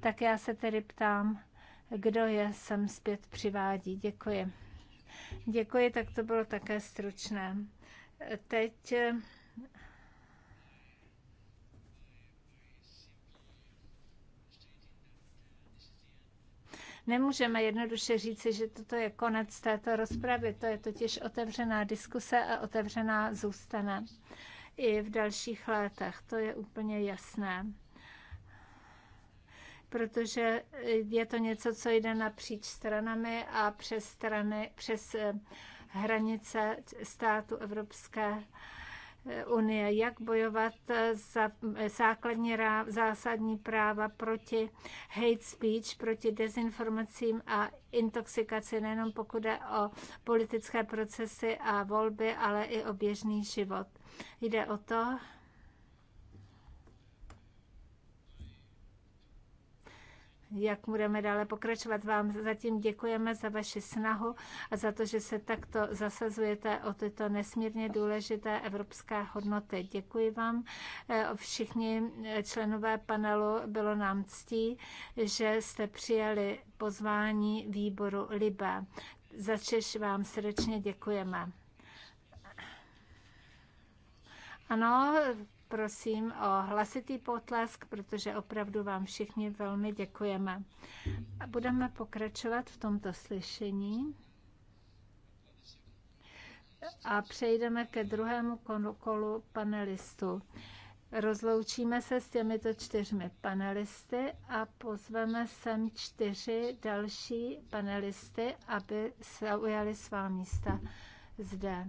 Tak já se tedy ptám, kdo je sem zpět přivádí. Děkuji. Děkuji, tak to bylo také stručné. Teď eh, Nemůžeme jednoduše říci, že toto je konec této rozpravy, to je totiž otevřená diskuse a otevřená zůstane i v dalších letech, to je úplně jasné protože je to něco, co jde napříč stranami a přes strany, přes eh, hranice státu Evropské unie, jak bojovat za základní zásadní práva proti hate speech, proti dezinformacím a intoxikaci, nejenom pokud jde o politické procesy a volby, ale i o běžný život. Jde o to, jak budeme dále pokračovat. Vám zatím děkujeme za vaši snahu a za to, že se takto zasazujete o tyto nesmírně důležité evropské hodnoty. Děkuji vám e, všichni členové panelu. Bylo nám ctí, že jste přijali pozvání výboru LIBE. Za Češ vám srdečně děkujeme. Ano, prosím o hlasitý potlesk, protože opravdu vám všichni velmi děkujeme. A budeme pokračovat v tomto slyšení. A přejdeme ke druhému kolu panelistů. Rozloučíme se s těmito čtyřmi panelisty a pozveme sem čtyři další panelisty, aby se ujali svá místa zde.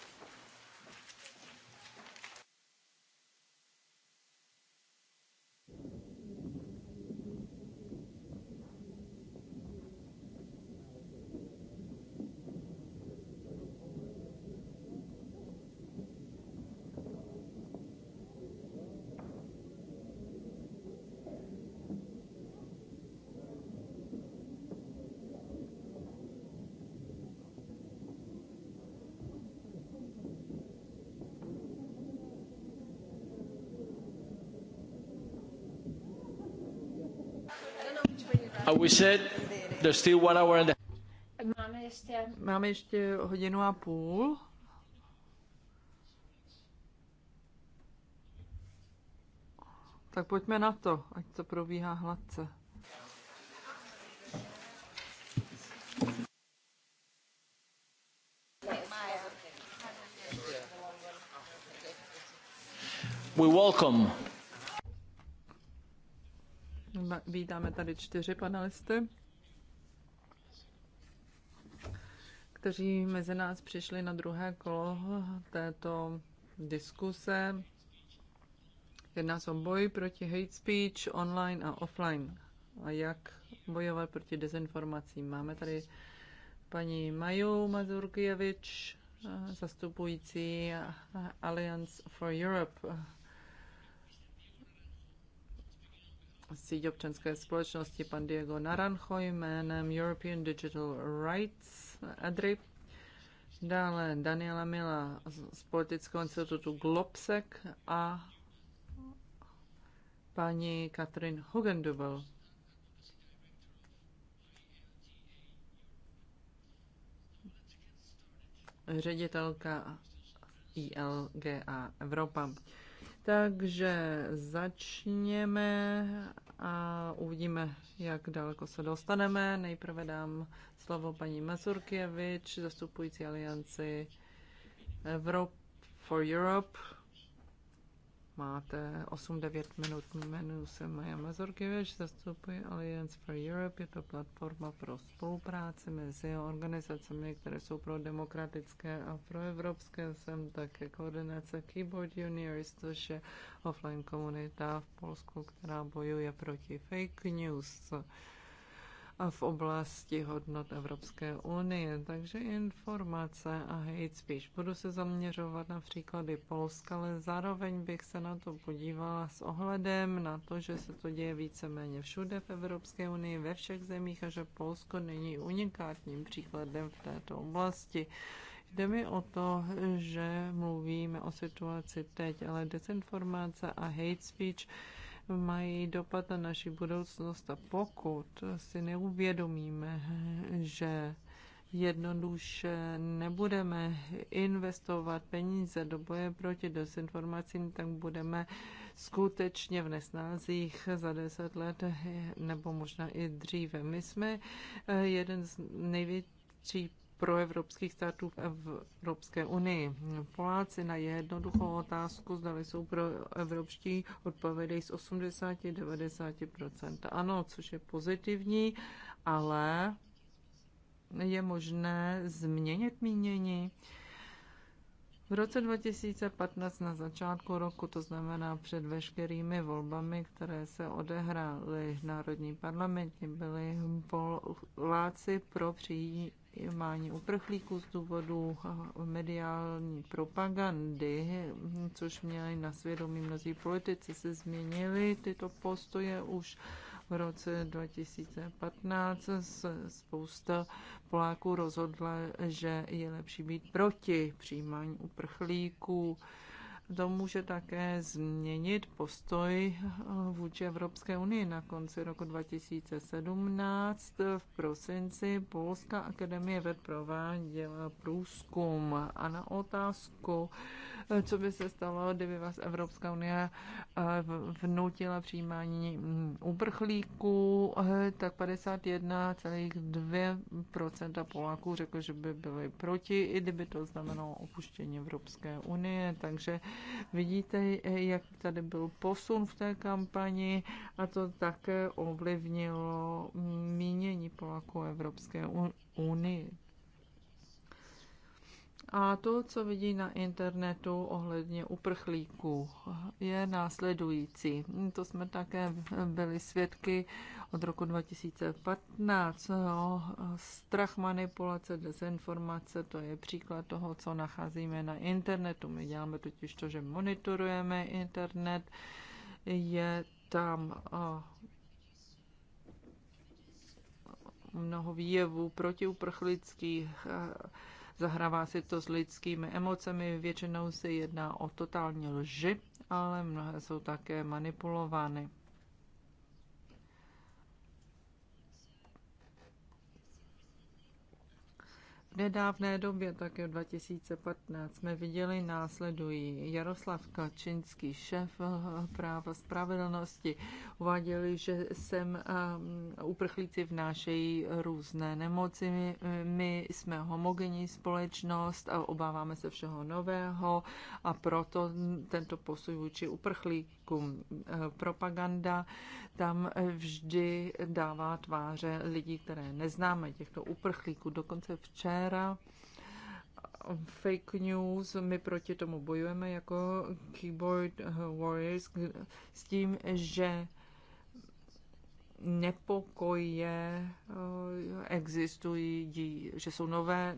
Máme ještě hodinu a půl. Tak pojďme na to, ať to probíhá hladce. We welcome Vítáme tady čtyři panelisty, kteří mezi nás přišli na druhé kolo této diskuse. Jedná se o boj proti hate speech online a offline a jak bojovat proti dezinformacím. Máme tady paní Maju Mazurkijevič, zastupující Alliance for Europe, síť občanské společnosti pan Diego Naranjo jménem European Digital Rights Adri. Dále Daniela Mila z Politického institutu Globsec a paní Katrin Hugendubel. Ředitelka ILGA Evropa. Takže začněme a uvidíme, jak daleko se dostaneme. Nejprve dám slovo paní Mazurkiewicz, zastupující alianci Europe for Europe máte 8-9 minut. Jmenuji se Maja Mazorkiewicz, zastupuji Alliance for Europe. Je to platforma pro spolupráci mezi organizacemi, které jsou pro demokratické a proevropské. Jsem také koordinace Keyboard Juniors, což je offline komunita v Polsku, která bojuje proti fake news. A v oblasti hodnot Evropské unie. Takže informace a hate speech. Budu se zaměřovat na příklady Polska, ale zároveň bych se na to podívala s ohledem na to, že se to děje víceméně všude v Evropské unii, ve všech zemích a že Polsko není unikátním příkladem v této oblasti. Jde mi o to, že mluvíme o situaci teď, ale dezinformace a hate speech mají dopad na naši budoucnost a pokud si neuvědomíme, že jednoduše nebudeme investovat peníze do boje proti desinformacím, tak budeme skutečně v nesnázích za deset let nebo možná i dříve. My jsme eh, jeden z největších pro evropských států v Evropské unii. Poláci na jednoduchou otázku, zdali jsou pro evropští, odpovědejí z 80-90%. Ano, což je pozitivní, ale je možné změnit mínění. V roce 2015 na začátku roku, to znamená před veškerými volbami, které se odehrály v Národní parlamentě, byli Poláci pro přijí, přijímání uprchlíků z důvodu eh, mediální propagandy, což měli na svědomí mnozí politici, se změnily tyto postoje už v roce 2015 spousta Poláků rozhodla, že je lepší být proti přijímání uprchlíků to může také změnit postoj eh, vůči Evropské unii na konci roku 2017. V prosinci Polská akademie ved prováděla průzkum a na otázku, eh, co by se stalo, kdyby vás Evropská unie eh, vnutila přijímání mm, uprchlíků, tak 51,2% Poláků řekl, že by byli proti, i kdyby to znamenalo opuštění Evropské unie. Takže Vidíte, eh, jak tady byl posun v té kampani a to také ovlivnilo mínění Poláků Evropské unii. A to, co vidí na internetu ohledně uprchlíků, je následující. To jsme také byli svědky od roku 2015. No, strach, manipulace, dezinformace, to je příklad toho, co nacházíme na internetu. My děláme totiž to, že monitorujeme internet. Je tam mnoho výjevů protiuprchlických Zahrává si to s lidskými emocemi, většinou se jedná o totální lži, ale mnohé jsou také manipulovány. V nedávné době, také v 2015, jsme viděli následují. Jaroslav Kačinský, šéf eh, práva spravedlnosti, uváděli, že sem eh, uprchlíci vnášejí různé nemoci. My, jsme homogenní společnost a obáváme se všeho nového a proto tento posuj vůči uprchlíkům trošku eh, Propaganda tam eh, vždy dává tváře lidí, které neznáme, těchto uprchlíků. Dokonce včera eh, fake news, my proti tomu bojujeme jako keyboard warriors s tím, že nepokoje existují, že jsou nové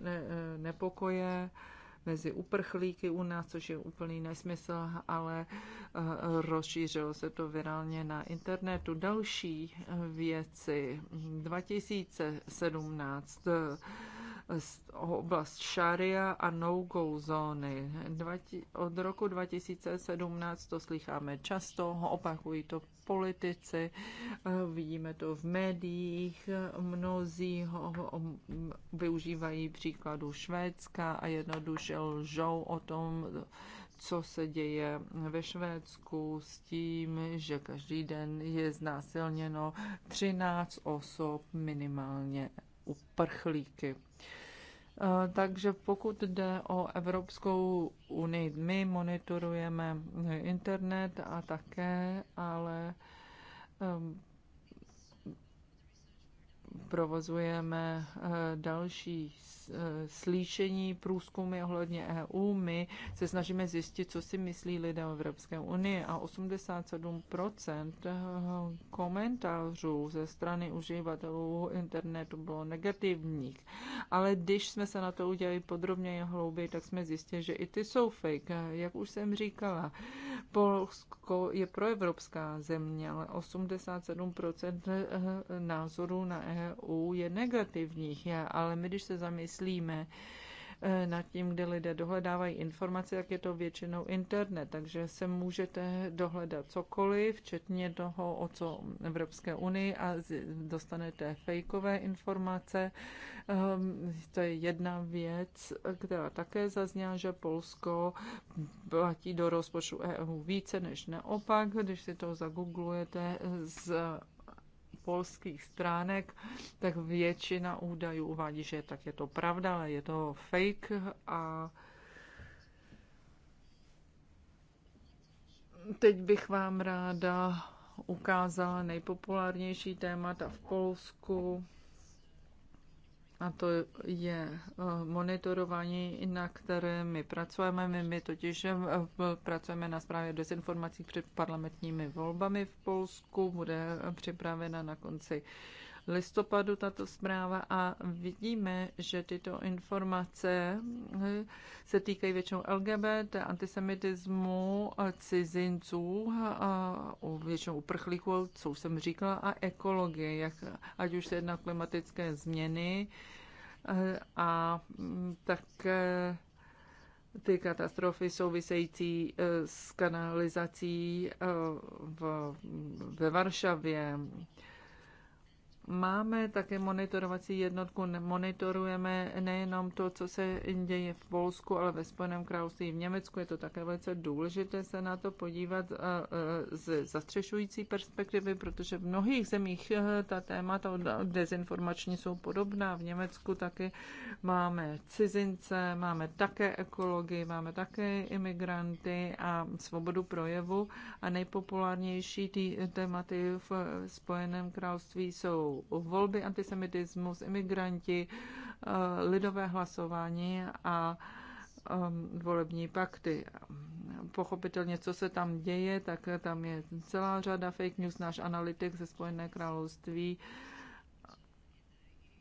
nepokoje, mezi uprchlíky u nás, což je úplný nesmysl, ale eh, rozšířilo se to virálně na internetu. Další eh, věci. 2017 eh, oblast šaria a no-go zóny. Od roku 2017 to slycháme často, opakují to politici, eh, vidíme to v médiích, mnozí ho, využívají příkladu Švédska a jednoduše lžou o tom, co se děje ve Švédsku s tím, že každý den je znásilněno 13 osob minimálně uprchlíky. Eh, takže pokud jde o Evropskou unii, my monitorujeme internet a také, ale ehm, provozujeme eh, další slíšení, průzkumy ohledně EU. My se snažíme zjistit, co si myslí lidé o Evropské unii a 87% komentářů ze strany uživatelů internetu bylo negativních. Ale když jsme se na to udělali podrobně a hlouběji, tak jsme zjistili, že i ty jsou fake. Jak už jsem říkala, Polsko je proevropská země, ale 87% názorů na EU je negativních, ale my když se zamyslíme, myslíme eh, nad tím, kde lidé dohledávají informace, jak je to většinou internet, takže se můžete dohledat cokoliv, včetně toho, o co Evropské unii a dostanete fejkové informace. Ehm, to je jedna věc, která také zazněla, že Polsko platí do rozpočtu EU více než naopak. Když si to zagooglujete z polských stránek, tak většina údajů uvádí, že tak je to pravda, ale je to fake a teď bych vám ráda ukázala nejpopulárnější témata v Polsku a to je eh, monitorování, na kterém my pracujeme. My, my totiž eh, pracujeme na zprávě dezinformací před parlamentními volbami v Polsku. Bude eh, připravena na konci listopadu tato zpráva a vidíme, že tyto informace hm, se týkají většinou LGBT, antisemitismu, cizinců, a většinou uprchlíků, co jsem říkala, a ekologie, jak, ať už se jedná klimatické změny hm, a hm, tak ty katastrofy související s kanalizací v, ve Varšavě, Máme také monitorovací jednotku, monitorujeme nejenom to, co se děje v Polsku, ale ve Spojeném království v Německu. Je to také velice důležité se na to podívat z zastřešující perspektivy, protože v mnohých zemích e, ta témata dezinformační jsou podobná. V Německu taky máme cizince, máme také ekology, máme také imigranty a svobodu projevu. A nejpopulárnější tématy v Spojeném království jsou jsou volby, antisemitismus, imigranti, eh, lidové hlasování a ehm, volební pakty. Pochopitelně, co se tam děje, tak tam je celá řada fake news. Náš analytik ze Spojené království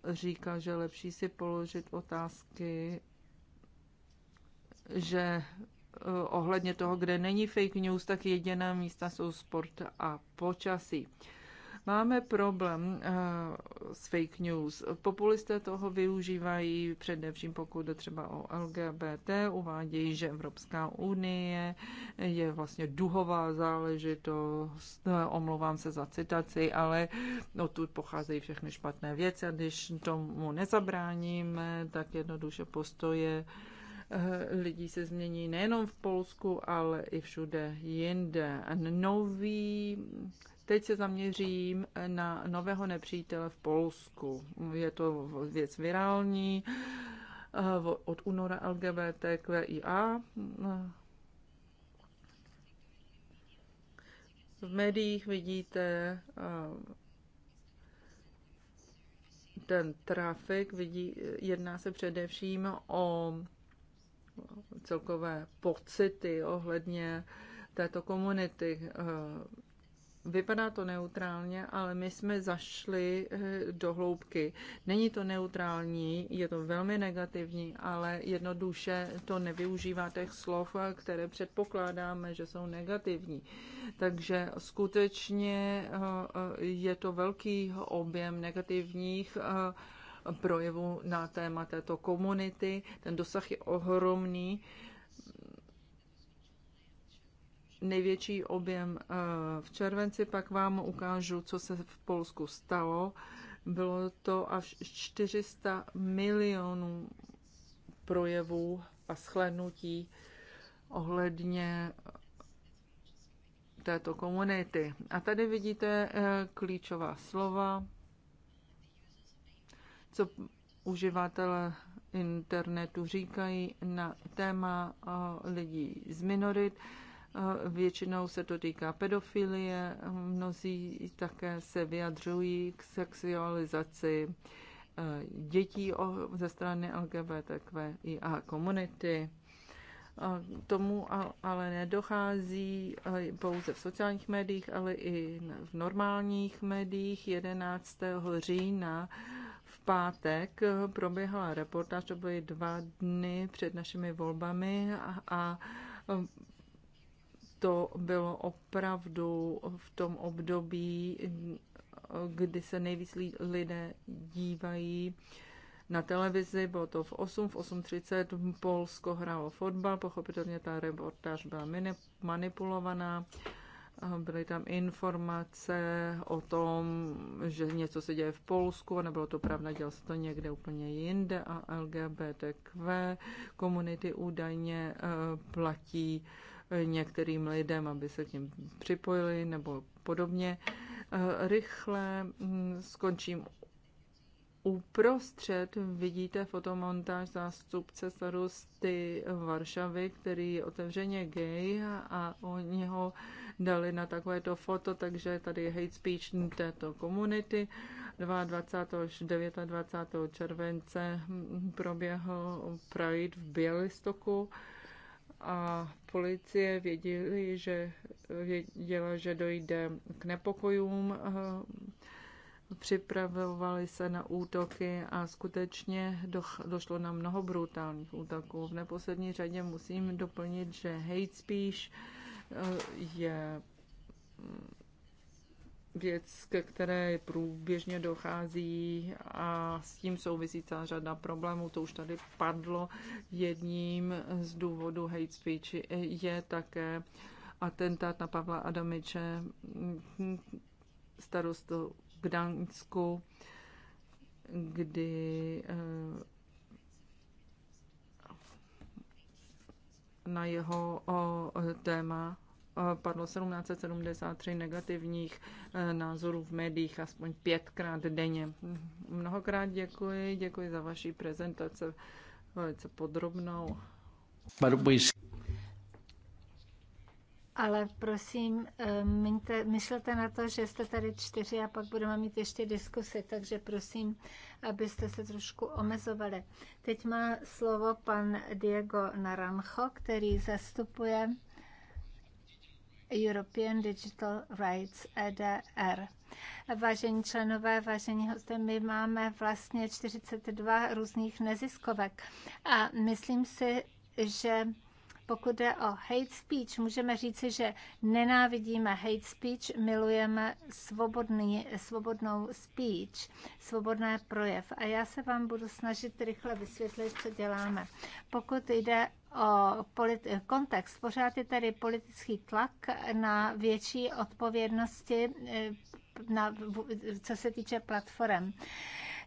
říká, že lepší si položit otázky, že eh, ohledně toho, kde není fake news, tak jediná místa jsou sport a počasí. Máme problém eh, s fake news. Populisté toho využívají především pokud jde třeba o LGBT, uvádějí, že Evropská unie je vlastně duhová záležitost, eh, omlouvám se za citaci, ale tu pocházejí všechny špatné věci a když tomu nezabráníme, tak jednoduše postoje eh, lidí se změní nejenom v Polsku, ale i všude jinde. Nový Teď se zaměřím na nového nepřítele v Polsku. Je to věc virální eh, od února LGBTQIA. V médiích vidíte eh, ten trafik, vidí, jedná se především o celkové pocity ohledně této komunity. Eh, Vypadá to neutrálně, ale my jsme zašli eh, do hloubky. Není to neutrální, je to velmi negativní, ale jednoduše to nevyužívá těch slov, eh, které předpokládáme, že jsou negativní. Takže skutečně eh, je to velký objem negativních projevů na téma této komunity. Ten dosah je ohromný největší objem eh, v červenci, pak vám ukážu, co se v Polsku stalo. Bylo to až 400 milionů projevů a shlednutí ohledně eh, této komunity. A tady vidíte eh, klíčová slova, co uživatelé internetu říkají na téma lidí z minorit. Většinou se to týká pedofilie, mnozí také se vyjadřují k sexualizaci e, dětí ze strany a komunity. Tomu ale nedochází e, pouze v sociálních médiích, ale i v normálních médiích. 11. října v pátek proběhla reportáž, to byly dva dny před našimi volbami a, a to bylo opravdu v tom období, kdy se nejvíc lidé dívají na televizi, bylo to v 8, v 8.30 Polsko hrálo fotbal, pochopitelně ta reportáž byla manipulovaná, byly tam informace o tom, že něco se děje v Polsku, nebylo to pravda, dělo se to někde úplně jinde a LGBTQ komunity údajně eh, platí některým lidem, aby se k ním připojili nebo podobně. Eh, rychle hm, skončím Uprostřed vidíte fotomontáž zástupce starosty Varšavy, který je otevřeně gay a oni ho dali na takovéto foto, takže tady je hate speech této komunity. 22. až 29. července hm, proběhl Pride v Bělistoku a policie věděli, že, věděla, že dojde k nepokojům, eh, připravovali se na útoky a skutečně došlo na mnoho brutálních útoků. V neposlední řadě musím doplnit, že hate speech eh, je věc, ke které průběžně dochází a s tím souvisí celá řada problémů, to už tady padlo. Jedním z důvodů hate speech je také atentát na Pavla Adamiče, starostu Gdaňsku, kdy eh, na jeho téma padlo 1773 negativních eh, názorů v médiích, aspoň pětkrát denně. Mnohokrát děkuji, děkuji za vaši prezentaci velice podrobnou. Ale prosím, eh, myňte, myslete na to, že jste tady čtyři a pak budeme mít ještě diskusy, takže prosím, abyste se trošku omezovali. Teď má slovo pan Diego Naranjo, který zastupuje European Digital Rights EDR. Vážení členové, vážení hosté, my máme vlastně 42 různých neziskovek a myslím si, že pokud jde o hate speech, můžeme říci, že nenávidíme hate speech, milujeme svobodný, svobodnou speech, svobodné projev. A já se vám budu snažit rychle vysvětlit, co děláme. Pokud jde o politi- kontext. Pořád je tady politický tlak na větší odpovědnosti, eh, na, co se týče platform.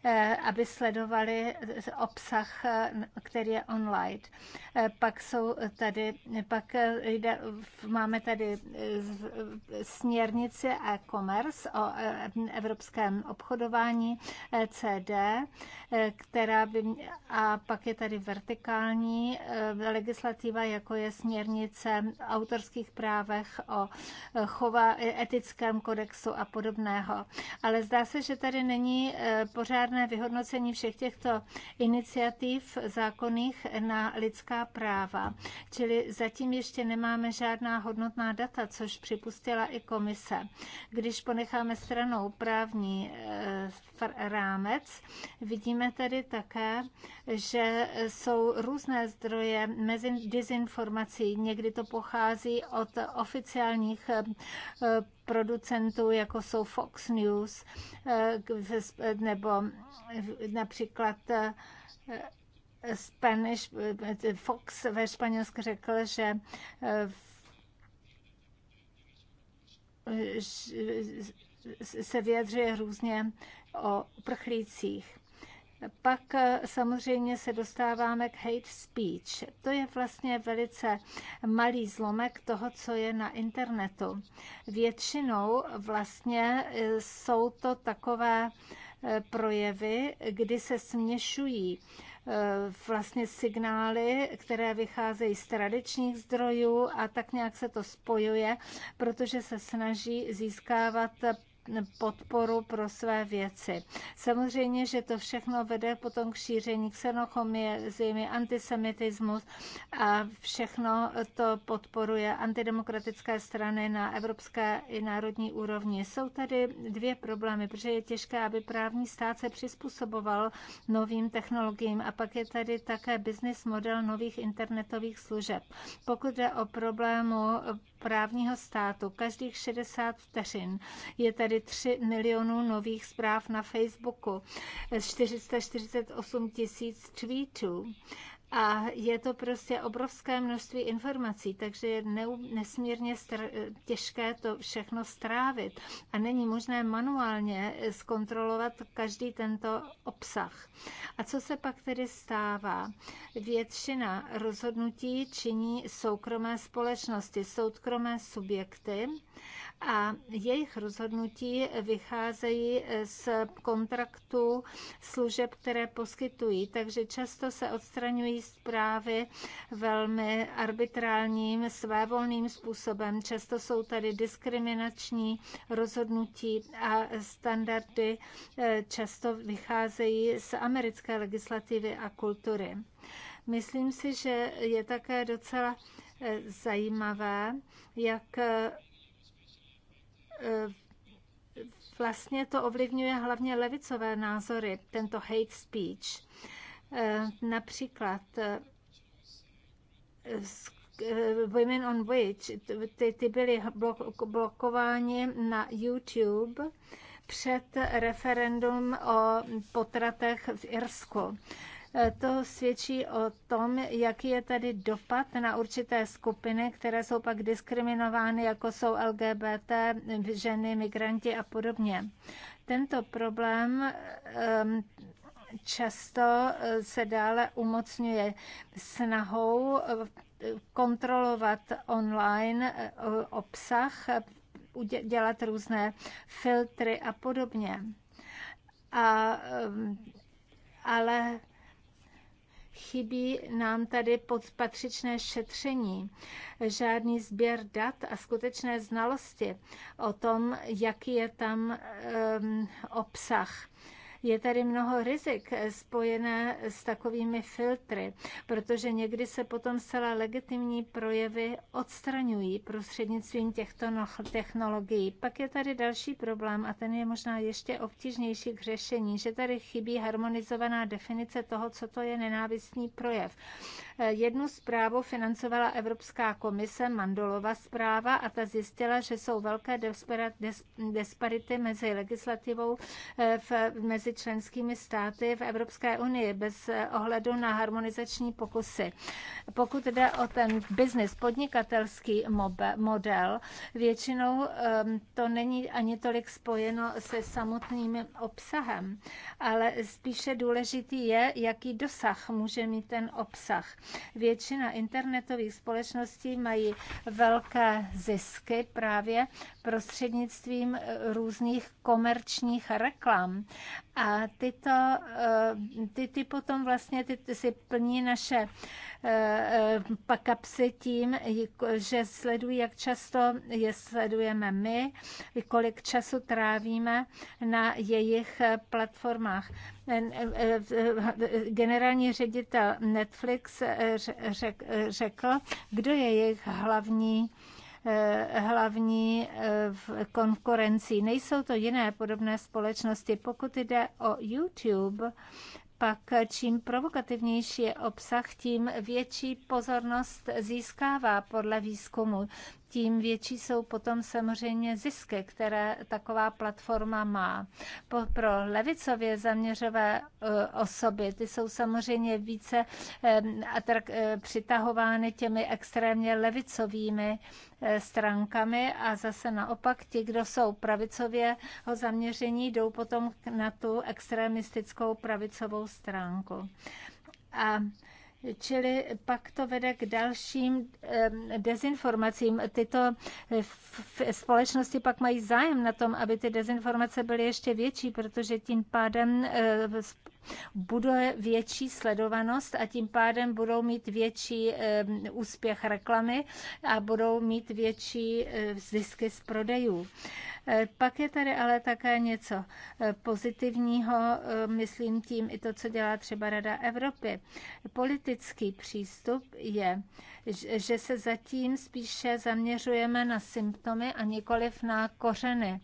Eh, aby sledovali eh, obsah, eh, který je online. Pak jsou tady, pak jde, máme tady směrnici e-commerce o evropském obchodování CD, která by, a pak je tady vertikální legislativa, jako je směrnice autorských právech o chova, etickém kodexu a podobného. Ale zdá se, že tady není pořádná důkladné vyhodnocení všech těchto iniciativ zákonných na lidská práva. Čili zatím ještě nemáme žádná hodnotná data, což připustila i komise. Když ponecháme stranou právní eh, rámec. Vidíme tady také, že jsou různé zdroje mezi dezinformací. Někdy to pochází od oficiálních eh, producentů, jako jsou Fox News, eh, nebo například eh, Spanish, Fox ve Španělsku řekl, že se vyjadřuje různě o uprchlících. Pak eh, samozřejmě se dostáváme k hate speech. To je vlastně velice malý zlomek toho, co je na internetu. Většinou vlastně eh, jsou to takové eh, projevy, kdy se směšují vlastně signály, které vycházejí z tradičních zdrojů a tak nějak se to spojuje, protože se snaží získávat podporu pro své věci. Samozřejmě, že to všechno vede potom k šíření xenofobie, zimy, antisemitismus a všechno to podporuje antidemokratické strany na evropské i národní úrovni. Jsou tady dvě problémy, protože je těžké, aby právní stát se přizpůsoboval novým technologiím a pak je tady také business model nových internetových služeb. Pokud jde o problému právního státu každých 60 vteřin. Je tady 3 milionů nových zpráv na Facebooku, 448 tisíc tweetů a je to prostě obrovské množství informací, takže je nesmírně těžké to všechno strávit. A není možné manuálně zkontrolovat každý tento obsah. A co se pak tedy stává? Většina rozhodnutí činí soukromé společnosti, soukromé subjekty a jejich rozhodnutí vycházejí z kontraktu služeb, které poskytují. Takže často se odstraňují zprávy velmi arbitrálním, svévolným způsobem. Často jsou tady diskriminační rozhodnutí a standardy eh, často vycházejí z americké legislativy a kultury. Myslím si, že je také docela eh, zajímavé, jak eh, Eh, vlastně to ovlivňuje hlavně levicové názory, tento hate speech. Eh, například eh, Women on Witch, ty, ty byly blokováni na YouTube před referendum o potratech v Irsku. To svědčí o tom, jaký je tady dopad na určité skupiny, které jsou pak diskriminovány, jako jsou LGBT, ženy, migranti a podobně. Tento problém často eh, se dále umocňuje snahou eh, kontrolovat online eh, obsah, dělat různé filtry a podobně. A, ale Chybí nám tady podpatřičné šetření, žádný sběr dat a skutečné znalosti o tom, jaký je tam um, obsah je tady mnoho rizik spojené s takovými filtry, protože někdy se potom celá legitimní projevy odstraňují prostřednictvím těchto technologií. Pak je tady další problém a ten je možná ještě obtížnější k řešení, že tady chybí harmonizovaná definice toho, co to je nenávistný projev. Jednu zprávu financovala Evropská komise, Mandolova zpráva, a ta zjistila, že jsou velké disparity mezi legislativou eh, v, mezi členskými státy v Evropské unii bez eh, ohledu na harmonizační pokusy. Pokud jde o ten biznis, podnikatelský model, většinou ehm, to není ani tolik spojeno se samotným obsahem, ale spíše důležitý je, jaký dosah může mít ten obsah. Většina internetových společností mají velké zisky právě prostřednictvím eh, různých komerčních reklam. A a ty to eh, ty, ty potom vlastně ty, ty si plní naše eh, eh, kapsy tím, že sledují, jak často je sledujeme my, kolik času trávíme na jejich platformách. Generální ředitel Netflix řekl, kdo je jejich hlavní Eh, hlavní eh, v konkurenci. Nejsou to jiné podobné společnosti. Pokud jde o YouTube, pak čím provokativnější je obsah, tím větší pozornost získává podle výzkumu tím větší jsou potom samozřejmě zisky, které taková platforma má. Pro levicově zaměřové eh, osoby, ty jsou samozřejmě více eh, přitahovány těmi extrémně levicovými eh, stránkami a zase naopak ti, kdo jsou pravicově ho zaměření, jdou potom na tu extremistickou pravicovou stránku. A Čili pak to vede k dalším dezinformacím. Tyto eh, společnosti pak mají zájem na tom, aby ty dezinformace byly ještě větší, protože tím pádem eh, bude větší sledovanost a tím pádem budou mít větší úspěch reklamy a budou mít větší eh, zisky z prodejů. Eh, pak je tady ale také něco eh, pozitivního, eh, myslím tím i to, co dělá třeba Rada Evropy. Politický přístup je, že se zatím spíše zaměřujeme na symptomy a nikoliv na kořeny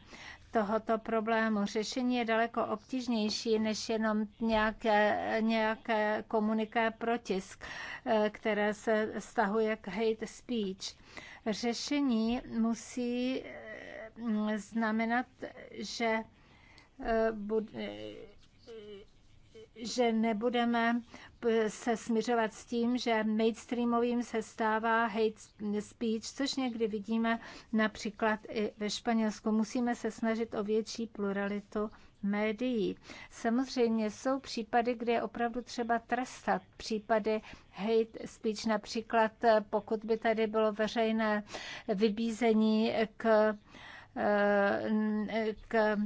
tohoto problému. Řešení je daleko obtížnější než jenom nějaké, nějaké komuniké protisk, které se stahuje k hate speech. Řešení musí znamenat, že eh, eh, že nebudeme se smířovat s tím, že mainstreamovým se stává hate speech, což někdy vidíme například i ve Španělsku. Musíme se snažit o větší pluralitu médií. Samozřejmě jsou případy, kde je opravdu třeba trestat. Případy hate speech, například eh, pokud by tady bylo veřejné vybízení k k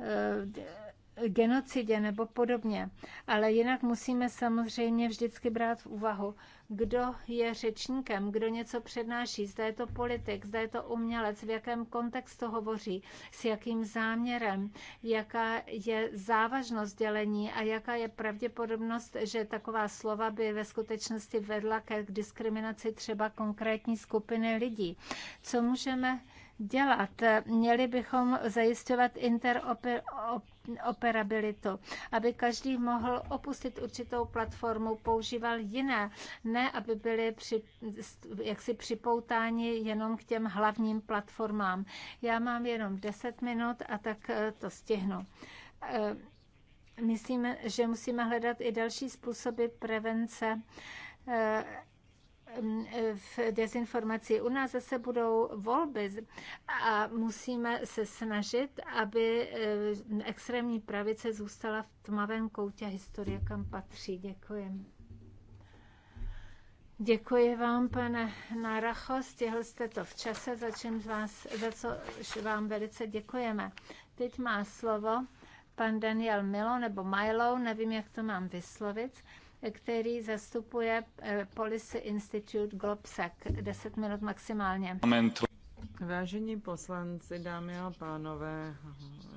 eh, genocidě nebo podobně. Ale jinak musíme samozřejmě vždycky brát v úvahu, kdo je řečníkem, kdo něco přednáší, zda je to politik, zda je to umělec, v jakém kontextu hovoří, s jakým záměrem, jaká je závažnost dělení a jaká je pravděpodobnost, že taková slova by ve skutečnosti vedla ke diskriminaci třeba konkrétní skupiny lidí. Co můžeme dělat. Měli bychom zajišťovat interoperabilitu, aby každý mohl opustit určitou platformu, používal jiné, ne aby byli při, jaksi připoutáni jenom k těm hlavním platformám. Já mám jenom 10 minut a tak eh, to stihnu. Eh, Myslím, že musíme hledat i další způsoby prevence eh, v dezinformaci. U nás zase budou volby a musíme se snažit, aby extrémní pravice zůstala v tmavém koutě historie, kam patří. Děkuji. Děkuji vám, pane Naracho, stihl jste to v čase, za, čím vás, za co vám velice děkujeme. Teď má slovo pan Daniel Milo, nebo Milo, nevím, jak to mám vyslovit který zastupuje eh, Policy Institute Globsec. 10 minut maximálně. Vážení poslanci, dámy a pánové,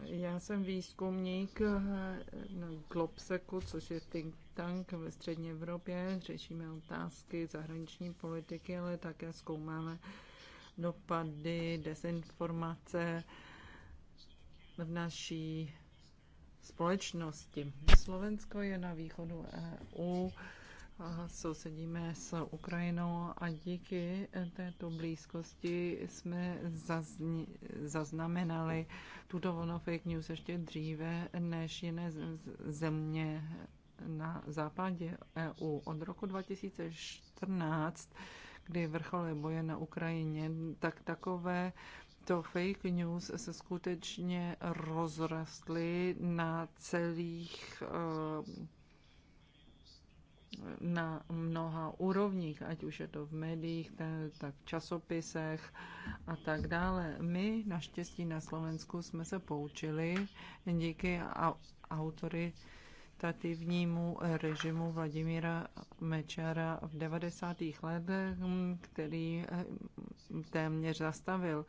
já jsem výzkumník eh, na Globseku, což je think tank ve střední Evropě. Řešíme otázky zahraniční politiky, ale také zkoumáme dopady dezinformace v naší společnosti. Slovensko je na východu EU, sousedíme s Ukrajinou a díky této blízkosti jsme zazni- zaznamenali tuto vlnu fake news ještě dříve než jiné země na západě EU. Od roku 2014 kdy vrcholé boje na Ukrajině, tak takové to fake news se skutečně rozrostly na celých eh, na mnoha úrovních, ať už je to v médiích, tak v časopisech a tak dále. My naštěstí na Slovensku jsme se poučili díky autoritativnímu režimu Vladimíra Mečara v 90. letech, který eh, téměř zastavil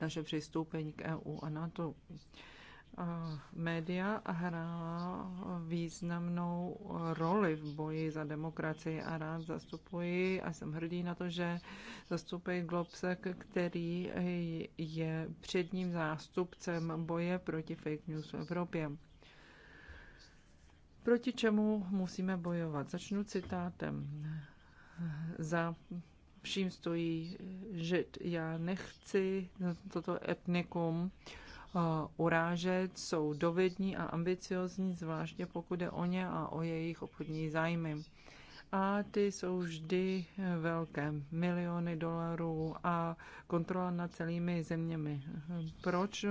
naše přistoupení k EU a NATO. Média hrála významnou roli v boji za demokracii a rád zastupuji a jsem hrdý na to, že zastupuji Globsek, který je předním zástupcem boje proti fake news v Evropě. Proti čemu musíme bojovat? Začnu citátem. Za vším stojí žid. Já nechci toto etnikum eh, urážet, jsou dovední a ambiciozní, zvláště pokud je o ně a o jejich obchodní zájmy a ty jsou vždy eh, velké, miliony dolarů a kontrola nad celými zeměmi. Proč eh,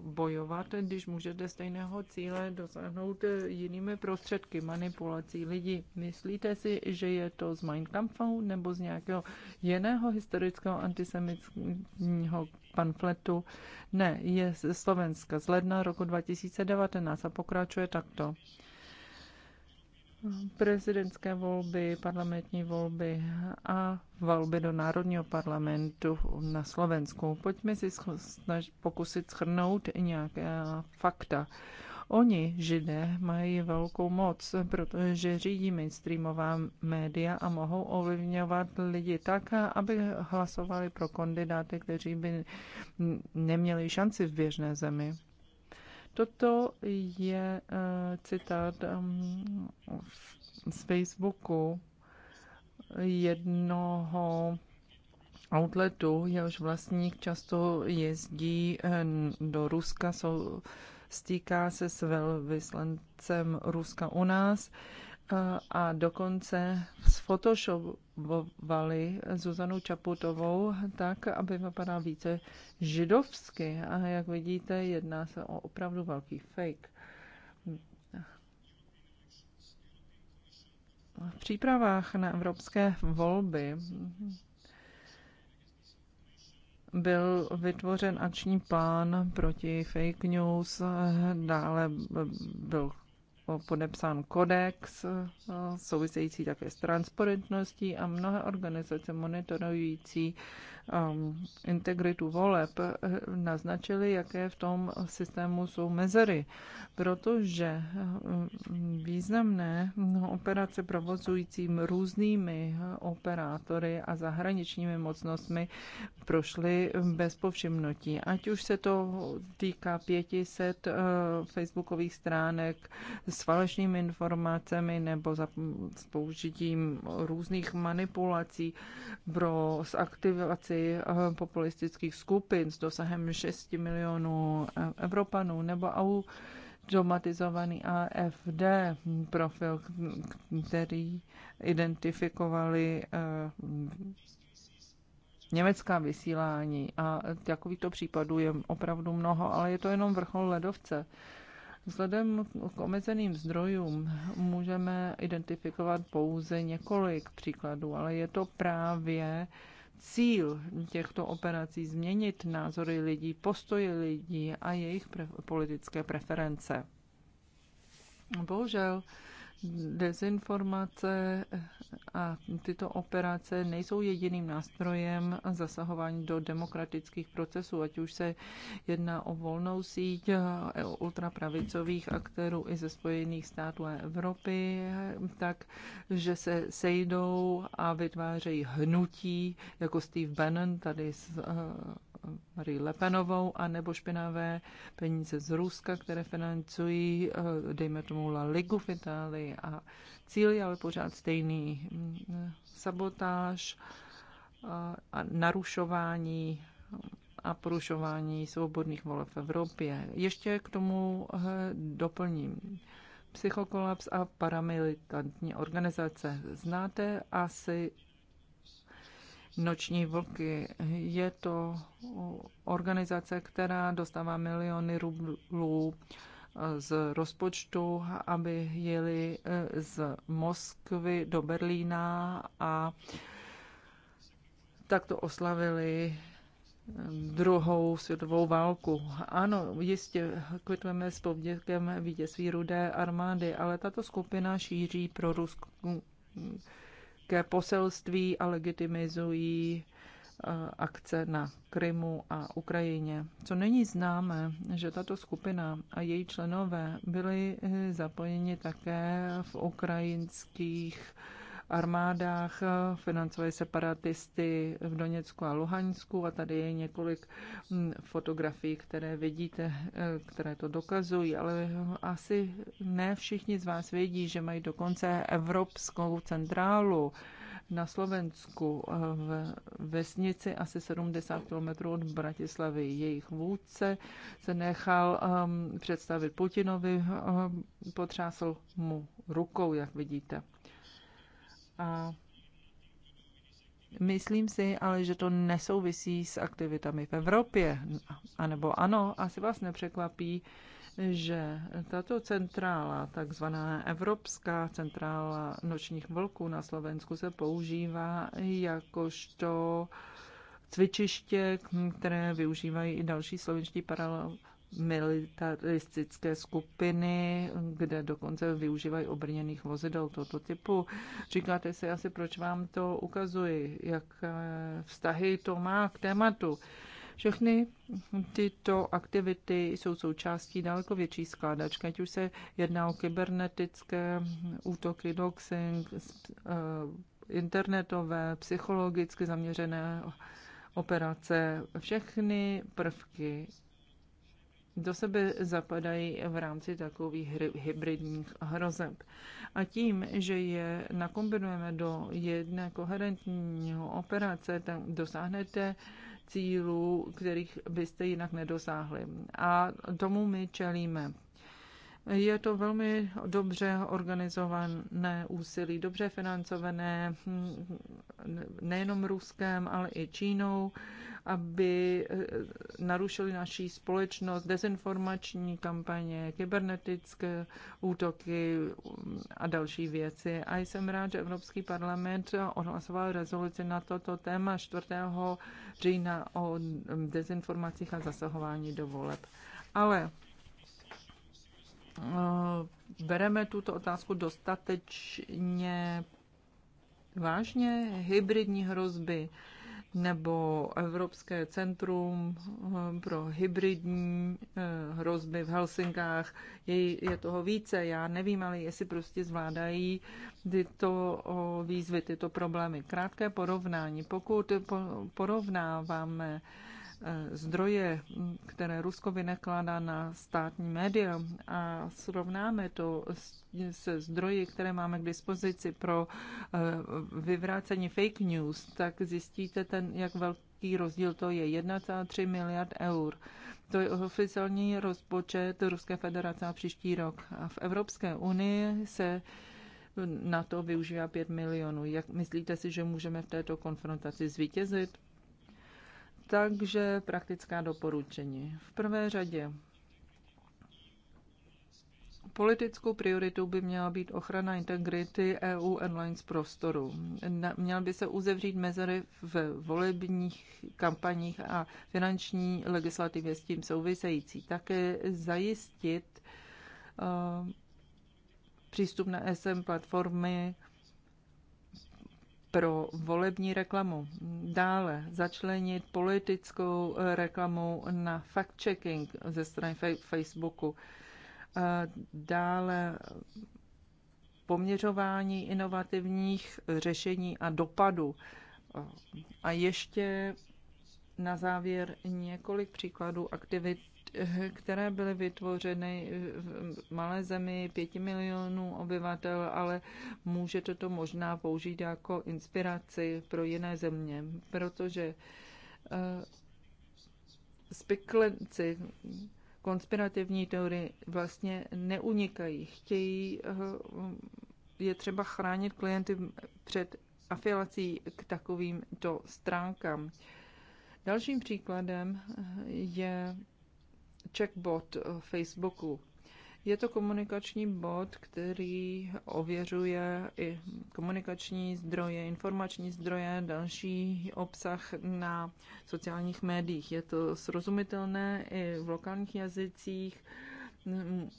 bojovat, když můžete stejného cíle dosáhnout eh, jinými prostředky manipulací lidí? Myslíte si, že je to z Mein Kampfu nebo z nějakého jiného historického antisemitského pamfletu? Ne, je z Slovenska z ledna roku 2019 a pokračuje takto prezidentské volby, parlamentní volby a volby do Národního parlamentu na Slovensku. Pojďme si snaž, pokusit schrnout nějaké fakta. Oni, židé, mají velkou moc, protože řídí mainstreamová média a mohou ovlivňovat lidi tak, aby hlasovali pro kandidáty, kteří by neměli šanci v běžné zemi. Toto je eh, citát eh, z Facebooku jednoho outletu, jehož vlastník často jezdí eh, do Ruska, jsou, stýká se s velvyslancem Ruska u nás a dokonce sfotoshopovali Zuzanu Čaputovou tak, aby vypadala více židovsky. A jak vidíte, jedná se o opravdu velký fake. V přípravách na evropské volby byl vytvořen akční plán proti fake news, dále byl podepsán kodex eh, související také s transparentností a mnohé organizace monitorující um, integritu voleb, eh, naznačili, jaké v tom systému jsou mezery, protože eh, významné no, operace provozujícím různými eh, operátory a zahraničními mocnostmi prošly bez povšimnutí. Ať už se to týká 500 facebookových stránek s falešnými informacemi nebo s použitím různých manipulací pro, s Eh, populistických skupin s dosahem 6 milionů eh, Evropanů nebo au automatizovaný AFD profil, který identifikovali eh, německá vysílání. A takovýchto případů je opravdu mnoho, ale je to jenom vrchol ledovce. Vzhledem k omezeným zdrojům můžeme identifikovat pouze několik příkladů, ale je to právě uh, cíl těchto operací změnit názory lidí, postoje lidí a jejich pre- politické preference. Bohužel Dezinformace a tyto operace nejsou jediným nástrojem zasahování do demokratických procesů, ať už se jedná o volnou síť ultrapravicových aktérů i ze Spojených států a Evropy, tak, že se sejdou a vytvářejí hnutí, jako Steve Bannon tady z Marii Lepenovou, anebo špinavé peníze z Ruska, které financují, eh, dejme tomu, La Ligu v Itálii a cíl je ale pořád stejný. Sabotáž eh, a narušování a porušování svobodných voleb v Evropě. Ještě k tomu eh, doplním psychokolaps a paramilitantní organizace. Znáte asi noční vlky. Je to organizace, která dostává miliony rublů eh, z rozpočtu, aby jeli eh, z Moskvy do Berlína a takto oslavili eh, druhou světovou válku. Ano, jistě kvitujeme s povděkem vítězství rudé armády, ale tato skupina šíří pro Rusku ruské poselství a legitimizují eh, akce na Krymu a Ukrajině. Co není známe, že tato skupina a její členové byli eh, zapojeni také v ukrajinských armádách, financovali separatisty v Doněcku a Luhansku a tady je několik hm, fotografií, které vidíte, eh, které to dokazují, ale asi ne všichni z vás vědí, že mají dokonce Evropskou centrálu na Slovensku eh, v vesnici asi 70 km od Bratislavy. Jejich vůdce se nechal um, představit Putinovi, um, potřásl mu rukou, jak vidíte. A myslím si ale, že to nesouvisí s aktivitami v Evropě. A nebo ano, asi vás nepřekvapí, že tato centrála, takzvaná Evropská centrála nočních vlků na Slovensku, se používá jakožto cvičiště, které využívají i další slovenští militaristické skupiny, kde dokonce využívají obrněných vozidel tohoto typu. Říkáte si asi, proč vám to ukazuji, jak vztahy to má k tématu. Všechny tyto aktivity jsou součástí daleko větší skládačky, ať už se jedná o kybernetické útoky, doxing, eh, internetové, psychologicky zaměřené operace, všechny prvky do sebe zapadají v rámci takových hybridních hrozeb. A tím, že je nakombinujeme do jedné koherentního operace, tak dosáhnete cílů, kterých byste jinak nedosáhli. A tomu my čelíme. Je to velmi dobře organizované úsilí, dobře financované hm, nejenom Ruskem, ale i Čínou aby eh, narušili naší společnost, dezinformační kampaně, kybernetické útoky um, a další věci. A jsem rád, že Evropský parlament odhlasoval rezoluci na toto téma 4. října o um, dezinformacích a zasahování do voleb. Ale eh, bereme tuto otázku dostatečně vážně hybridní hrozby nebo Evropské centrum eh, pro hybridní eh, hrozby v Helsinkách. Je, je toho více, já nevím, ale jestli prostě zvládají tyto výzvy, tyto problémy. Krátké porovnání. Pokud porovnáváme Eh, zdroje, které Rusko vynakládá na státní média a srovnáme to se zdroji, které máme k dispozici pro eh, vyvrácení fake news, tak zjistíte, ten, jak velký rozdíl to je. 1,3 miliard eur. To je oficiální rozpočet Ruské federace na příští rok. A v Evropské unii se na to využívá 5 milionů. Jak myslíte si, že můžeme v této konfrontaci zvítězit? Takže praktická doporučení. V prvé řadě Politickou prioritou by měla být ochrana integrity EU airlines prostoru. Měl by se uzevřít mezery v volebních kampaních a finanční legislativě s tím související. Také zajistit uh, přístup na SM platformy pro volební reklamu. Dále začlenit politickou eh, reklamu na fact-checking ze strany Facebooku. Eh, dále poměřování inovativních řešení a dopadu. Eh, a ještě na závěr několik příkladů aktivit Eh, které byly vytvořeny v malé zemi pěti milionů obyvatel, ale může to možná použít jako inspiraci pro jiné země, protože eh, spiklenci konspirativní teorie vlastně neunikají. Chtějí, eh, je třeba chránit klienty před afilací k takovýmto stránkám. Dalším příkladem je checkbot eh, Facebooku. Je to komunikační bod, který ověřuje i komunikační zdroje, informační zdroje, další obsah na sociálních médiích. Je to srozumitelné i v lokálních jazycích.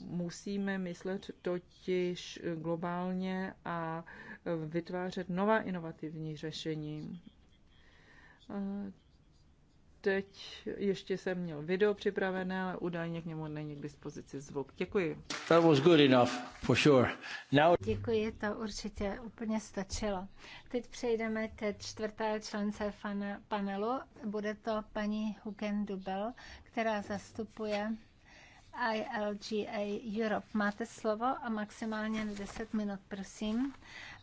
Musíme myslet totiž globálně a vytvářet nová inovativní řešení. Eh, Teď ještě jsem měl video připravené, ale údajně k němu není k dispozici zvuk. Děkuji. That was good enough, for sure. Now... Děkuji, to určitě úplně stačilo. Teď přejdeme ke čtvrté člence panelu. Bude to paní Hugen Dubel, která zastupuje ILGA Europe. Máte slovo a maximálně 10 minut, prosím.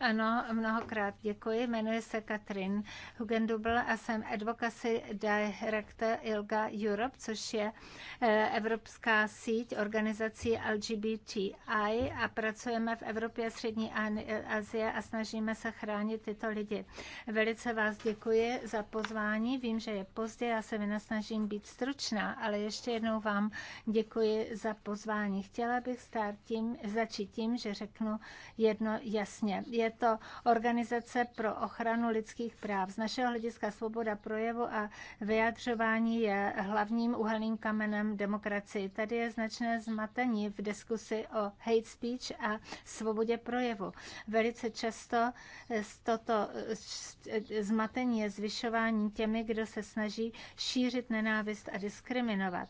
Ano, mnohokrát děkuji. Jmenuji se Katrin Hugendubel a jsem Advocacy Director ILGA Europe, což je eh, evropská síť organizací LGBTI a pracujeme v Evropě a Střední Asie a snažíme se chránit tyto lidi. Velice vás děkuji za pozvání. Vím, že je pozdě, já se vynasnažím být stručná, ale ještě jednou vám děkuji za pozvání. Chtěla bych start tím, začít tím, že řeknu jedno jasně. Je je to Organizace pro ochranu lidských práv. Z našeho hlediska svoboda projevu a vyjadřování je hlavním uhelným kamenem demokracii. Tady je značné zmatení v diskusi o hate speech a svobodě projevu. Velice často toto zmatení je zvyšování těmi, kdo se snaží šířit nenávist a diskriminovat.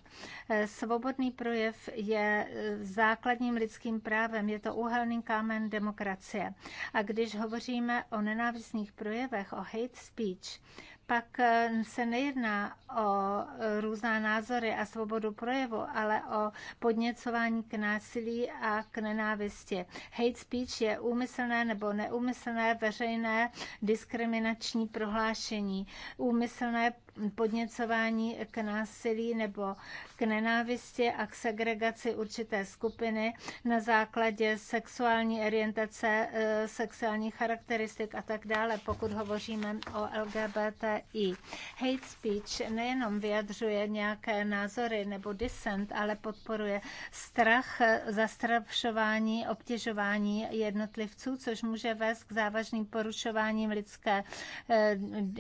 Svobodný projev je základním lidským právem, je to uhelný kámen demokracie. A když hovoříme o nenávistných projevech, o hate speech, pak eh, se nejedná o různá názory a svobodu projevu, ale o podněcování k násilí a k nenávisti. Hate speech je úmyslné nebo neúmyslné veřejné diskriminační prohlášení, úmyslné podněcování k násilí nebo k nenávisti a k segregaci určité skupiny na základě sexuální orientace, eh, sexuálních charakteristik a tak dále, pokud hovoříme o LGBTI. Hate speech nejenom vyjadřuje nějaké názory nebo dissent, ale podporuje strach, eh, zastrašování, obtěžování jednotlivců, což může vést k závažným porušováním lidské eh,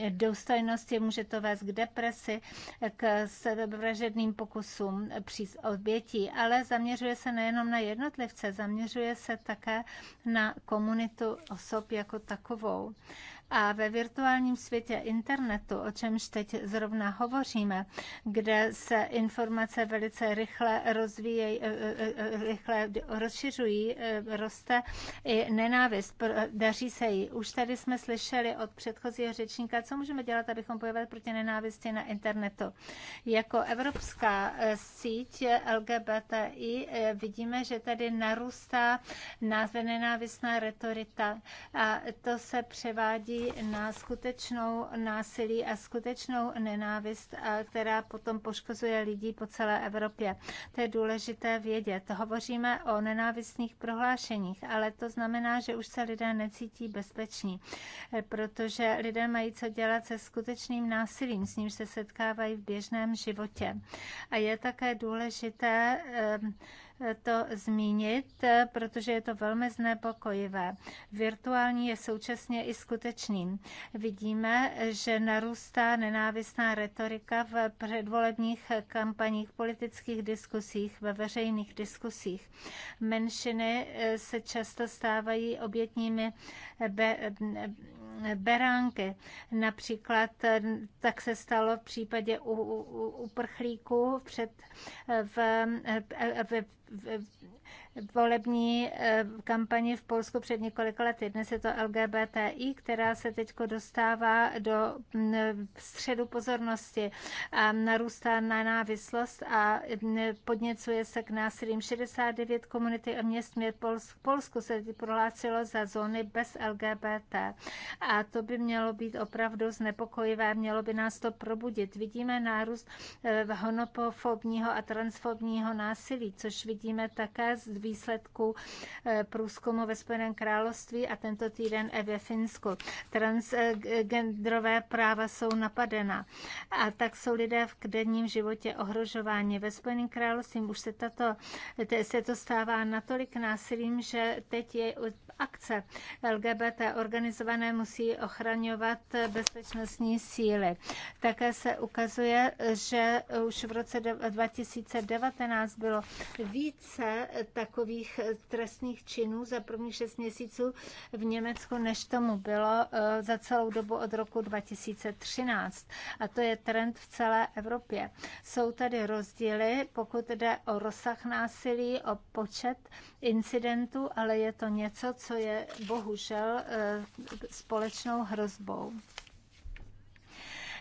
důstojnosti, může to vést k k depresi, k sebevražedným pokusům při obětí, ale zaměřuje se nejenom na jednotlivce, zaměřuje se také na komunitu osob jako takovou. A ve virtuálním světě internetu, o čemž teď zrovna hovoříme, kde se informace velice rychle rozvíjejí, e, e, e, rychle rozšiřují, roste i nenávist, daří se jí. Už tady jsme slyšeli od předchozího řečníka, co můžeme dělat, abychom bojovali proti nenávisti na internetu. Jako evropská síť LGBTI vidíme, že tady narůstá nenávistná retorita a to se převádí na skutečnou násilí a skutečnou nenávist, která potom poškozuje lidí po celé Evropě. To je důležité vědět. Hovoříme o nenávistných prohlášeních, ale to znamená, že už se lidé necítí bezpeční, protože lidé mají co dělat se skutečným násilím, s ním se setkávají v běžném životě. A je také důležité, eh, to zmínit, protože je to velmi znepokojivé. Virtuální je současně i skutečným. Vidíme, že narůstá nenávistná retorika v předvolebních kampaních, politických diskusích, ve veřejných diskusích. Menšiny eh, se často stávají obětními be- beránky. Například tak se stalo v případě uprchlíků před v, v, v, v volební eh, kampani v Polsku před několika lety. Dnes je to LGBTI, která se teď dostává do mm, středu pozornosti a narůstá návislost a mm, podněcuje se k násilím. 69 komunity a měst mě v Polsku se prohlásilo za zóny bez LGBT a to by mělo být opravdu znepokojivé, mělo by nás to probudit. Vidíme nárůst eh, honopofobního a transfobního násilí, což vidíme také z výsledků eh, průzkumu ve Spojeném království a tento týden i ve Finsku. Transgenderové práva jsou napadena a tak jsou lidé v denním životě ohrožováni. Ve Spojeném království už se, tato, se to stává natolik násilím, že teď je akce. LGBT organizované musí ochraňovat bezpečnostní síly. Také se ukazuje, že už v roce 2019 bylo více takových trestných činů za prvních šest měsíců v Německu, než tomu bylo eh, za celou dobu od roku 2013. A to je trend v celé Evropě. Jsou tady rozdíly, pokud jde o rozsah násilí, o počet incidentů, ale je to něco, co je bohužel eh, společnou hrozbou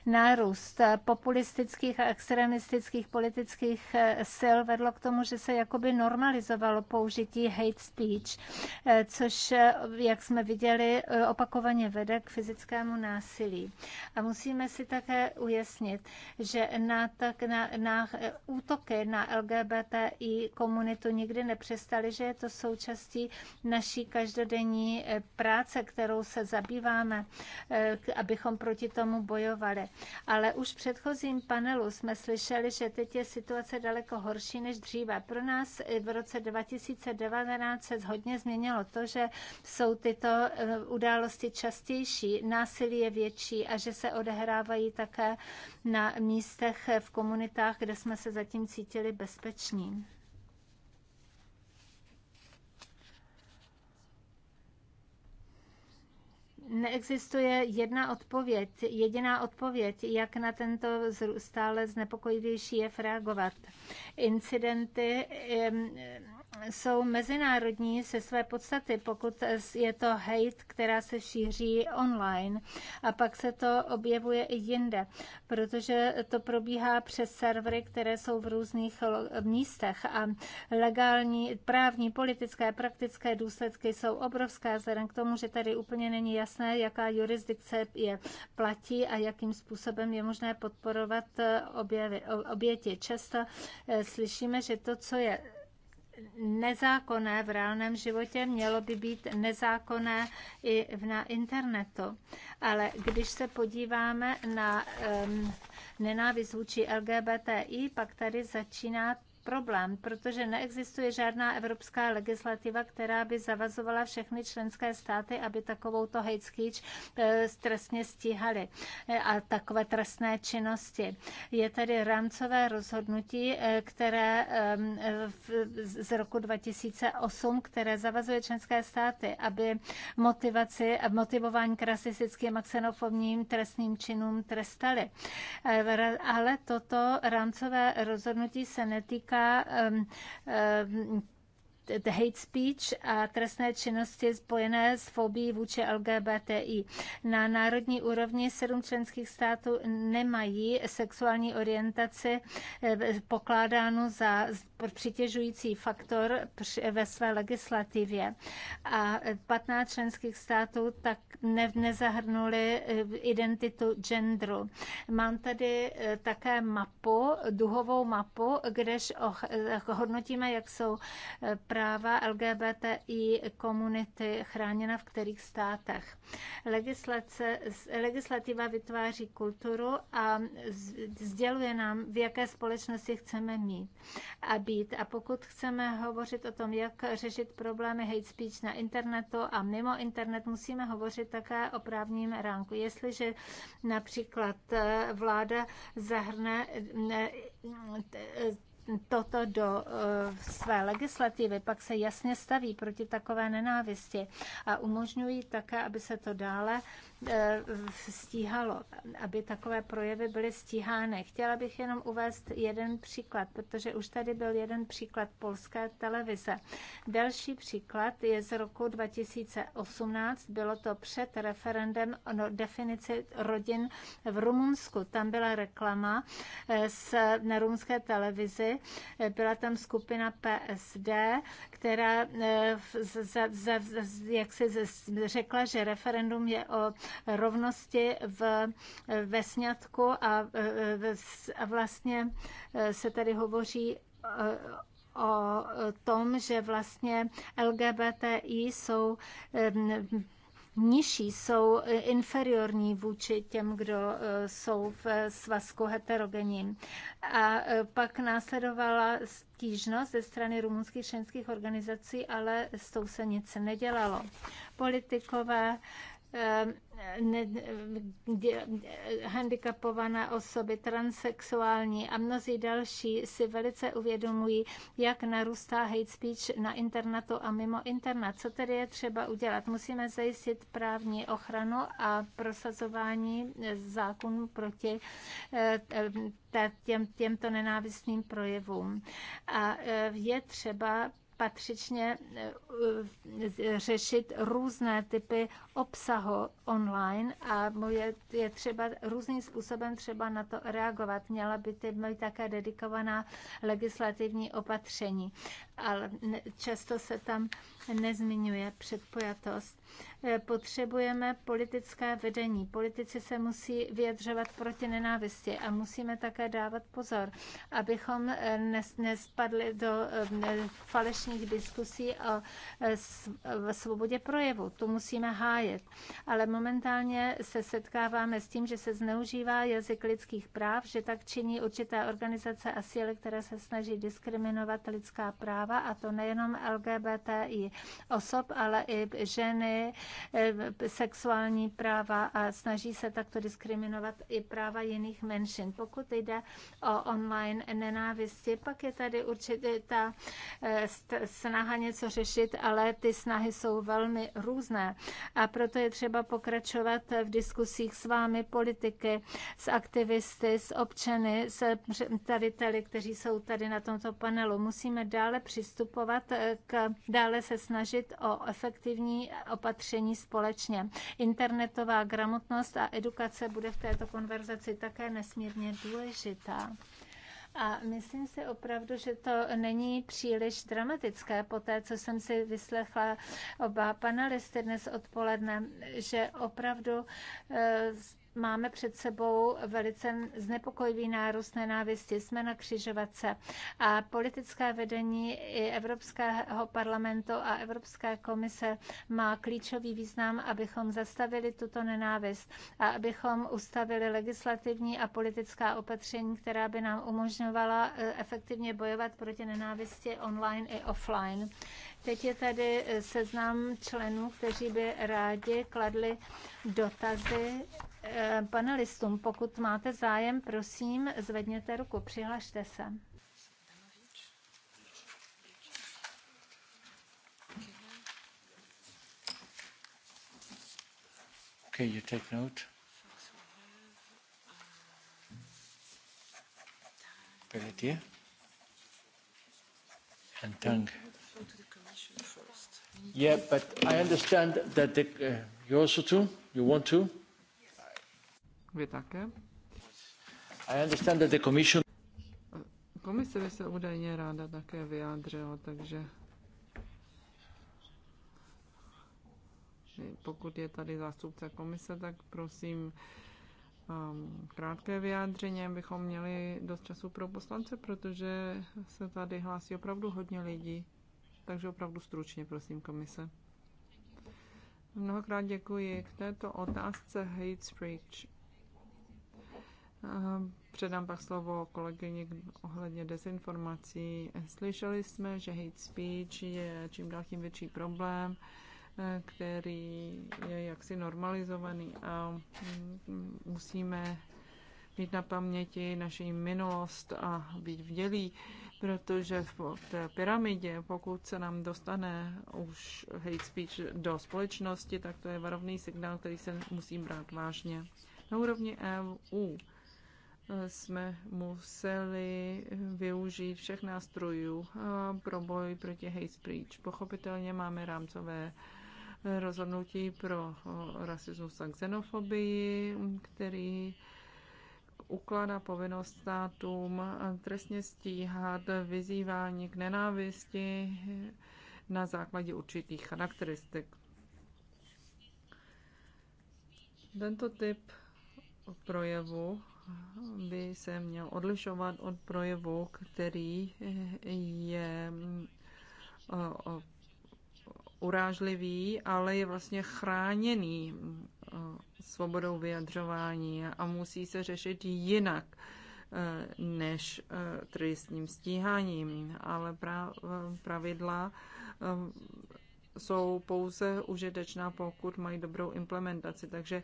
nárůst populistických a extremistických politických eh, sil vedlo k tomu, že se jakoby normalizovalo použití hate speech, eh, což, eh, jak jsme viděli, opakovaně vede k fyzickému násilí. A musíme si také ujasnit, že na, tak, na, na útoky na LGBTI komunitu nikdy nepřestaly, že je to součástí naší každodenní práce, kterou se zabýváme, abychom proti tomu bojovali. Ale už v předchozím panelu jsme slyšeli, že teď je situace daleko horší než dříve. Pro nás v roce 2019 se hodně změnilo to, že jsou tyto eh, události častější, násilí je větší a že se odehrávají také na místech v komunitách, kde jsme se zatím cítili bezpeční. neexistuje jedna odpověď, jediná odpověď, jak na tento stále znepokojivější jev reagovat. Incidenty jsou mezinárodní se své podstaty, pokud je to hate, která se šíří online a pak se to objevuje i jinde, protože to probíhá přes servery, které jsou v různých eh, místech a legální, právní, politické, praktické důsledky jsou obrovské vzhledem k tomu, že tady úplně není jasné, jaká jurisdikce je platí a jakým způsobem je možné podporovat eh, objevy, oběti. Často eh, slyšíme, že to, co je nezákonné v reálném životě, mělo by být nezákonné i na internetu. Ale když se podíváme na um, nenávist vůči LGBTI, pak tady začíná problém, protože neexistuje žádná evropská legislativa, která by zavazovala všechny členské státy, aby takovouto hate speech eh, trestně stíhali eh, a takové trestné činnosti. Je tady rámcové rozhodnutí, eh, které z roku 2008, které zavazuje členské státy, aby motivaci, motivování k rasistickým a xenofobním trestným činům trestali. Ale toto rámcové rozhodnutí se netýká týká the hate speech a trestné činnosti spojené s fobií vůči LGBTI. Na národní úrovni sedm členských států nemají sexuální orientaci eh, pokládánu za přitěžující faktor ve své legislativě. A 15 členských států tak ne, nezahrnuli eh, identitu genderu. Mám tady eh, také mapu, duhovou mapu, kdež hodnotíme, jak jsou práva LGBTI komunity chráněna v kterých státech. Legislace, legislativa vytváří kulturu a sděluje nám, v jaké společnosti chceme mít a být. A pokud chceme hovořit o tom, jak řešit problémy hate speech na internetu a mimo internet, musíme hovořit také o právním ránku. Jestliže například eh, vláda zahrne eh, eh, toto do eh, své legislativy, pak se jasně staví proti takové nenávisti a umožňují také, aby se to dále stíhalo, aby takové projevy byly stíhány. Chtěla bych jenom uvést jeden příklad, protože už tady byl jeden příklad polské televize. Další příklad je z roku 2018, bylo to před referendem o no, definici rodin v Rumunsku. Tam byla reklama eh, z, na rumunské televizi, eh, byla tam skupina PSD, která z, eh, z, z, jak se řekla, že referendum je o rovnosti v, ve sňatku a, e, e, a vlastně e, se tady hovoří o tom, že vlastně LGBTI jsou nižší, jsou inferiorní vůči těm, kdo jsou v svazku heterogenním. A pak následovala stížnost ze strany rumunských členských organizací, ale s tou se nic nedělalo. Politikové Ehm, handicapované osoby, transexuální a mnozí další si velice uvědomují, jak narůstá hate speech na internetu a mimo internet. Co tedy je třeba udělat? Musíme zajistit právní ochranu a prosazování zákonů proti eh, eh, těm, těmto nenávistným projevům. A eh, je třeba patřičně eh, eh, řešit různé typy obsahu online a je, je třeba různým způsobem třeba na to reagovat. Měla by ty být také dedikovaná legislativní opatření, ale často se tam nezmiňuje předpojatost Eh, potřebujeme politické vedení. Politici se musí vyjadřovat proti nenávisti a musíme také dávat pozor, abychom eh, nespadli do eh, falešných diskusí o svobodě projevu. To musíme hájet. Ale momentálně se setkáváme s tím, že se zneužívá jazyk lidských práv, že tak činí určité organizace a síly, které se snaží diskriminovat lidská práva, a to nejenom LGBTI osob, ale i ženy, Eh, sexuální práva a snaží se takto diskriminovat i práva jiných menšin. Pokud jde o online nenávisti, pak je tady určitě ta eh, snaha něco řešit, ale ty snahy jsou velmi různé a proto je třeba pokračovat v diskusích s vámi, politiky, s aktivisty, s občany, s představiteli, kteří jsou tady na tomto panelu. Musíme dále přistupovat eh, k, dále se snažit o efektivní opatření opatření společně. Internetová gramotnost a edukace bude v této konverzaci také nesmírně důležitá. A myslím si opravdu, že to není příliš dramatické po té, co jsem si vyslechla oba panelisty dnes odpoledne, že opravdu eh, máme před sebou velice znepokojivý nárůst nenávisti. Jsme na křižovatce a politické vedení i Evropského parlamentu a Evropské komise má klíčový význam, abychom zastavili tuto nenávist a abychom ustavili legislativní a politická opatření, která by nám umožňovala eh, efektivně bojovat proti nenávisti online i offline. Teď je tady eh, seznam členů, kteří by rádi kladli dotazy Eh, panelistům. Pokud máte zájem, prosím, zvedněte ruku, přihlašte se. Okay, you take note. Pelletier and Tang. Yeah, but I understand that the, uh, you also too. You want to? Vy také? Komise by se údajně ráda také vyjádřila, takže pokud je tady zástupce komise, tak prosím um, krátké vyjádření, abychom měli dost času pro poslance, protože se tady hlásí opravdu hodně lidí. Takže opravdu stručně, prosím, komise. Mnohokrát děkuji. K této otázce hate speech Předám pak slovo kolegyni ohledně dezinformací. Slyšeli jsme, že hate speech je čím dál tím větší problém, eh, který je jaksi normalizovaný a mm, musíme mít na paměti naši minulost a být vdělí, protože v té pyramidě, pokud se nám dostane už hate speech do společnosti, tak to je varovný signál, který se musí brát vážně. Na úrovni EU jsme museli využít všech nástrojů eh, pro boj proti hate speech. Pochopitelně máme rámcové eh, rozhodnutí pro eh, rasismus a xenofobii, který ukládá povinnost státům trestně stíhat vyzývání k nenávisti na základě určitých charakteristik. Tento typ projevu by se měl odlišovat od projevu, který je eh, urážlivý, ale je vlastně chráněný eh, svobodou vyjadřování a musí se řešit jinak eh, než trestním stíháním. Ale pravidla jsou pouze užitečná, pokud mají dobrou implementaci. Takže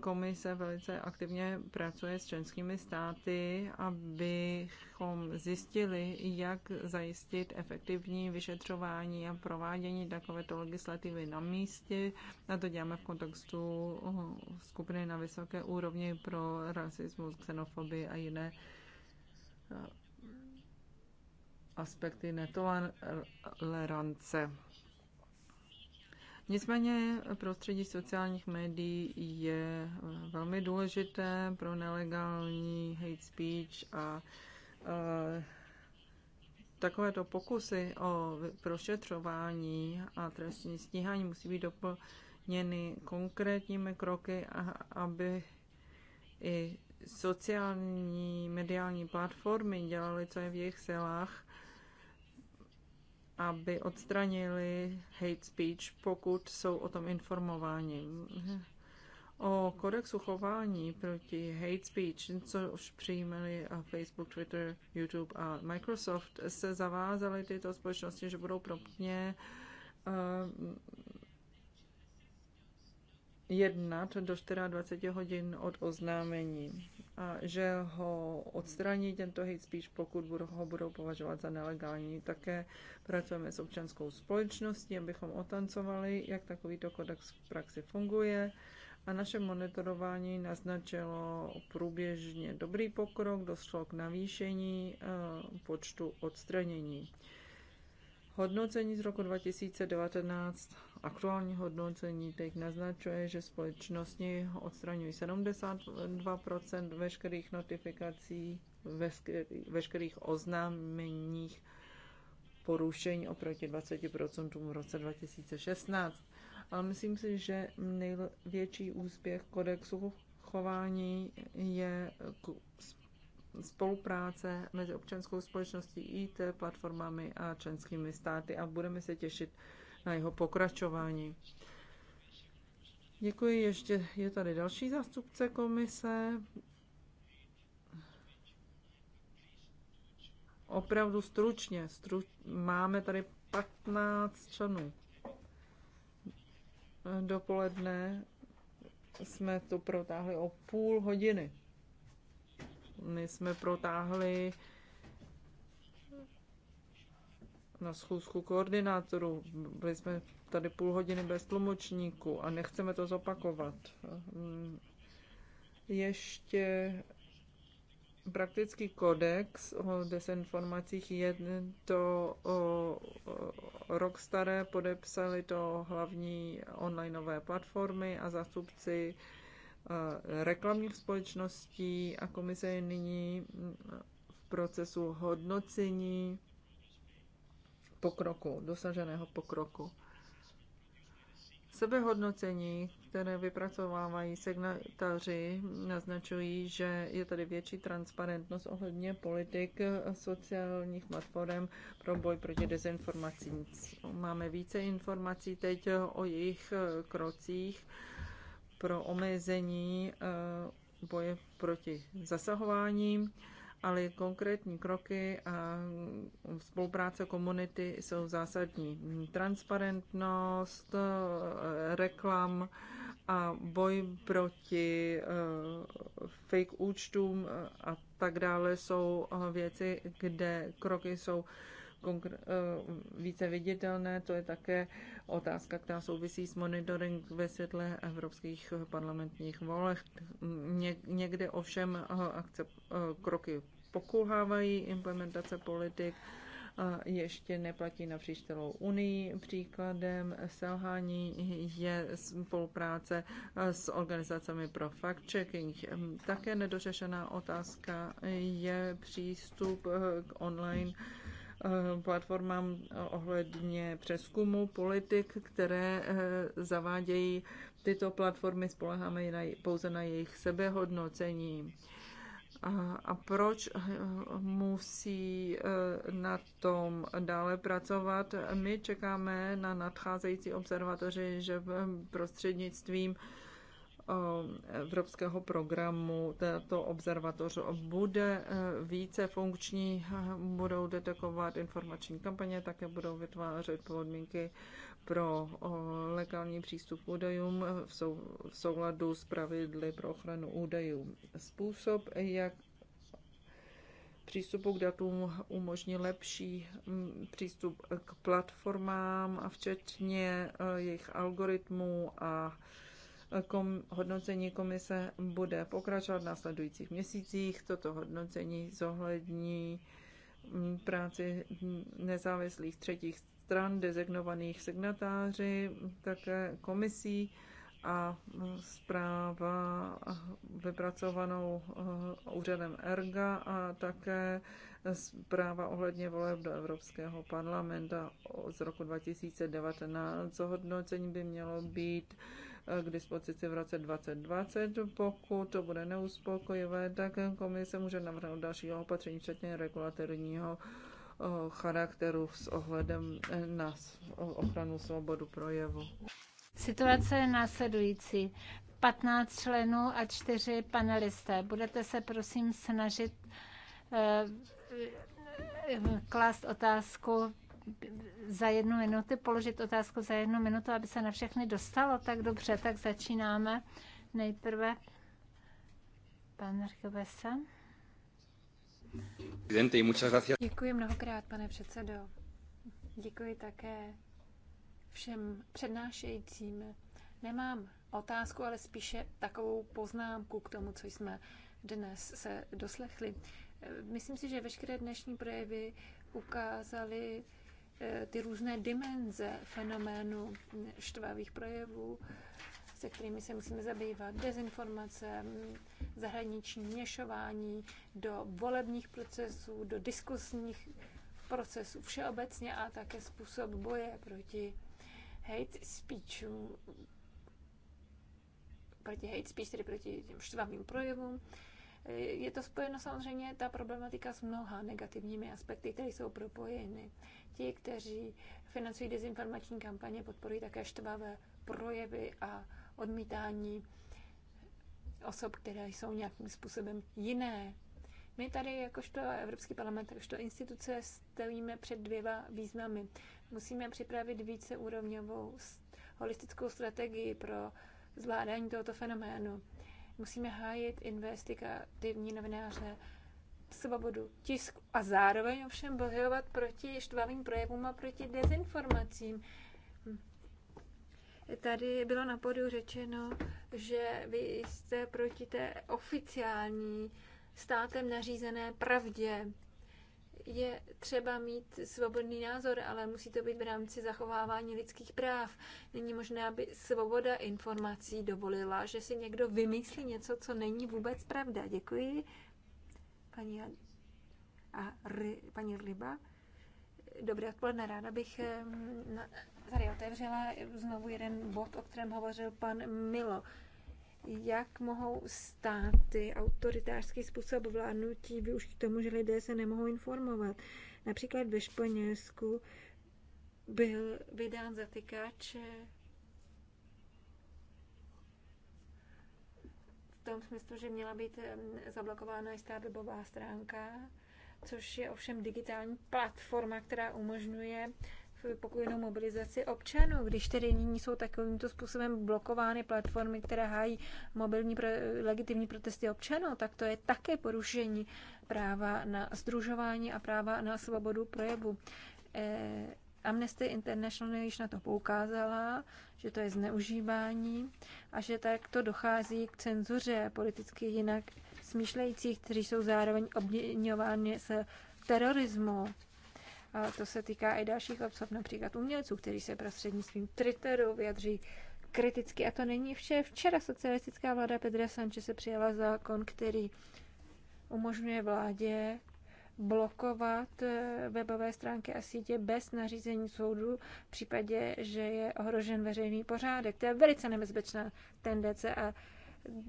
Komise velice aktivně pracuje s členskými státy, abychom zjistili, jak zajistit efektivní vyšetřování a provádění takovéto legislativy na místě. A to děláme v kontextu eh, skupiny na vysoké úrovni pro rasismus, xenofobii a jiné eh, aspekty netolerance. Nicméně prostředí sociálních médií je eh, velmi důležité pro nelegální hate speech a eh, takovéto pokusy o prošetřování a trestní stíhání musí být doplněny konkrétními kroky, aby i sociální mediální platformy dělaly, co je v jejich silách, aby odstranili hate speech, pokud jsou o tom informováni. O kodexu chování proti hate speech, co už přijímali Facebook, Twitter, YouTube a Microsoft, se zavázaly tyto společnosti, že budou promptně uh, jednat do 24 hodin od oznámení že ho odstraní tento hate speech, pokud ho budou považovat za nelegální. Také pracujeme s občanskou společností, abychom otancovali, jak takovýto kodex v praxi funguje. A naše monitorování naznačilo průběžně dobrý pokrok, došlo k navýšení eh, počtu odstranění. Hodnocení z roku 2019, aktuální hodnocení teď naznačuje, že společnosti odstraňují 72% veškerých notifikací, veškerých oznámeních porušení oproti 20% v roce 2016. Ale myslím si, že největší úspěch kodexu chování je spolupráce mezi občanskou společností, IT platformami a členskými státy a budeme se těšit na jeho pokračování. Děkuji. Ještě je tady další zástupce komise. Opravdu stručně. Stru... Máme tady 15 členů. Dopoledne jsme to protáhli o půl hodiny. My jsme protáhli na schůzku koordinátorů. Byli jsme tady půl hodiny bez tlumočníku a nechceme to zopakovat. Ještě praktický kodex o desinformacích je to o, o, rok staré, podepsali to hlavní onlineové platformy a zastupci Eh, reklamních společností a komise je nyní mm, v procesu hodnocení pokroku, dosaženého pokroku. Sebehodnocení, které vypracovávají signatáři, naznačují, že je tady větší transparentnost ohledně politik sociálních platform pro boj proti dezinformacím. Máme více informací teď o jejich krocích pro omezení eh, boje proti zasahováním, ale konkrétní kroky a spolupráce komunity jsou zásadní. Transparentnost, eh, reklam a boj proti eh, fake účtům a tak dále jsou věci, kde kroky jsou Eh, více viditelné. To je také otázka, která souvisí s monitoring ve světle evropských parlamentních volech. Někde ovšem eh, eh, kroky pokulhávají, implementace politik ještě neplatí na celou unii. Příkladem selhání je spolupráce s organizacemi pro fact-checking. Také nedořešená otázka je přístup k online Eh, platformám ohledně přeskumu politik, které eh, zavádějí tyto platformy, spoleháme pouze na jejich sebehodnocení. A proč eh, musí na tom dále pracovat? My čekáme na nadcházející observatoři, že prostřednictvím Eh, evropského programu této observatoře bude eh, více funkční, eh, budou detekovat informační kampaně, také budou vytvářet podmínky pro legální přístup k údajům v souladu s pravidly pro ochranu údajů. Způsob, jak přístupu k datům umožní lepší mm, přístup k platformám, a včetně jejich algoritmů a Kom, hodnocení komise bude pokračovat v následujících měsících. Toto hodnocení zohlední mm, práci nezávislých třetích stran, dezignovaných signatáři, také komisí a zpráva vypracovanou eh, úřadem ERGA a také zpráva ohledně voleb do Evropského parlamenta z roku 2019. Zohodnocení by mělo být k dispozici v roce 2020. Pokud to bude neuspokojivé, tak komise může navrhnout dalšího opatření, včetně regulatorního eh, charakteru s ohledem eh, na ochranu svobodu projevu. Situace je následující. 15 členů a 4 panelisté. Budete se prosím snažit eh, klást otázku za jednu minutu, položit otázku za jednu minutu, aby se na všechny dostalo tak dobře, tak začínáme. Nejprve pan Rkvesa. Děkuji mnohokrát, pane předsedo. Děkuji také všem přednášejícím. Nemám otázku, ale spíše takovou poznámku k tomu, co jsme dnes se doslechli. Myslím si, že veškeré dnešní projevy ukázaly, Eh, ty různé dimenze fenoménu štvavých projevů, se kterými se musíme zabývat, dezinformace, mm, zahraniční měšování do volebních procesů, do diskusních procesů všeobecně a také způsob boje proti hate speechu, proti hate speech, tedy proti těm štvavým projevům. Je to spojeno samozřejmě ta problematika s mnoha negativními aspekty, které jsou propojeny. Ti, kteří financují dezinformační kampaně, podporují také štvavé projevy a odmítání osob, které jsou nějakým způsobem jiné. My tady, jakožto Evropský parlament, jakožto instituce, stojíme před dvěma významy. Musíme připravit více úrovňovou holistickou strategii pro zvládání tohoto fenoménu. Musíme hájit investigativní novináře, svobodu tisku a zároveň ovšem bojovat proti štvavým projevům a proti dezinformacím. Tady bylo na podu řečeno, že vy jste proti té oficiální státem nařízené pravdě je třeba mít svobodný názor, ale musí to být v rámci zachovávání lidských práv. Není možné, aby svoboda informací dovolila, že si někdo vymyslí něco, co není vůbec pravda. Děkuji. Paní, a ry, paní Ryba. Dobré odpoledne, ráda bych tady otevřela znovu jeden bod, o kterém hovořil pan Milo jak mohou státy autoritářský způsob vládnutí využít k tomu, že lidé se nemohou informovat. Například ve Španělsku byl vydán zatykáč v tom smyslu, že měla být zablokována jistá webová stránka, což je ovšem digitální platforma, která umožňuje pokojenou mobilizaci občanů, když tedy nyní jsou takovýmto způsobem blokovány platformy, které hájí mobilní pro, legitimní protesty občanů, tak to je také porušení práva na združování a práva na svobodu projevu. Eh, Amnesty International již na to poukázala, že to je zneužívání a že takto dochází k cenzuře politicky jinak smýšlejících, kteří jsou zároveň obměňováni se terorismu to se týká i dalších osob, například umělců, kteří se prostřednictvím Twitteru vyjadří kriticky. A to není vše. Včera socialistická vláda Pedra se přijala zákon, který umožňuje vládě blokovat eh, webové stránky a sítě bez nařízení soudu v případě, že je ohrožen veřejný pořádek. To je velice nebezpečná tendence a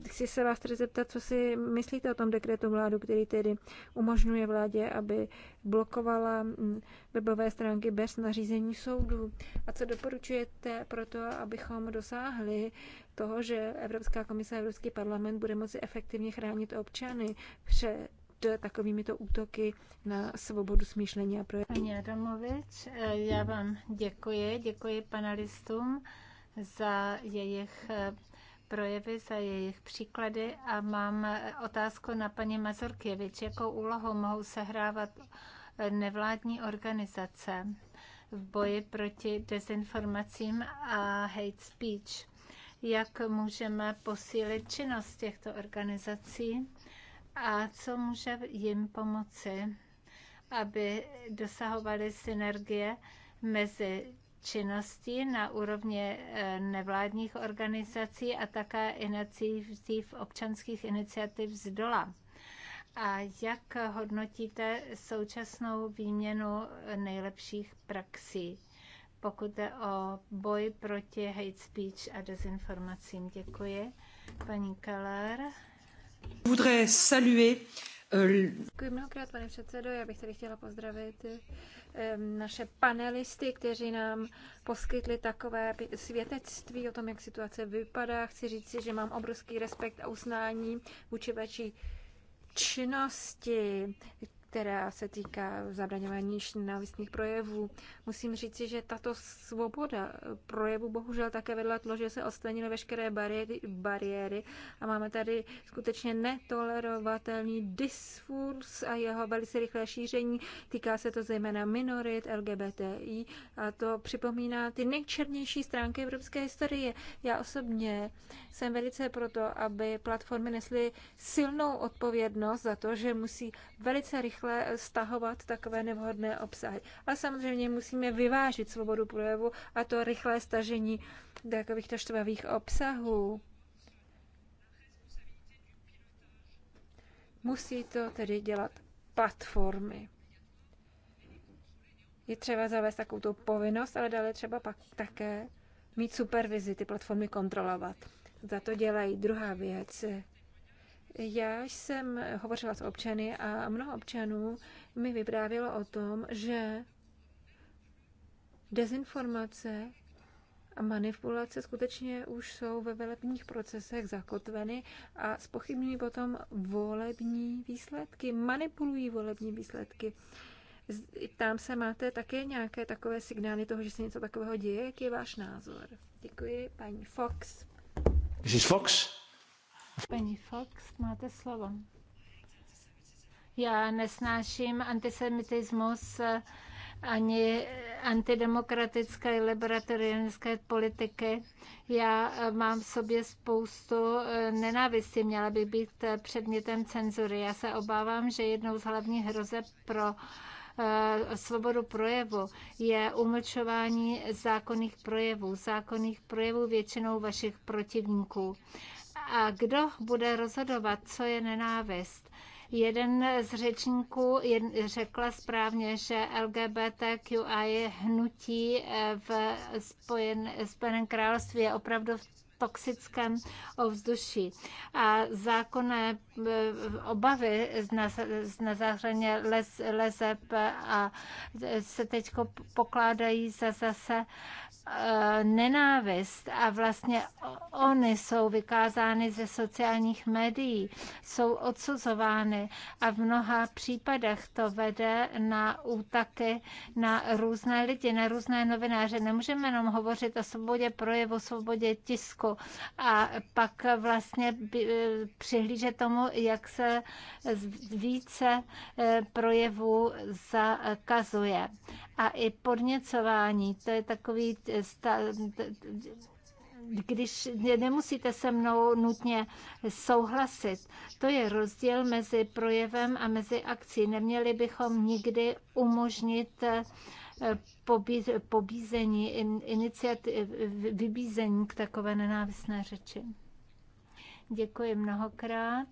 Chci se vás tedy zeptat, co si myslíte o tom dekretu vládu, který tedy umožňuje vládě, aby blokovala mm, webové stránky bez nařízení soudu. A co doporučujete pro to, abychom dosáhli toho, že Evropská komise a Evropský parlament bude moci efektivně chránit občany před takovýmito útoky na svobodu smýšlení a projektu. Paní Adamovič, eh, já vám děkuji, děkuji panelistům za jejich eh, projevy, za jejich příklady a mám otázku na paní Mazurkěvič. Jakou úlohu mohou sehrávat nevládní organizace v boji proti dezinformacím a hate speech? Jak můžeme posílit činnost těchto organizací a co může jim pomoci, aby dosahovaly synergie mezi činnosti na úrovni eh, nevládních organizací a také iniciativ, občanských iniciativ z dola. A jak hodnotíte současnou výměnu eh, nejlepších praxí, pokud jde o boj proti hate speech a dezinformacím? Děkuji. Paní Keller. Euh, Děkuji mnohokrát, pane předsedo. Já bych tady chtěla pozdravit naše panelisty, kteří nám poskytli takové světectví o tom, jak situace vypadá. Chci říct, že mám obrovský respekt a uznání vůči vaší činnosti, která se týká zabraňování nenávistných projevů. Musím říci, že tato svoboda projevu bohužel také vedla to, že se odstranily veškeré bariéry, bariéry a máme tady skutečně netolerovatelný disfurs a jeho velice rychlé šíření. Týká se to zejména minorit, LGBTI a to připomíná ty nejčernější stránky evropské historie. Já osobně jsem velice proto, aby platformy nesly silnou odpovědnost za to, že musí velice rychle rychle stahovat takové nevhodné obsahy. A samozřejmě musíme vyvážit svobodu projevu a to rychlé stažení takovýchto štvavých obsahů. Musí to tedy dělat platformy. Je třeba zavést takovou tu povinnost, ale dále třeba pak také mít supervizi, ty platformy kontrolovat. Za to dělají. Druhá věc, já jsem hovořila s občany a mnoho občanů mi vyprávělo o tom, že dezinformace a manipulace skutečně už jsou ve volebních procesech zakotveny a spochybňují potom volební výsledky, manipulují volební výsledky. Tam se máte také nějaké takové signály toho, že se něco takového děje? Jaký je váš názor? Děkuji, paní Fox. Jsi Fox? Paní Fox, máte slovo. Já nesnáším antisemitismus ani antidemokratické liberatorianské politiky. Já mám v sobě spoustu eh, nenávisti, měla by být eh, předmětem cenzury. Já se obávám, že jednou z hlavních hrozeb pro eh, svobodu projevu je umlčování zákonných projevů, zákonných projevů většinou vašich protivníků. A kdo bude rozhodovat, co je nenávist? Jeden z řečníků řekla správně, že LGBTQI hnutí eh, v Spojeném království je opravdu toxickém ovzduší. A zákonné eh, obavy na, na záhraně les, lezeb a se teď pokládají za zase eh, nenávist a vlastně oni jsou vykázány ze sociálních médií, jsou odsuzovány a v mnoha případech to vede na útaky na různé lidi, na různé novináře. Nemůžeme jenom hovořit o svobodě projevu, svobodě tisku, a pak vlastně eh, přihlíže tomu, jak se více eh, projevů zakazuje. A i podněcování, to je takový eh, když nemusíte se mnou nutně souhlasit. To je rozdíl mezi projevem a mezi akcí. Neměli bychom nikdy umožnit Eh, pobízení, iniciativ, vybízení k takové nenávisné řeči. Děkuji mnohokrát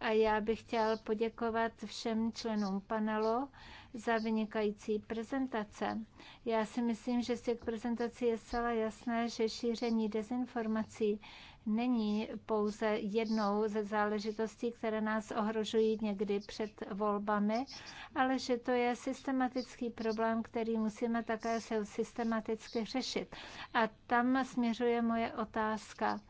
a já bych chtěl poděkovat všem členům panelu za vynikající prezentace. Já si myslím, že z těch prezentací je zcela jasné, že šíření dezinformací není pouze jednou ze záležitostí, které nás ohrožují někdy před volbami, ale že to je systematický problém, který musíme také se systematicky řešit. A tam směřuje moje otázka.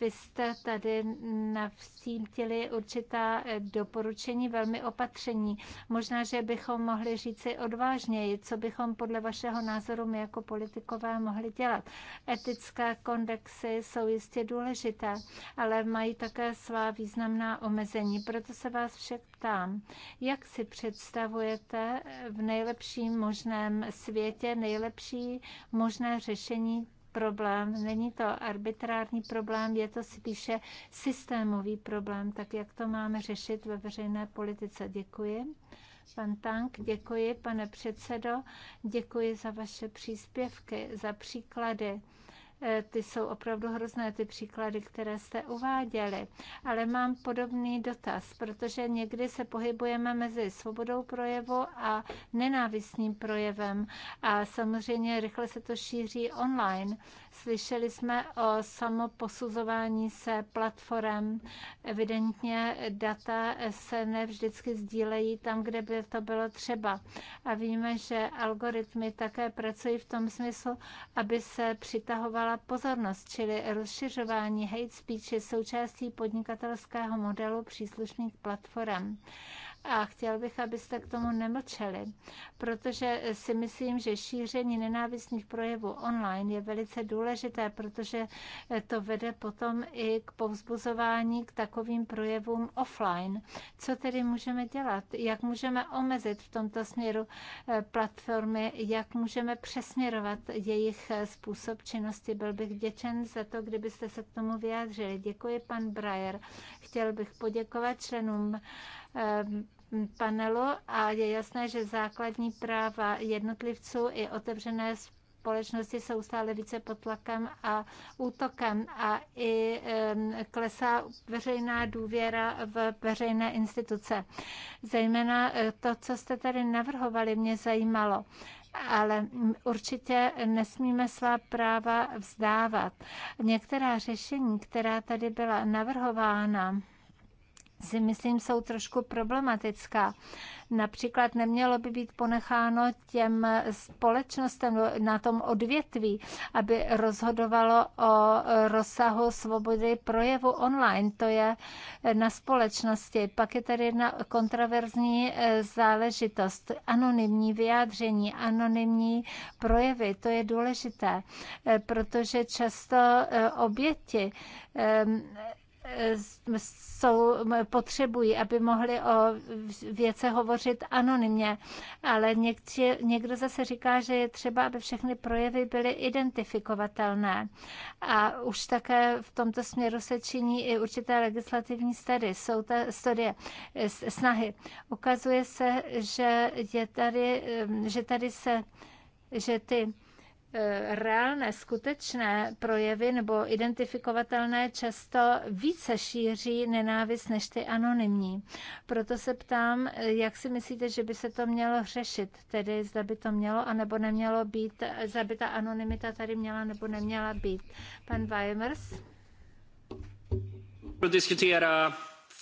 Vy jste tady navstítili určitá doporučení, velmi opatření. Možná, že bychom mohli říci odvážněji, co bychom podle vašeho názoru my jako politikové mohli dělat. Etické kondexy jsou jistě důležité, ale mají také svá významná omezení. Proto se vás však ptám, jak si představujete v nejlepším možném světě nejlepší možné řešení problém, není to arbitrární problém, je to spíše systémový problém, tak jak to máme řešit ve veřejné politice. Děkuji. Pan Tank, děkuji, pane předsedo, děkuji za vaše příspěvky, za příklady. Eh, ty jsou opravdu hrozné, ty příklady, které jste uváděli. Ale mám podobný dotaz, protože někdy se pohybujeme mezi svobodou projevu a nenávistným projevem. A samozřejmě rychle se to šíří online. Slyšeli jsme o samoposuzování se platform. Evidentně data se nevždycky sdílejí tam, kde by to bylo třeba. A víme, že algoritmy také pracují v tom smyslu, aby se přitahovala pozornost, čili rozšiřování hate speech je součástí podnikatelského modelu příslušných platform a chtěl bych, abyste k tomu nemlčeli, protože si myslím, že šíření nenávistných projevů online je velice důležité, protože to vede potom i k povzbuzování k takovým projevům offline. Co tedy můžeme dělat? Jak můžeme omezit v tomto směru eh, platformy? Jak můžeme přesměrovat jejich eh, způsob činnosti? Byl bych vděčen za to, kdybyste se k tomu vyjádřili. Děkuji, pan Brajer. Chtěl bych poděkovat členům Eh, panelu a je jasné, že základní práva jednotlivců i otevřené společnosti jsou stále více pod tlakem a útokem a i eh, klesá veřejná důvěra v veřejné instituce. Zejména eh, to, co jste tady navrhovali, mě zajímalo ale určitě nesmíme svá práva vzdávat. Některá řešení, která tady byla navrhována, si myslím, jsou trošku problematická. Například nemělo by být ponecháno těm společnostem na tom odvětví, aby rozhodovalo o rozsahu svobody projevu online. To je na společnosti. Pak je tady jedna kontroverzní eh, záležitost. Anonymní vyjádření, anonymní projevy, to je důležité, eh, protože často eh, oběti Eh, jsou, potřebují, aby mohli o věce hovořit anonymně, ale někdy, někdo zase říká, že je třeba, aby všechny projevy byly identifikovatelné. A už také v tomto směru se činí i určité legislativní study, jsou ta studie, eh, snahy. Ukazuje se, že je tady, eh, že tady se, že ty Eh, reálné, skutečné projevy nebo identifikovatelné často více šíří nenávist než ty anonymní. Proto se ptám, eh, jak si myslíte, že by se to mělo řešit? Tedy zda by to mělo anebo nemělo být, eh, zda by ta anonymita tady měla nebo neměla být. Pan Weimers? Diskutera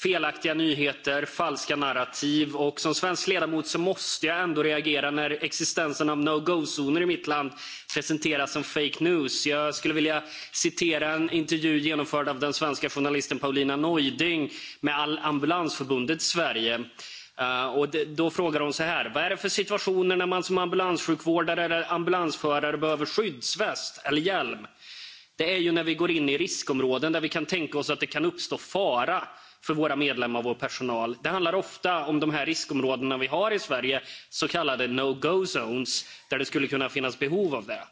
felaktiga nyheter, falska narrativ och som svensk ledamot så måste jag ändå reagera när existensen av no-go-zoner i mitt land presenteras som fake news. Jag skulle vilja citera en intervju genomförd av den svenska journalisten Paulina Neuding med Ambulansförbundet Sverige. Eh, och då frågar hon så här. Vad är det för situationer när man som ambulanssjukvårdare eller ambulansförare behöver skyddsväst eller hjälm? Det är ju när vi går in i riskområden där vi kan tänka oss att det kan uppstå fara för våra medlemmar och vår personal. Det handlar ofta om de riskområden vi har i Sverige, så kallade no-go zones, där det skulle kunna finnas behov av det.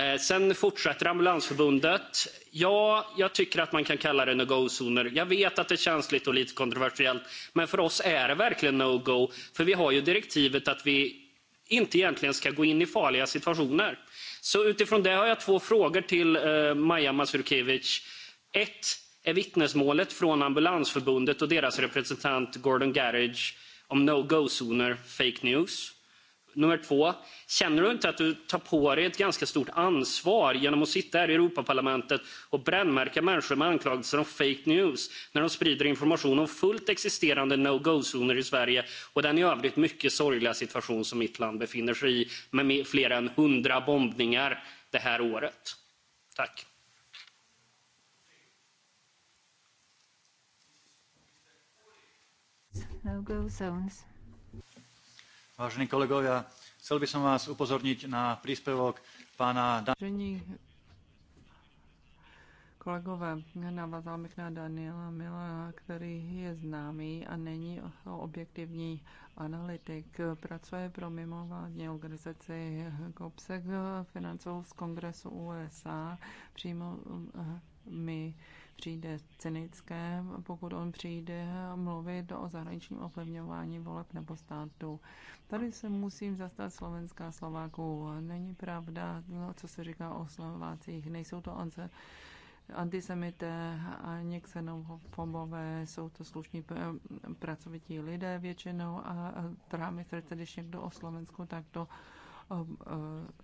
Eh, sen fortsätter Ambulansförbundet. Ja, jag tycker att man kan kalla det no-go-zoner. Jag vet att det är känsligt och lite kontroversiellt, men för oss är det verkligen no-go. För vi har ju direktivet att vi inte egentligen ska gå in i farliga situationer. Så utifrån det har jag två frågor till eh, Maja Masurkiewicz. Ett, är vittnesmålet från Ambulansförbundet och deras representant Gordon Garridge om no-go-zoner fake news? Nummer två, känner du inte att du tar på dig ett ganska stort ansvar genom att sitta här i Europaparlamentet och brännmärka människor med anklagelser om fake news när de sprider information om fullt existerande no-go-zoner i Sverige och den i övrigt mycket sorgliga situation som mitt land befinner sig i med fler än 100 bombningar det här året? Tack. no-go zones. Vážení kolegovia, chcel by som vás upozorniť na príspevok pána... Vážení kolegové, navázal bych na Daniela Mila, který je známý a není objektivní analytik. Pracuje pro mimovládní organizaci COPSEC, financou z kongresu USA, přímo eh, my přijde cynické, pokud on přijde mluvit o zahraničním ovlivňování voleb nebo státu. Tady se musím zastat slovenská Slováků. Není pravda, no, co se říká o Slovácích. Nejsou to once antisemité a xenofobové, jsou to slušní pracovití lidé většinou a, a trhá mi srdce, když někdo o Slovensku takto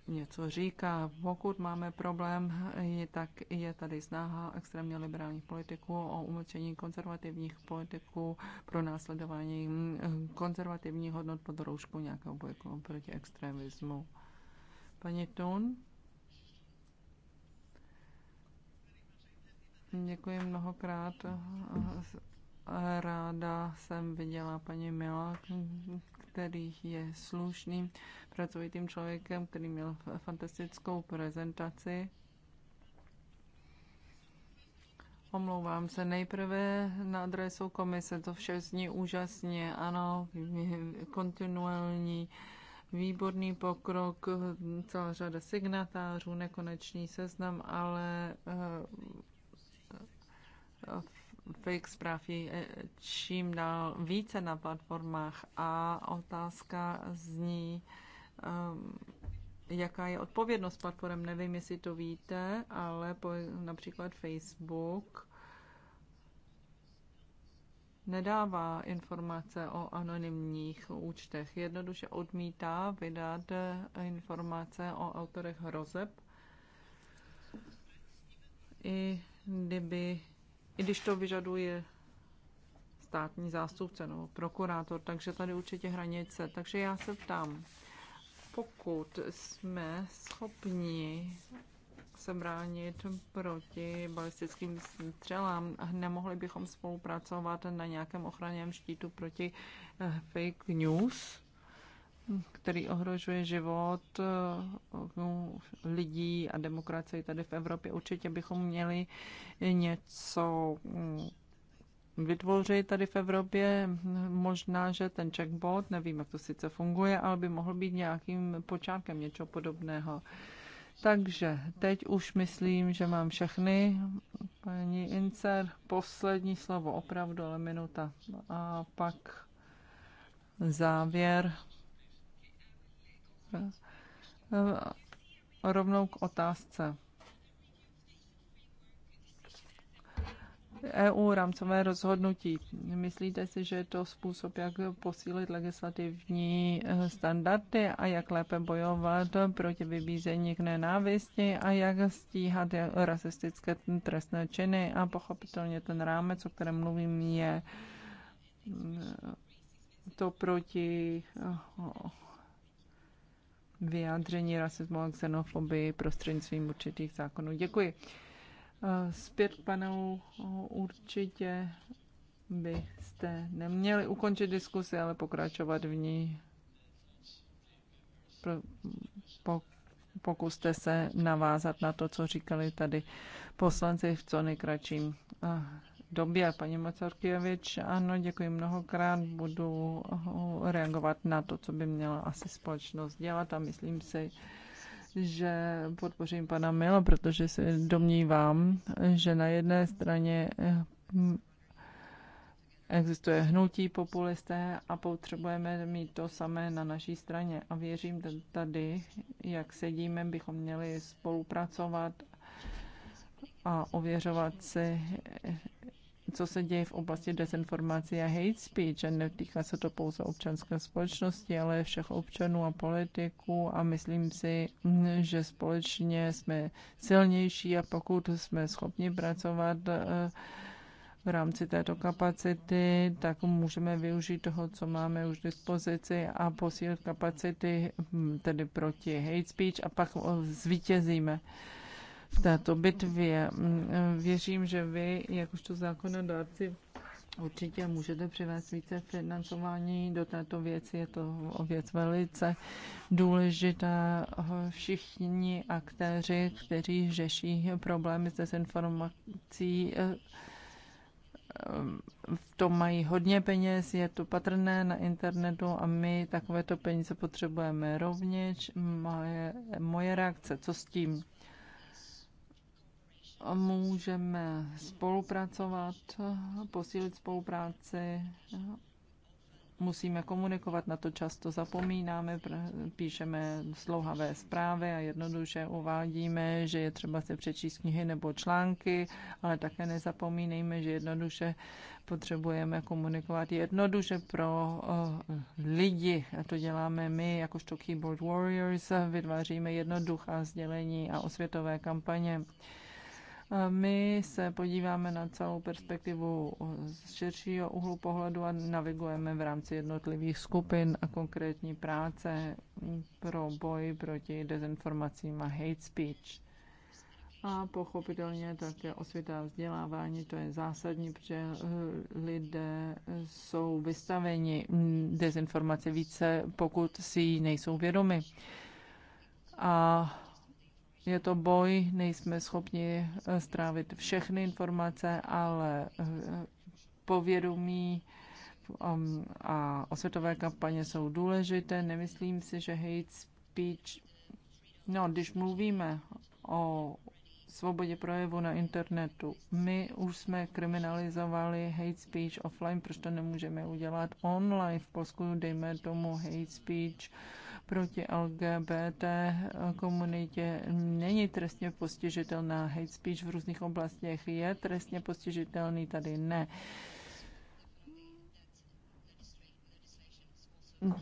něco říká. Pokud máme problém, tak je tady snaha extrémně liberálních politiků o umlčení konzervativních politiků pro následování konzervativních hodnot pod rouškou nějakého bojku proti extremismu. Paní Tun? Děkuji mnohokrát. Ráda jsem viděla paní Mila, který je slušným, pracovitým člověkem, který měl fantastickou prezentaci. Omlouvám se nejprve na adresu komise, to vše zní úžasně, ano, kontinuální, výborný pokrok, celá řada signatářů, nekonečný seznam, ale eh, fake zpráv je čím dál více na platformách a otázka zní, ehm, jaká je odpovědnost platform. Nevím, jestli to víte, ale po, například Facebook nedává informace o anonymních účtech. Jednoduše odmítá vydat eh, informace o autorech hrozeb. I kdyby i když to vyžaduje státní zástupce nebo prokurátor, takže tady určitě hranice. Takže já se ptám, pokud jsme schopni se bránit proti balistickým střelám, nemohli bychom spolupracovat na nějakém ochraněm štítu proti eh, fake news? který ohrožuje život eh, lidí a demokracii tady v Evropě. Určitě bychom měli něco mm, vytvořit tady v Evropě. Možná, že ten checkbot, nevím, jak to sice funguje, ale by mohl být nějakým počátkem něčeho podobného. Takže teď už myslím, že mám všechny. Paní Incer, poslední slovo, opravdu, ale minuta. A pak závěr. E, rovnou k otázce. EU rámcové rozhodnutí. Myslíte si, že je to způsob, jak posílit legislativní e, standardy a jak lépe bojovat proti vybízení k nenávisti a jak stíhat rasistické trestné činy a pochopitelně ten rámec, o kterém mluvím, je e, to proti vyjádření rasismu a xenofobii prostřednictvím určitých zákonů. Děkuji. Eh, zpět panu eh, určitě byste neměli ukončit diskusi, ale pokračovat v ní. pokuste se navázat na to, co říkali tady poslanci v co nejkratším eh, době. Paní Macorkijevič, ano, děkuji mnohokrát. Budu reagovat na to, co by měla asi společnost dělat a myslím si, že podpořím pana Mila, protože se domnívám, že na jedné straně hm, existuje hnutí populisté a potřebujeme mít to samé na naší straně. A věřím, že tady, jak sedíme, bychom měli spolupracovat a ověřovat si co se děje v oblasti dezinformací a hate speech. A netýká se to pouze občanské společnosti, ale všech občanů a politiků a myslím si, že společně jsme silnější a pokud jsme schopni pracovat eh, v rámci této kapacity, tak můžeme využít toho, co máme už v dispozici a posílit kapacity hm, tedy proti hate speech a pak zvítězíme v této bitvě. Mm, eh, věřím, že vy, jakožto zákonodárci, určitě můžete přivést více financování do této věci. Je to věc velice důležitá. Všichni aktéři, kteří řeší problémy s dezinformací, eh, eh, v tom mají hodně peněz, je to patrné na internetu a my takovéto peníze potřebujeme rovněž. Moje, moje reakce, co s tím? můžeme spolupracovat, posílit spolupráci, musíme komunikovat, na to často zapomínáme, píšeme slouhavé zprávy a jednoduše uvádíme, že je třeba se přečíst knihy nebo články, ale také nezapomínejme, že jednoduše potřebujeme komunikovat jednoduše pro lidi. A to děláme my, jakožto Keyboard Warriors, vytváříme jednoduchá sdělení a osvětové kampaně. My se podíváme na celou perspektivu z širšího úhlu pohledu a navigujeme v rámci jednotlivých skupin a konkrétní práce pro boj proti dezinformacím a hate speech. A pochopitelně také osvěta a vzdělávání, to je zásadní, protože eh, lidé jsou vystaveni mm, dezinformaci více, pokud si ji nejsou vědomi. A je to boj, nejsme schopni eh, strávit všechny informace, ale eh, povědomí um, a osvětové kampaně jsou důležité. Nemyslím si, že hate speech, no, když mluvíme o svobodě projevu na internetu. My už jsme kriminalizovali hate speech offline, proč to nemůžeme udělat online? V Polsku dejme tomu hate speech proti LGBT komunitě není trestně postižitelná. Hate speech v různých oblastech je trestně postižitelný, tady ne.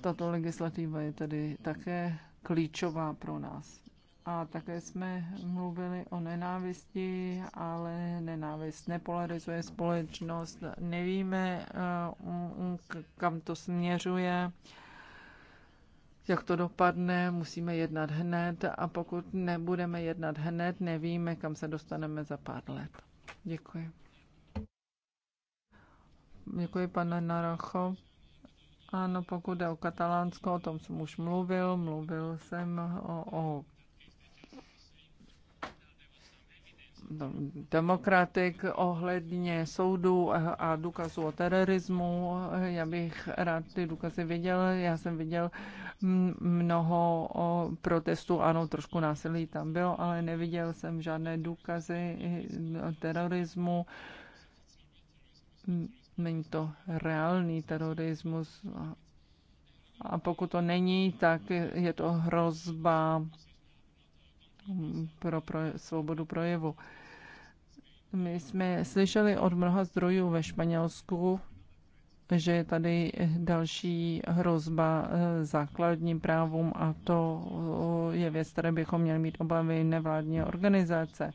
Tato legislativa je tedy také klíčová pro nás. A také jsme mluvili o nenávisti, ale nenávist nepolarizuje společnost. Nevíme, eh, kam to směřuje jak to dopadne, musíme jednat hned a pokud nebudeme jednat hned, nevíme, kam se dostaneme za pár let. Děkuji. Děkuji, pane Narocho. Ano, pokud je o katalánsko, o tom jsem už mluvil. Mluvil jsem o, o No, demokratik ohledně soudů a důkazů o terorismu. Já bych rád ty důkazy viděl. Já jsem viděl mnoho protestů, ano, trošku násilí tam bylo, ale neviděl jsem žádné důkazy o terorismu. Není to reálný terorismus. A pokud to není, tak je to hrozba pro, pro svobodu projevu. My jsme slyšeli od mnoha zdrojů ve Španělsku, že je tady další hrozba eh, základním právům a to eh, je věc, které bychom měli mít obavy nevládní organizace.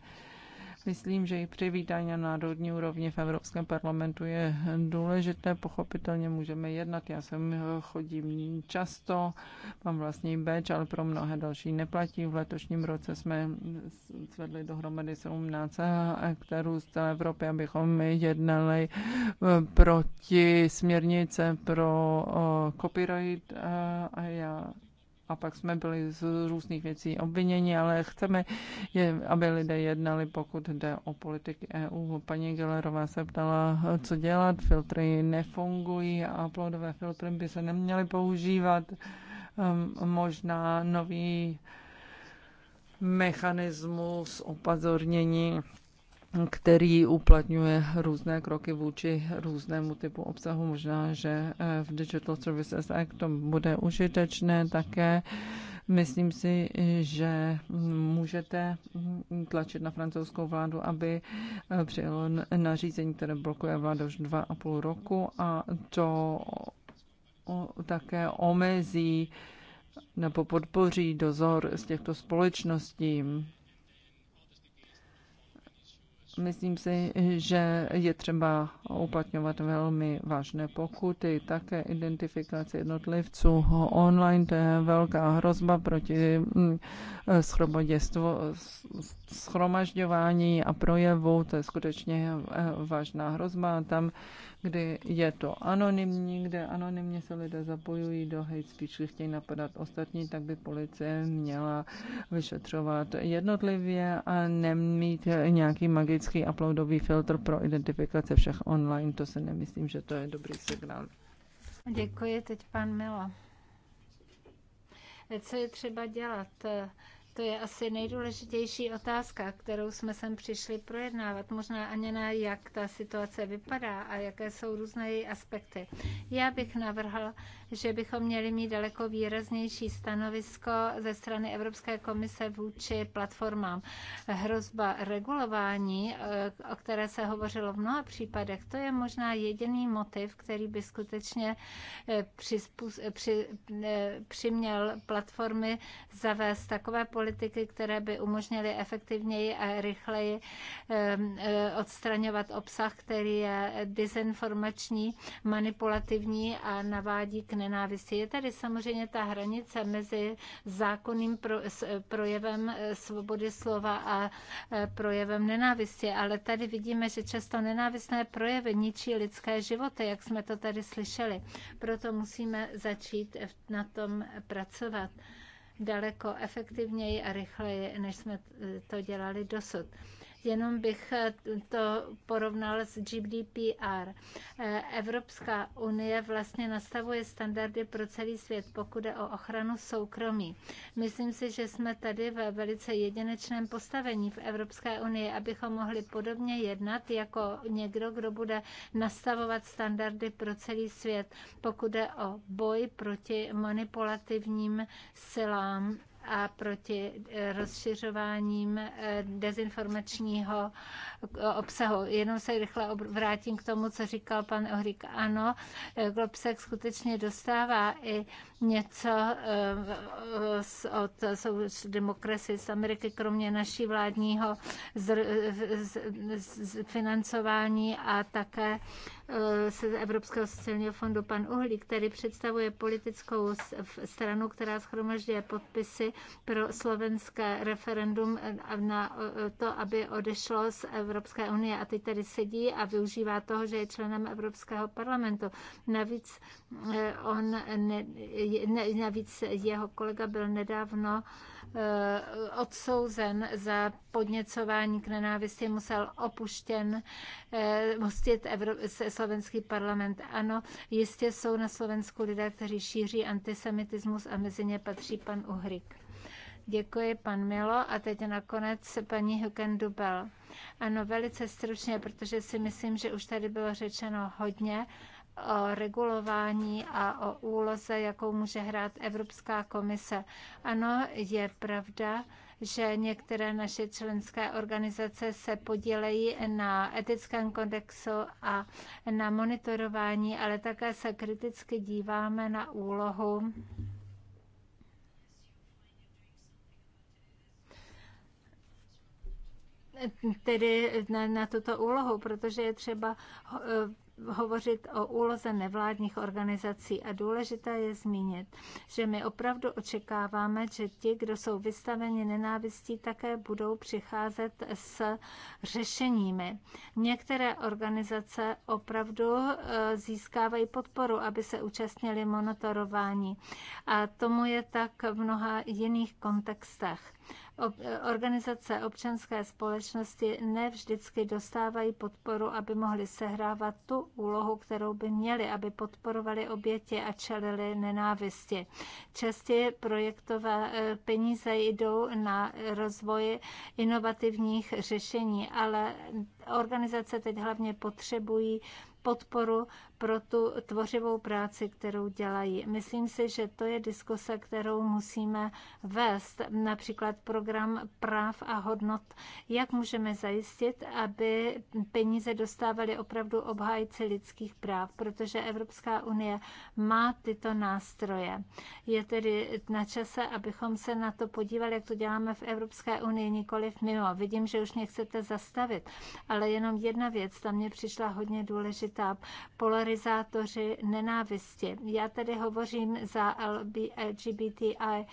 Myslím, že i přivítání na národní úrovni v Evropském parlamentu je důležité. Pochopitelně můžeme jednat. Já jsem chodím často, mám i beč, ale pro mnohé další neplatí. V letošním roce jsme zvedli dohromady 17 hektarů z celé Evropy, abychom jednali eh, proti směrnice pro eh, copyright eh, a já a pak jsme byli z různých věcí obviněni, ale chceme, je, aby lidé jednali, pokud jde o politiky EU. Paní Gellerová se ptala, co dělat, filtry nefungují a plodové filtry by se neměly používat. Ehm, možná nový mechanismus upozornění který uplatňuje různé kroky vůči různému typu obsahu. Možná, že eh, v Digital Services Act to bude užitečné také. Myslím si, že můžete tlačit na francouzskou vládu, aby eh, přijelo nařízení, které blokuje vláda už dva a půl roku a to také omezí nebo podpoří dozor z těchto společností. Myslím si, že je třeba uplatňovat velmi vážné pokuty, také identifikace jednotlivců online, to je velká hrozba proti mm, schromažďování a projevu, to je skutečně eh, vážná hrozba. Tam kdy je to anonymní, kde anonymně se lidé zapojují do hate speechu, chtějí napadat ostatní, tak by policie měla vyšetřovat jednotlivě a nemít nějaký magický uploadový filtr pro identifikaci všech online. To si nemyslím, že to je dobrý signál. Děkuji, teď pan Milo. Co je třeba dělat? To je asi nejdůležitější otázka, kterou jsme sem přišli projednávat. Možná ani na jak ta situace vypadá a jaké jsou různé její aspekty. Já bych navrhl, že bychom měli mít daleko výraznější stanovisko ze strany Evropské komise vůči platformám. Hrozba regulování, eh, o které se hovořilo v mnoha případech, to je možná jediný motiv, který by skutečně eh, přispůs, při, eh, přiměl platformy zavést takové politiky, které by umožnily efektivněji a rychleji ehm, odstraňovat obsah, který je dezinformační, manipulativní a navádí k nenávisti. Je tady samozřejmě ta hranice mezi zákonným projevem eh, svobody slova a eh, projevem nenávisti, ale tady vidíme, že často nenávistné projevy ničí lidské životy, jak jsme to tady slyšeli. Proto musíme začít na tom pracovat daleko efektivněji a rychleji, než jsme eh, to dělali dosud. Jenom bych eh, to porovnal s GDPR. Eh, Evropská unie vlastně nastavuje standardy pro celý svět, pokud je o ochranu soukromí. Myslím si, že jsme tady ve velice jedinečném postavení v Evropské unii, abychom mohli podobně jednat jako někdo, kdo bude nastavovat standardy pro celý svět, pokud je o boj proti manipulativním silám a proti eh, rozšiřováním eh, dezinformačního eh, obsahu. Jenom se rychle vrátím k tomu, co říkal pan Ohrik. Ano, Globsec skutečně dostává i něco od demokracie z Ameriky, kromě naší vládního financování a také Eh, z Evropského sociálního fondu pan Uhlík, který představuje politickou stranu, která schromažďuje podpisy pro slovenské referendum eh, na eh, to, aby odešlo z Evropské unie a teď tady sedí a využívá toho, že je členem Evropského parlamentu. Navíc, on, ne, navíc jeho kolega byl nedávno Eh, odsouzen za podněcování k nenávisti, musel opuštěn eh, hostit slovenský parlament. Ano, jistě jsou na Slovensku lidé, kteří šíří antisemitismus a mezi ně patří pan Uhrik. Děkuji, pan Milo. A teď nakonec paní Huken Dubel. Ano, velice stručně, protože si myslím, že už tady bylo řečeno hodně o regulování a o úloze, jakou může hrát Evropská komise. Ano, je pravda, že některé naše členské organizace se podílejí na etickém kodexu a na monitorování, ale také se kriticky díváme na úlohu tedy na, na tuto úlohu, protože je třeba eh, hovořit o úloze nevládních organizací a důležité je zmínit, že my opravdu očekáváme, že ti, kdo jsou vystaveni nenávistí, také budou přicházet s řešeními. Některé organizace opravdu e, získávají podporu, aby se účastnili monitorování a tomu je tak v mnoha jiných kontextech. Eh, organizace občanské společnosti ne vždycky dostávají podporu, aby mohly sehrávat tu úlohu, kterou by měly, aby podporovali oběti a čelili nenávisti. Častěji projektové eh, peníze jdou na rozvoj inovativních řešení, ale organizace teď hlavně potřebují podporu pro tu tvořivou práci, kterou dělají. Myslím si, že to je diskuse, kterou musíme vést. Například program práv a hodnot. Jak můžeme zajistit, aby peníze dostávali opravdu obhájci lidských práv, protože Evropská unie má tyto nástroje. Je tedy na čase, abychom se na to podívali, jak to děláme v Evropské unii, nikoliv mimo. Vidím, že už mě chcete zastavit, ale jenom jedna věc, tam mě přišla hodně důležitá polarizace normalizátoři nenávisti. Já tady hovořím za LGBTI eh,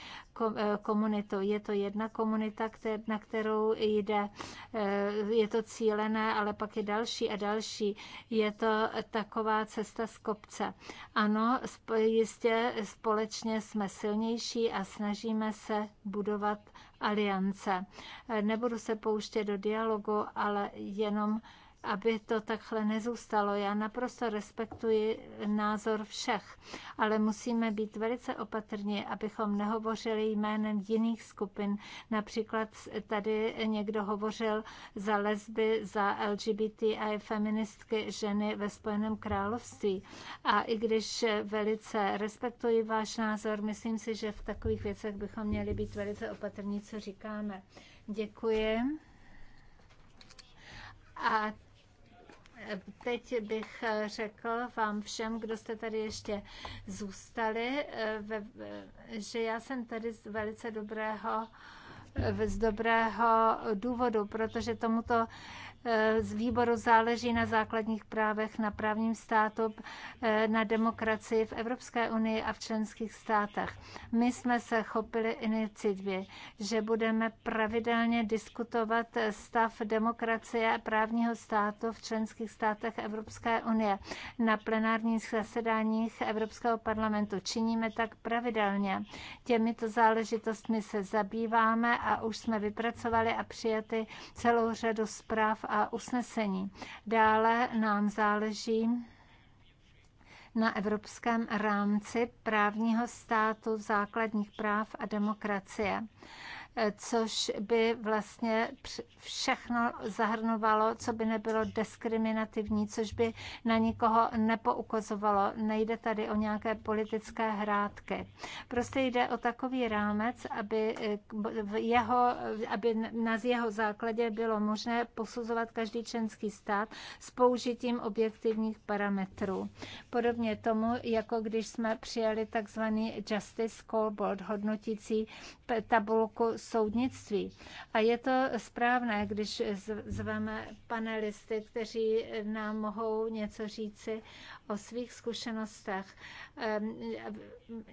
komunitu. Je to jedna komunita, na kterou jde, eh, je to cílené, ale pak je další a další. Je to taková cesta z kopce. Ano, jistě společně jsme silnější a snažíme se budovat aliance. Eh, nebudu se pouštět do dialogu, ale jenom aby to takhle nezůstalo. Já naprosto respektuji názor všech, ale musíme být velice opatrní, abychom nehovořili jménem jiných skupin. Například tady někdo hovořil za lesby, za LGBT a feministky ženy ve Spojeném království. A i když velice respektuji váš názor, myslím si, že v takových věcech bychom měli být velice opatrní, co říkáme. Děkuji. A Teď bych eh, řekl vám všem, kdo jste tady ještě zůstali, eh, eh, že já jsem tady z velice dobrého z dobrého důvodu, protože tomuto z výboru záleží na základních právech, na právním státu, eh, na demokracii v Evropské unii a v členských státech. My jsme se chopili iniciativy, že budeme pravidelně diskutovat eh, stav demokracie a právního státu v členských státech Evropské unie na plenárních zasedáních Evropského parlamentu. Činíme tak pravidelně. Těmito záležitostmi se zabýváme a už jsme vypracovali a přijaty celou řadu zpráv a usnesení. Dále nám záleží na evropském rámci právního státu, základních práv a demokracie což by vlastně všechno zahrnovalo, co by nebylo diskriminativní, což by na nikoho nepoukazovalo. Nejde tady o nějaké politické hrátky. Prostě jde o takový rámec, aby, eh, jeho, aby na jeho základě bylo možné posuzovat každý členský stát s použitím objektivních parametrů. Podobně tomu, jako když jsme přijali takzvaný Justice Scoreboard, hodnotící tabulku soudnictví. A je to správné, když zveme panelisty, kteří nám mohou něco říci o svých zkušenostech. Ehm,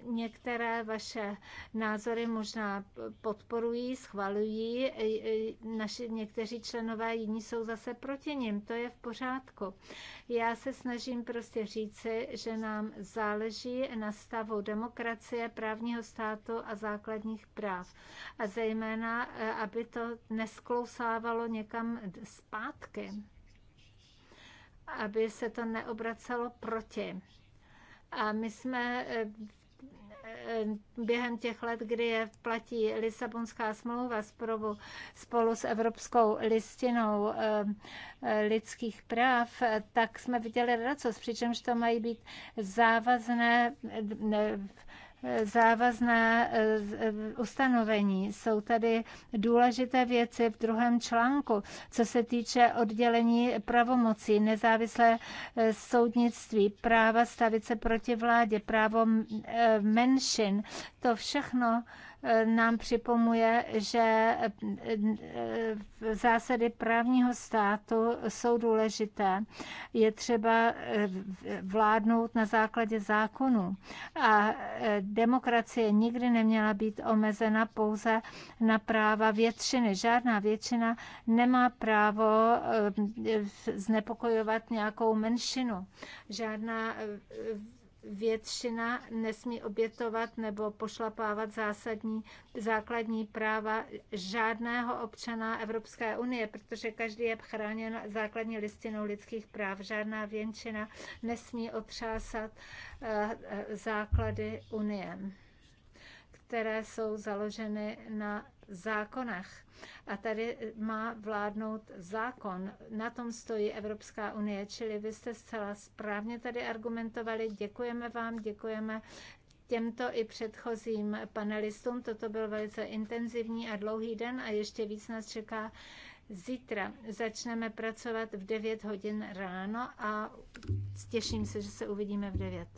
některé vaše názory možná podporují, schvalují naši někteří členové, jiní jsou zase proti nim. To je v pořádku. Já se snažím prostě říci, že nám záleží na stavu demokracie, právního státu a základních práv. A zejména, e, aby to nesklousávalo někam zpátky aby se to neobracelo proti. A my jsme eh, eh, během těch let, kdy je platí Lisabonská smlouva spolu, spolu s Evropskou listinou eh, lidských práv, tak jsme viděli radost, přičemž to mají být závazné závazná eh, eh, ustanovení. Jsou tady důležité věci v druhém článku, co se týče oddělení pravomocí, nezávislé eh, soudnictví, práva stavit se proti vládě, právo menšin. To všechno nám připomuje, že eh, zásady právního státu jsou důležité. Je třeba eh, vládnout na základě zákonů. A eh, demokracie nikdy neměla být omezena pouze na práva většiny. Žádná většina nemá právo znepokojovat nějakou menšinu. Žádná většina nesmí obětovat nebo pošlapávat zásadní základní práva žádného občana Evropské unie, protože každý je chráněn základní listinou lidských práv. Žádná většina nesmí otřásat eh, eh, základy unie které jsou založeny na zákonech. A tady má vládnout zákon. Na tom stojí Evropská unie, čili vy jste zcela správně tady argumentovali. Děkujeme vám, děkujeme těmto i předchozím panelistům. Toto byl velice intenzivní a dlouhý den a ještě víc nás čeká zítra. Začneme pracovat v 9 hodin ráno a těším se, že se uvidíme v 9.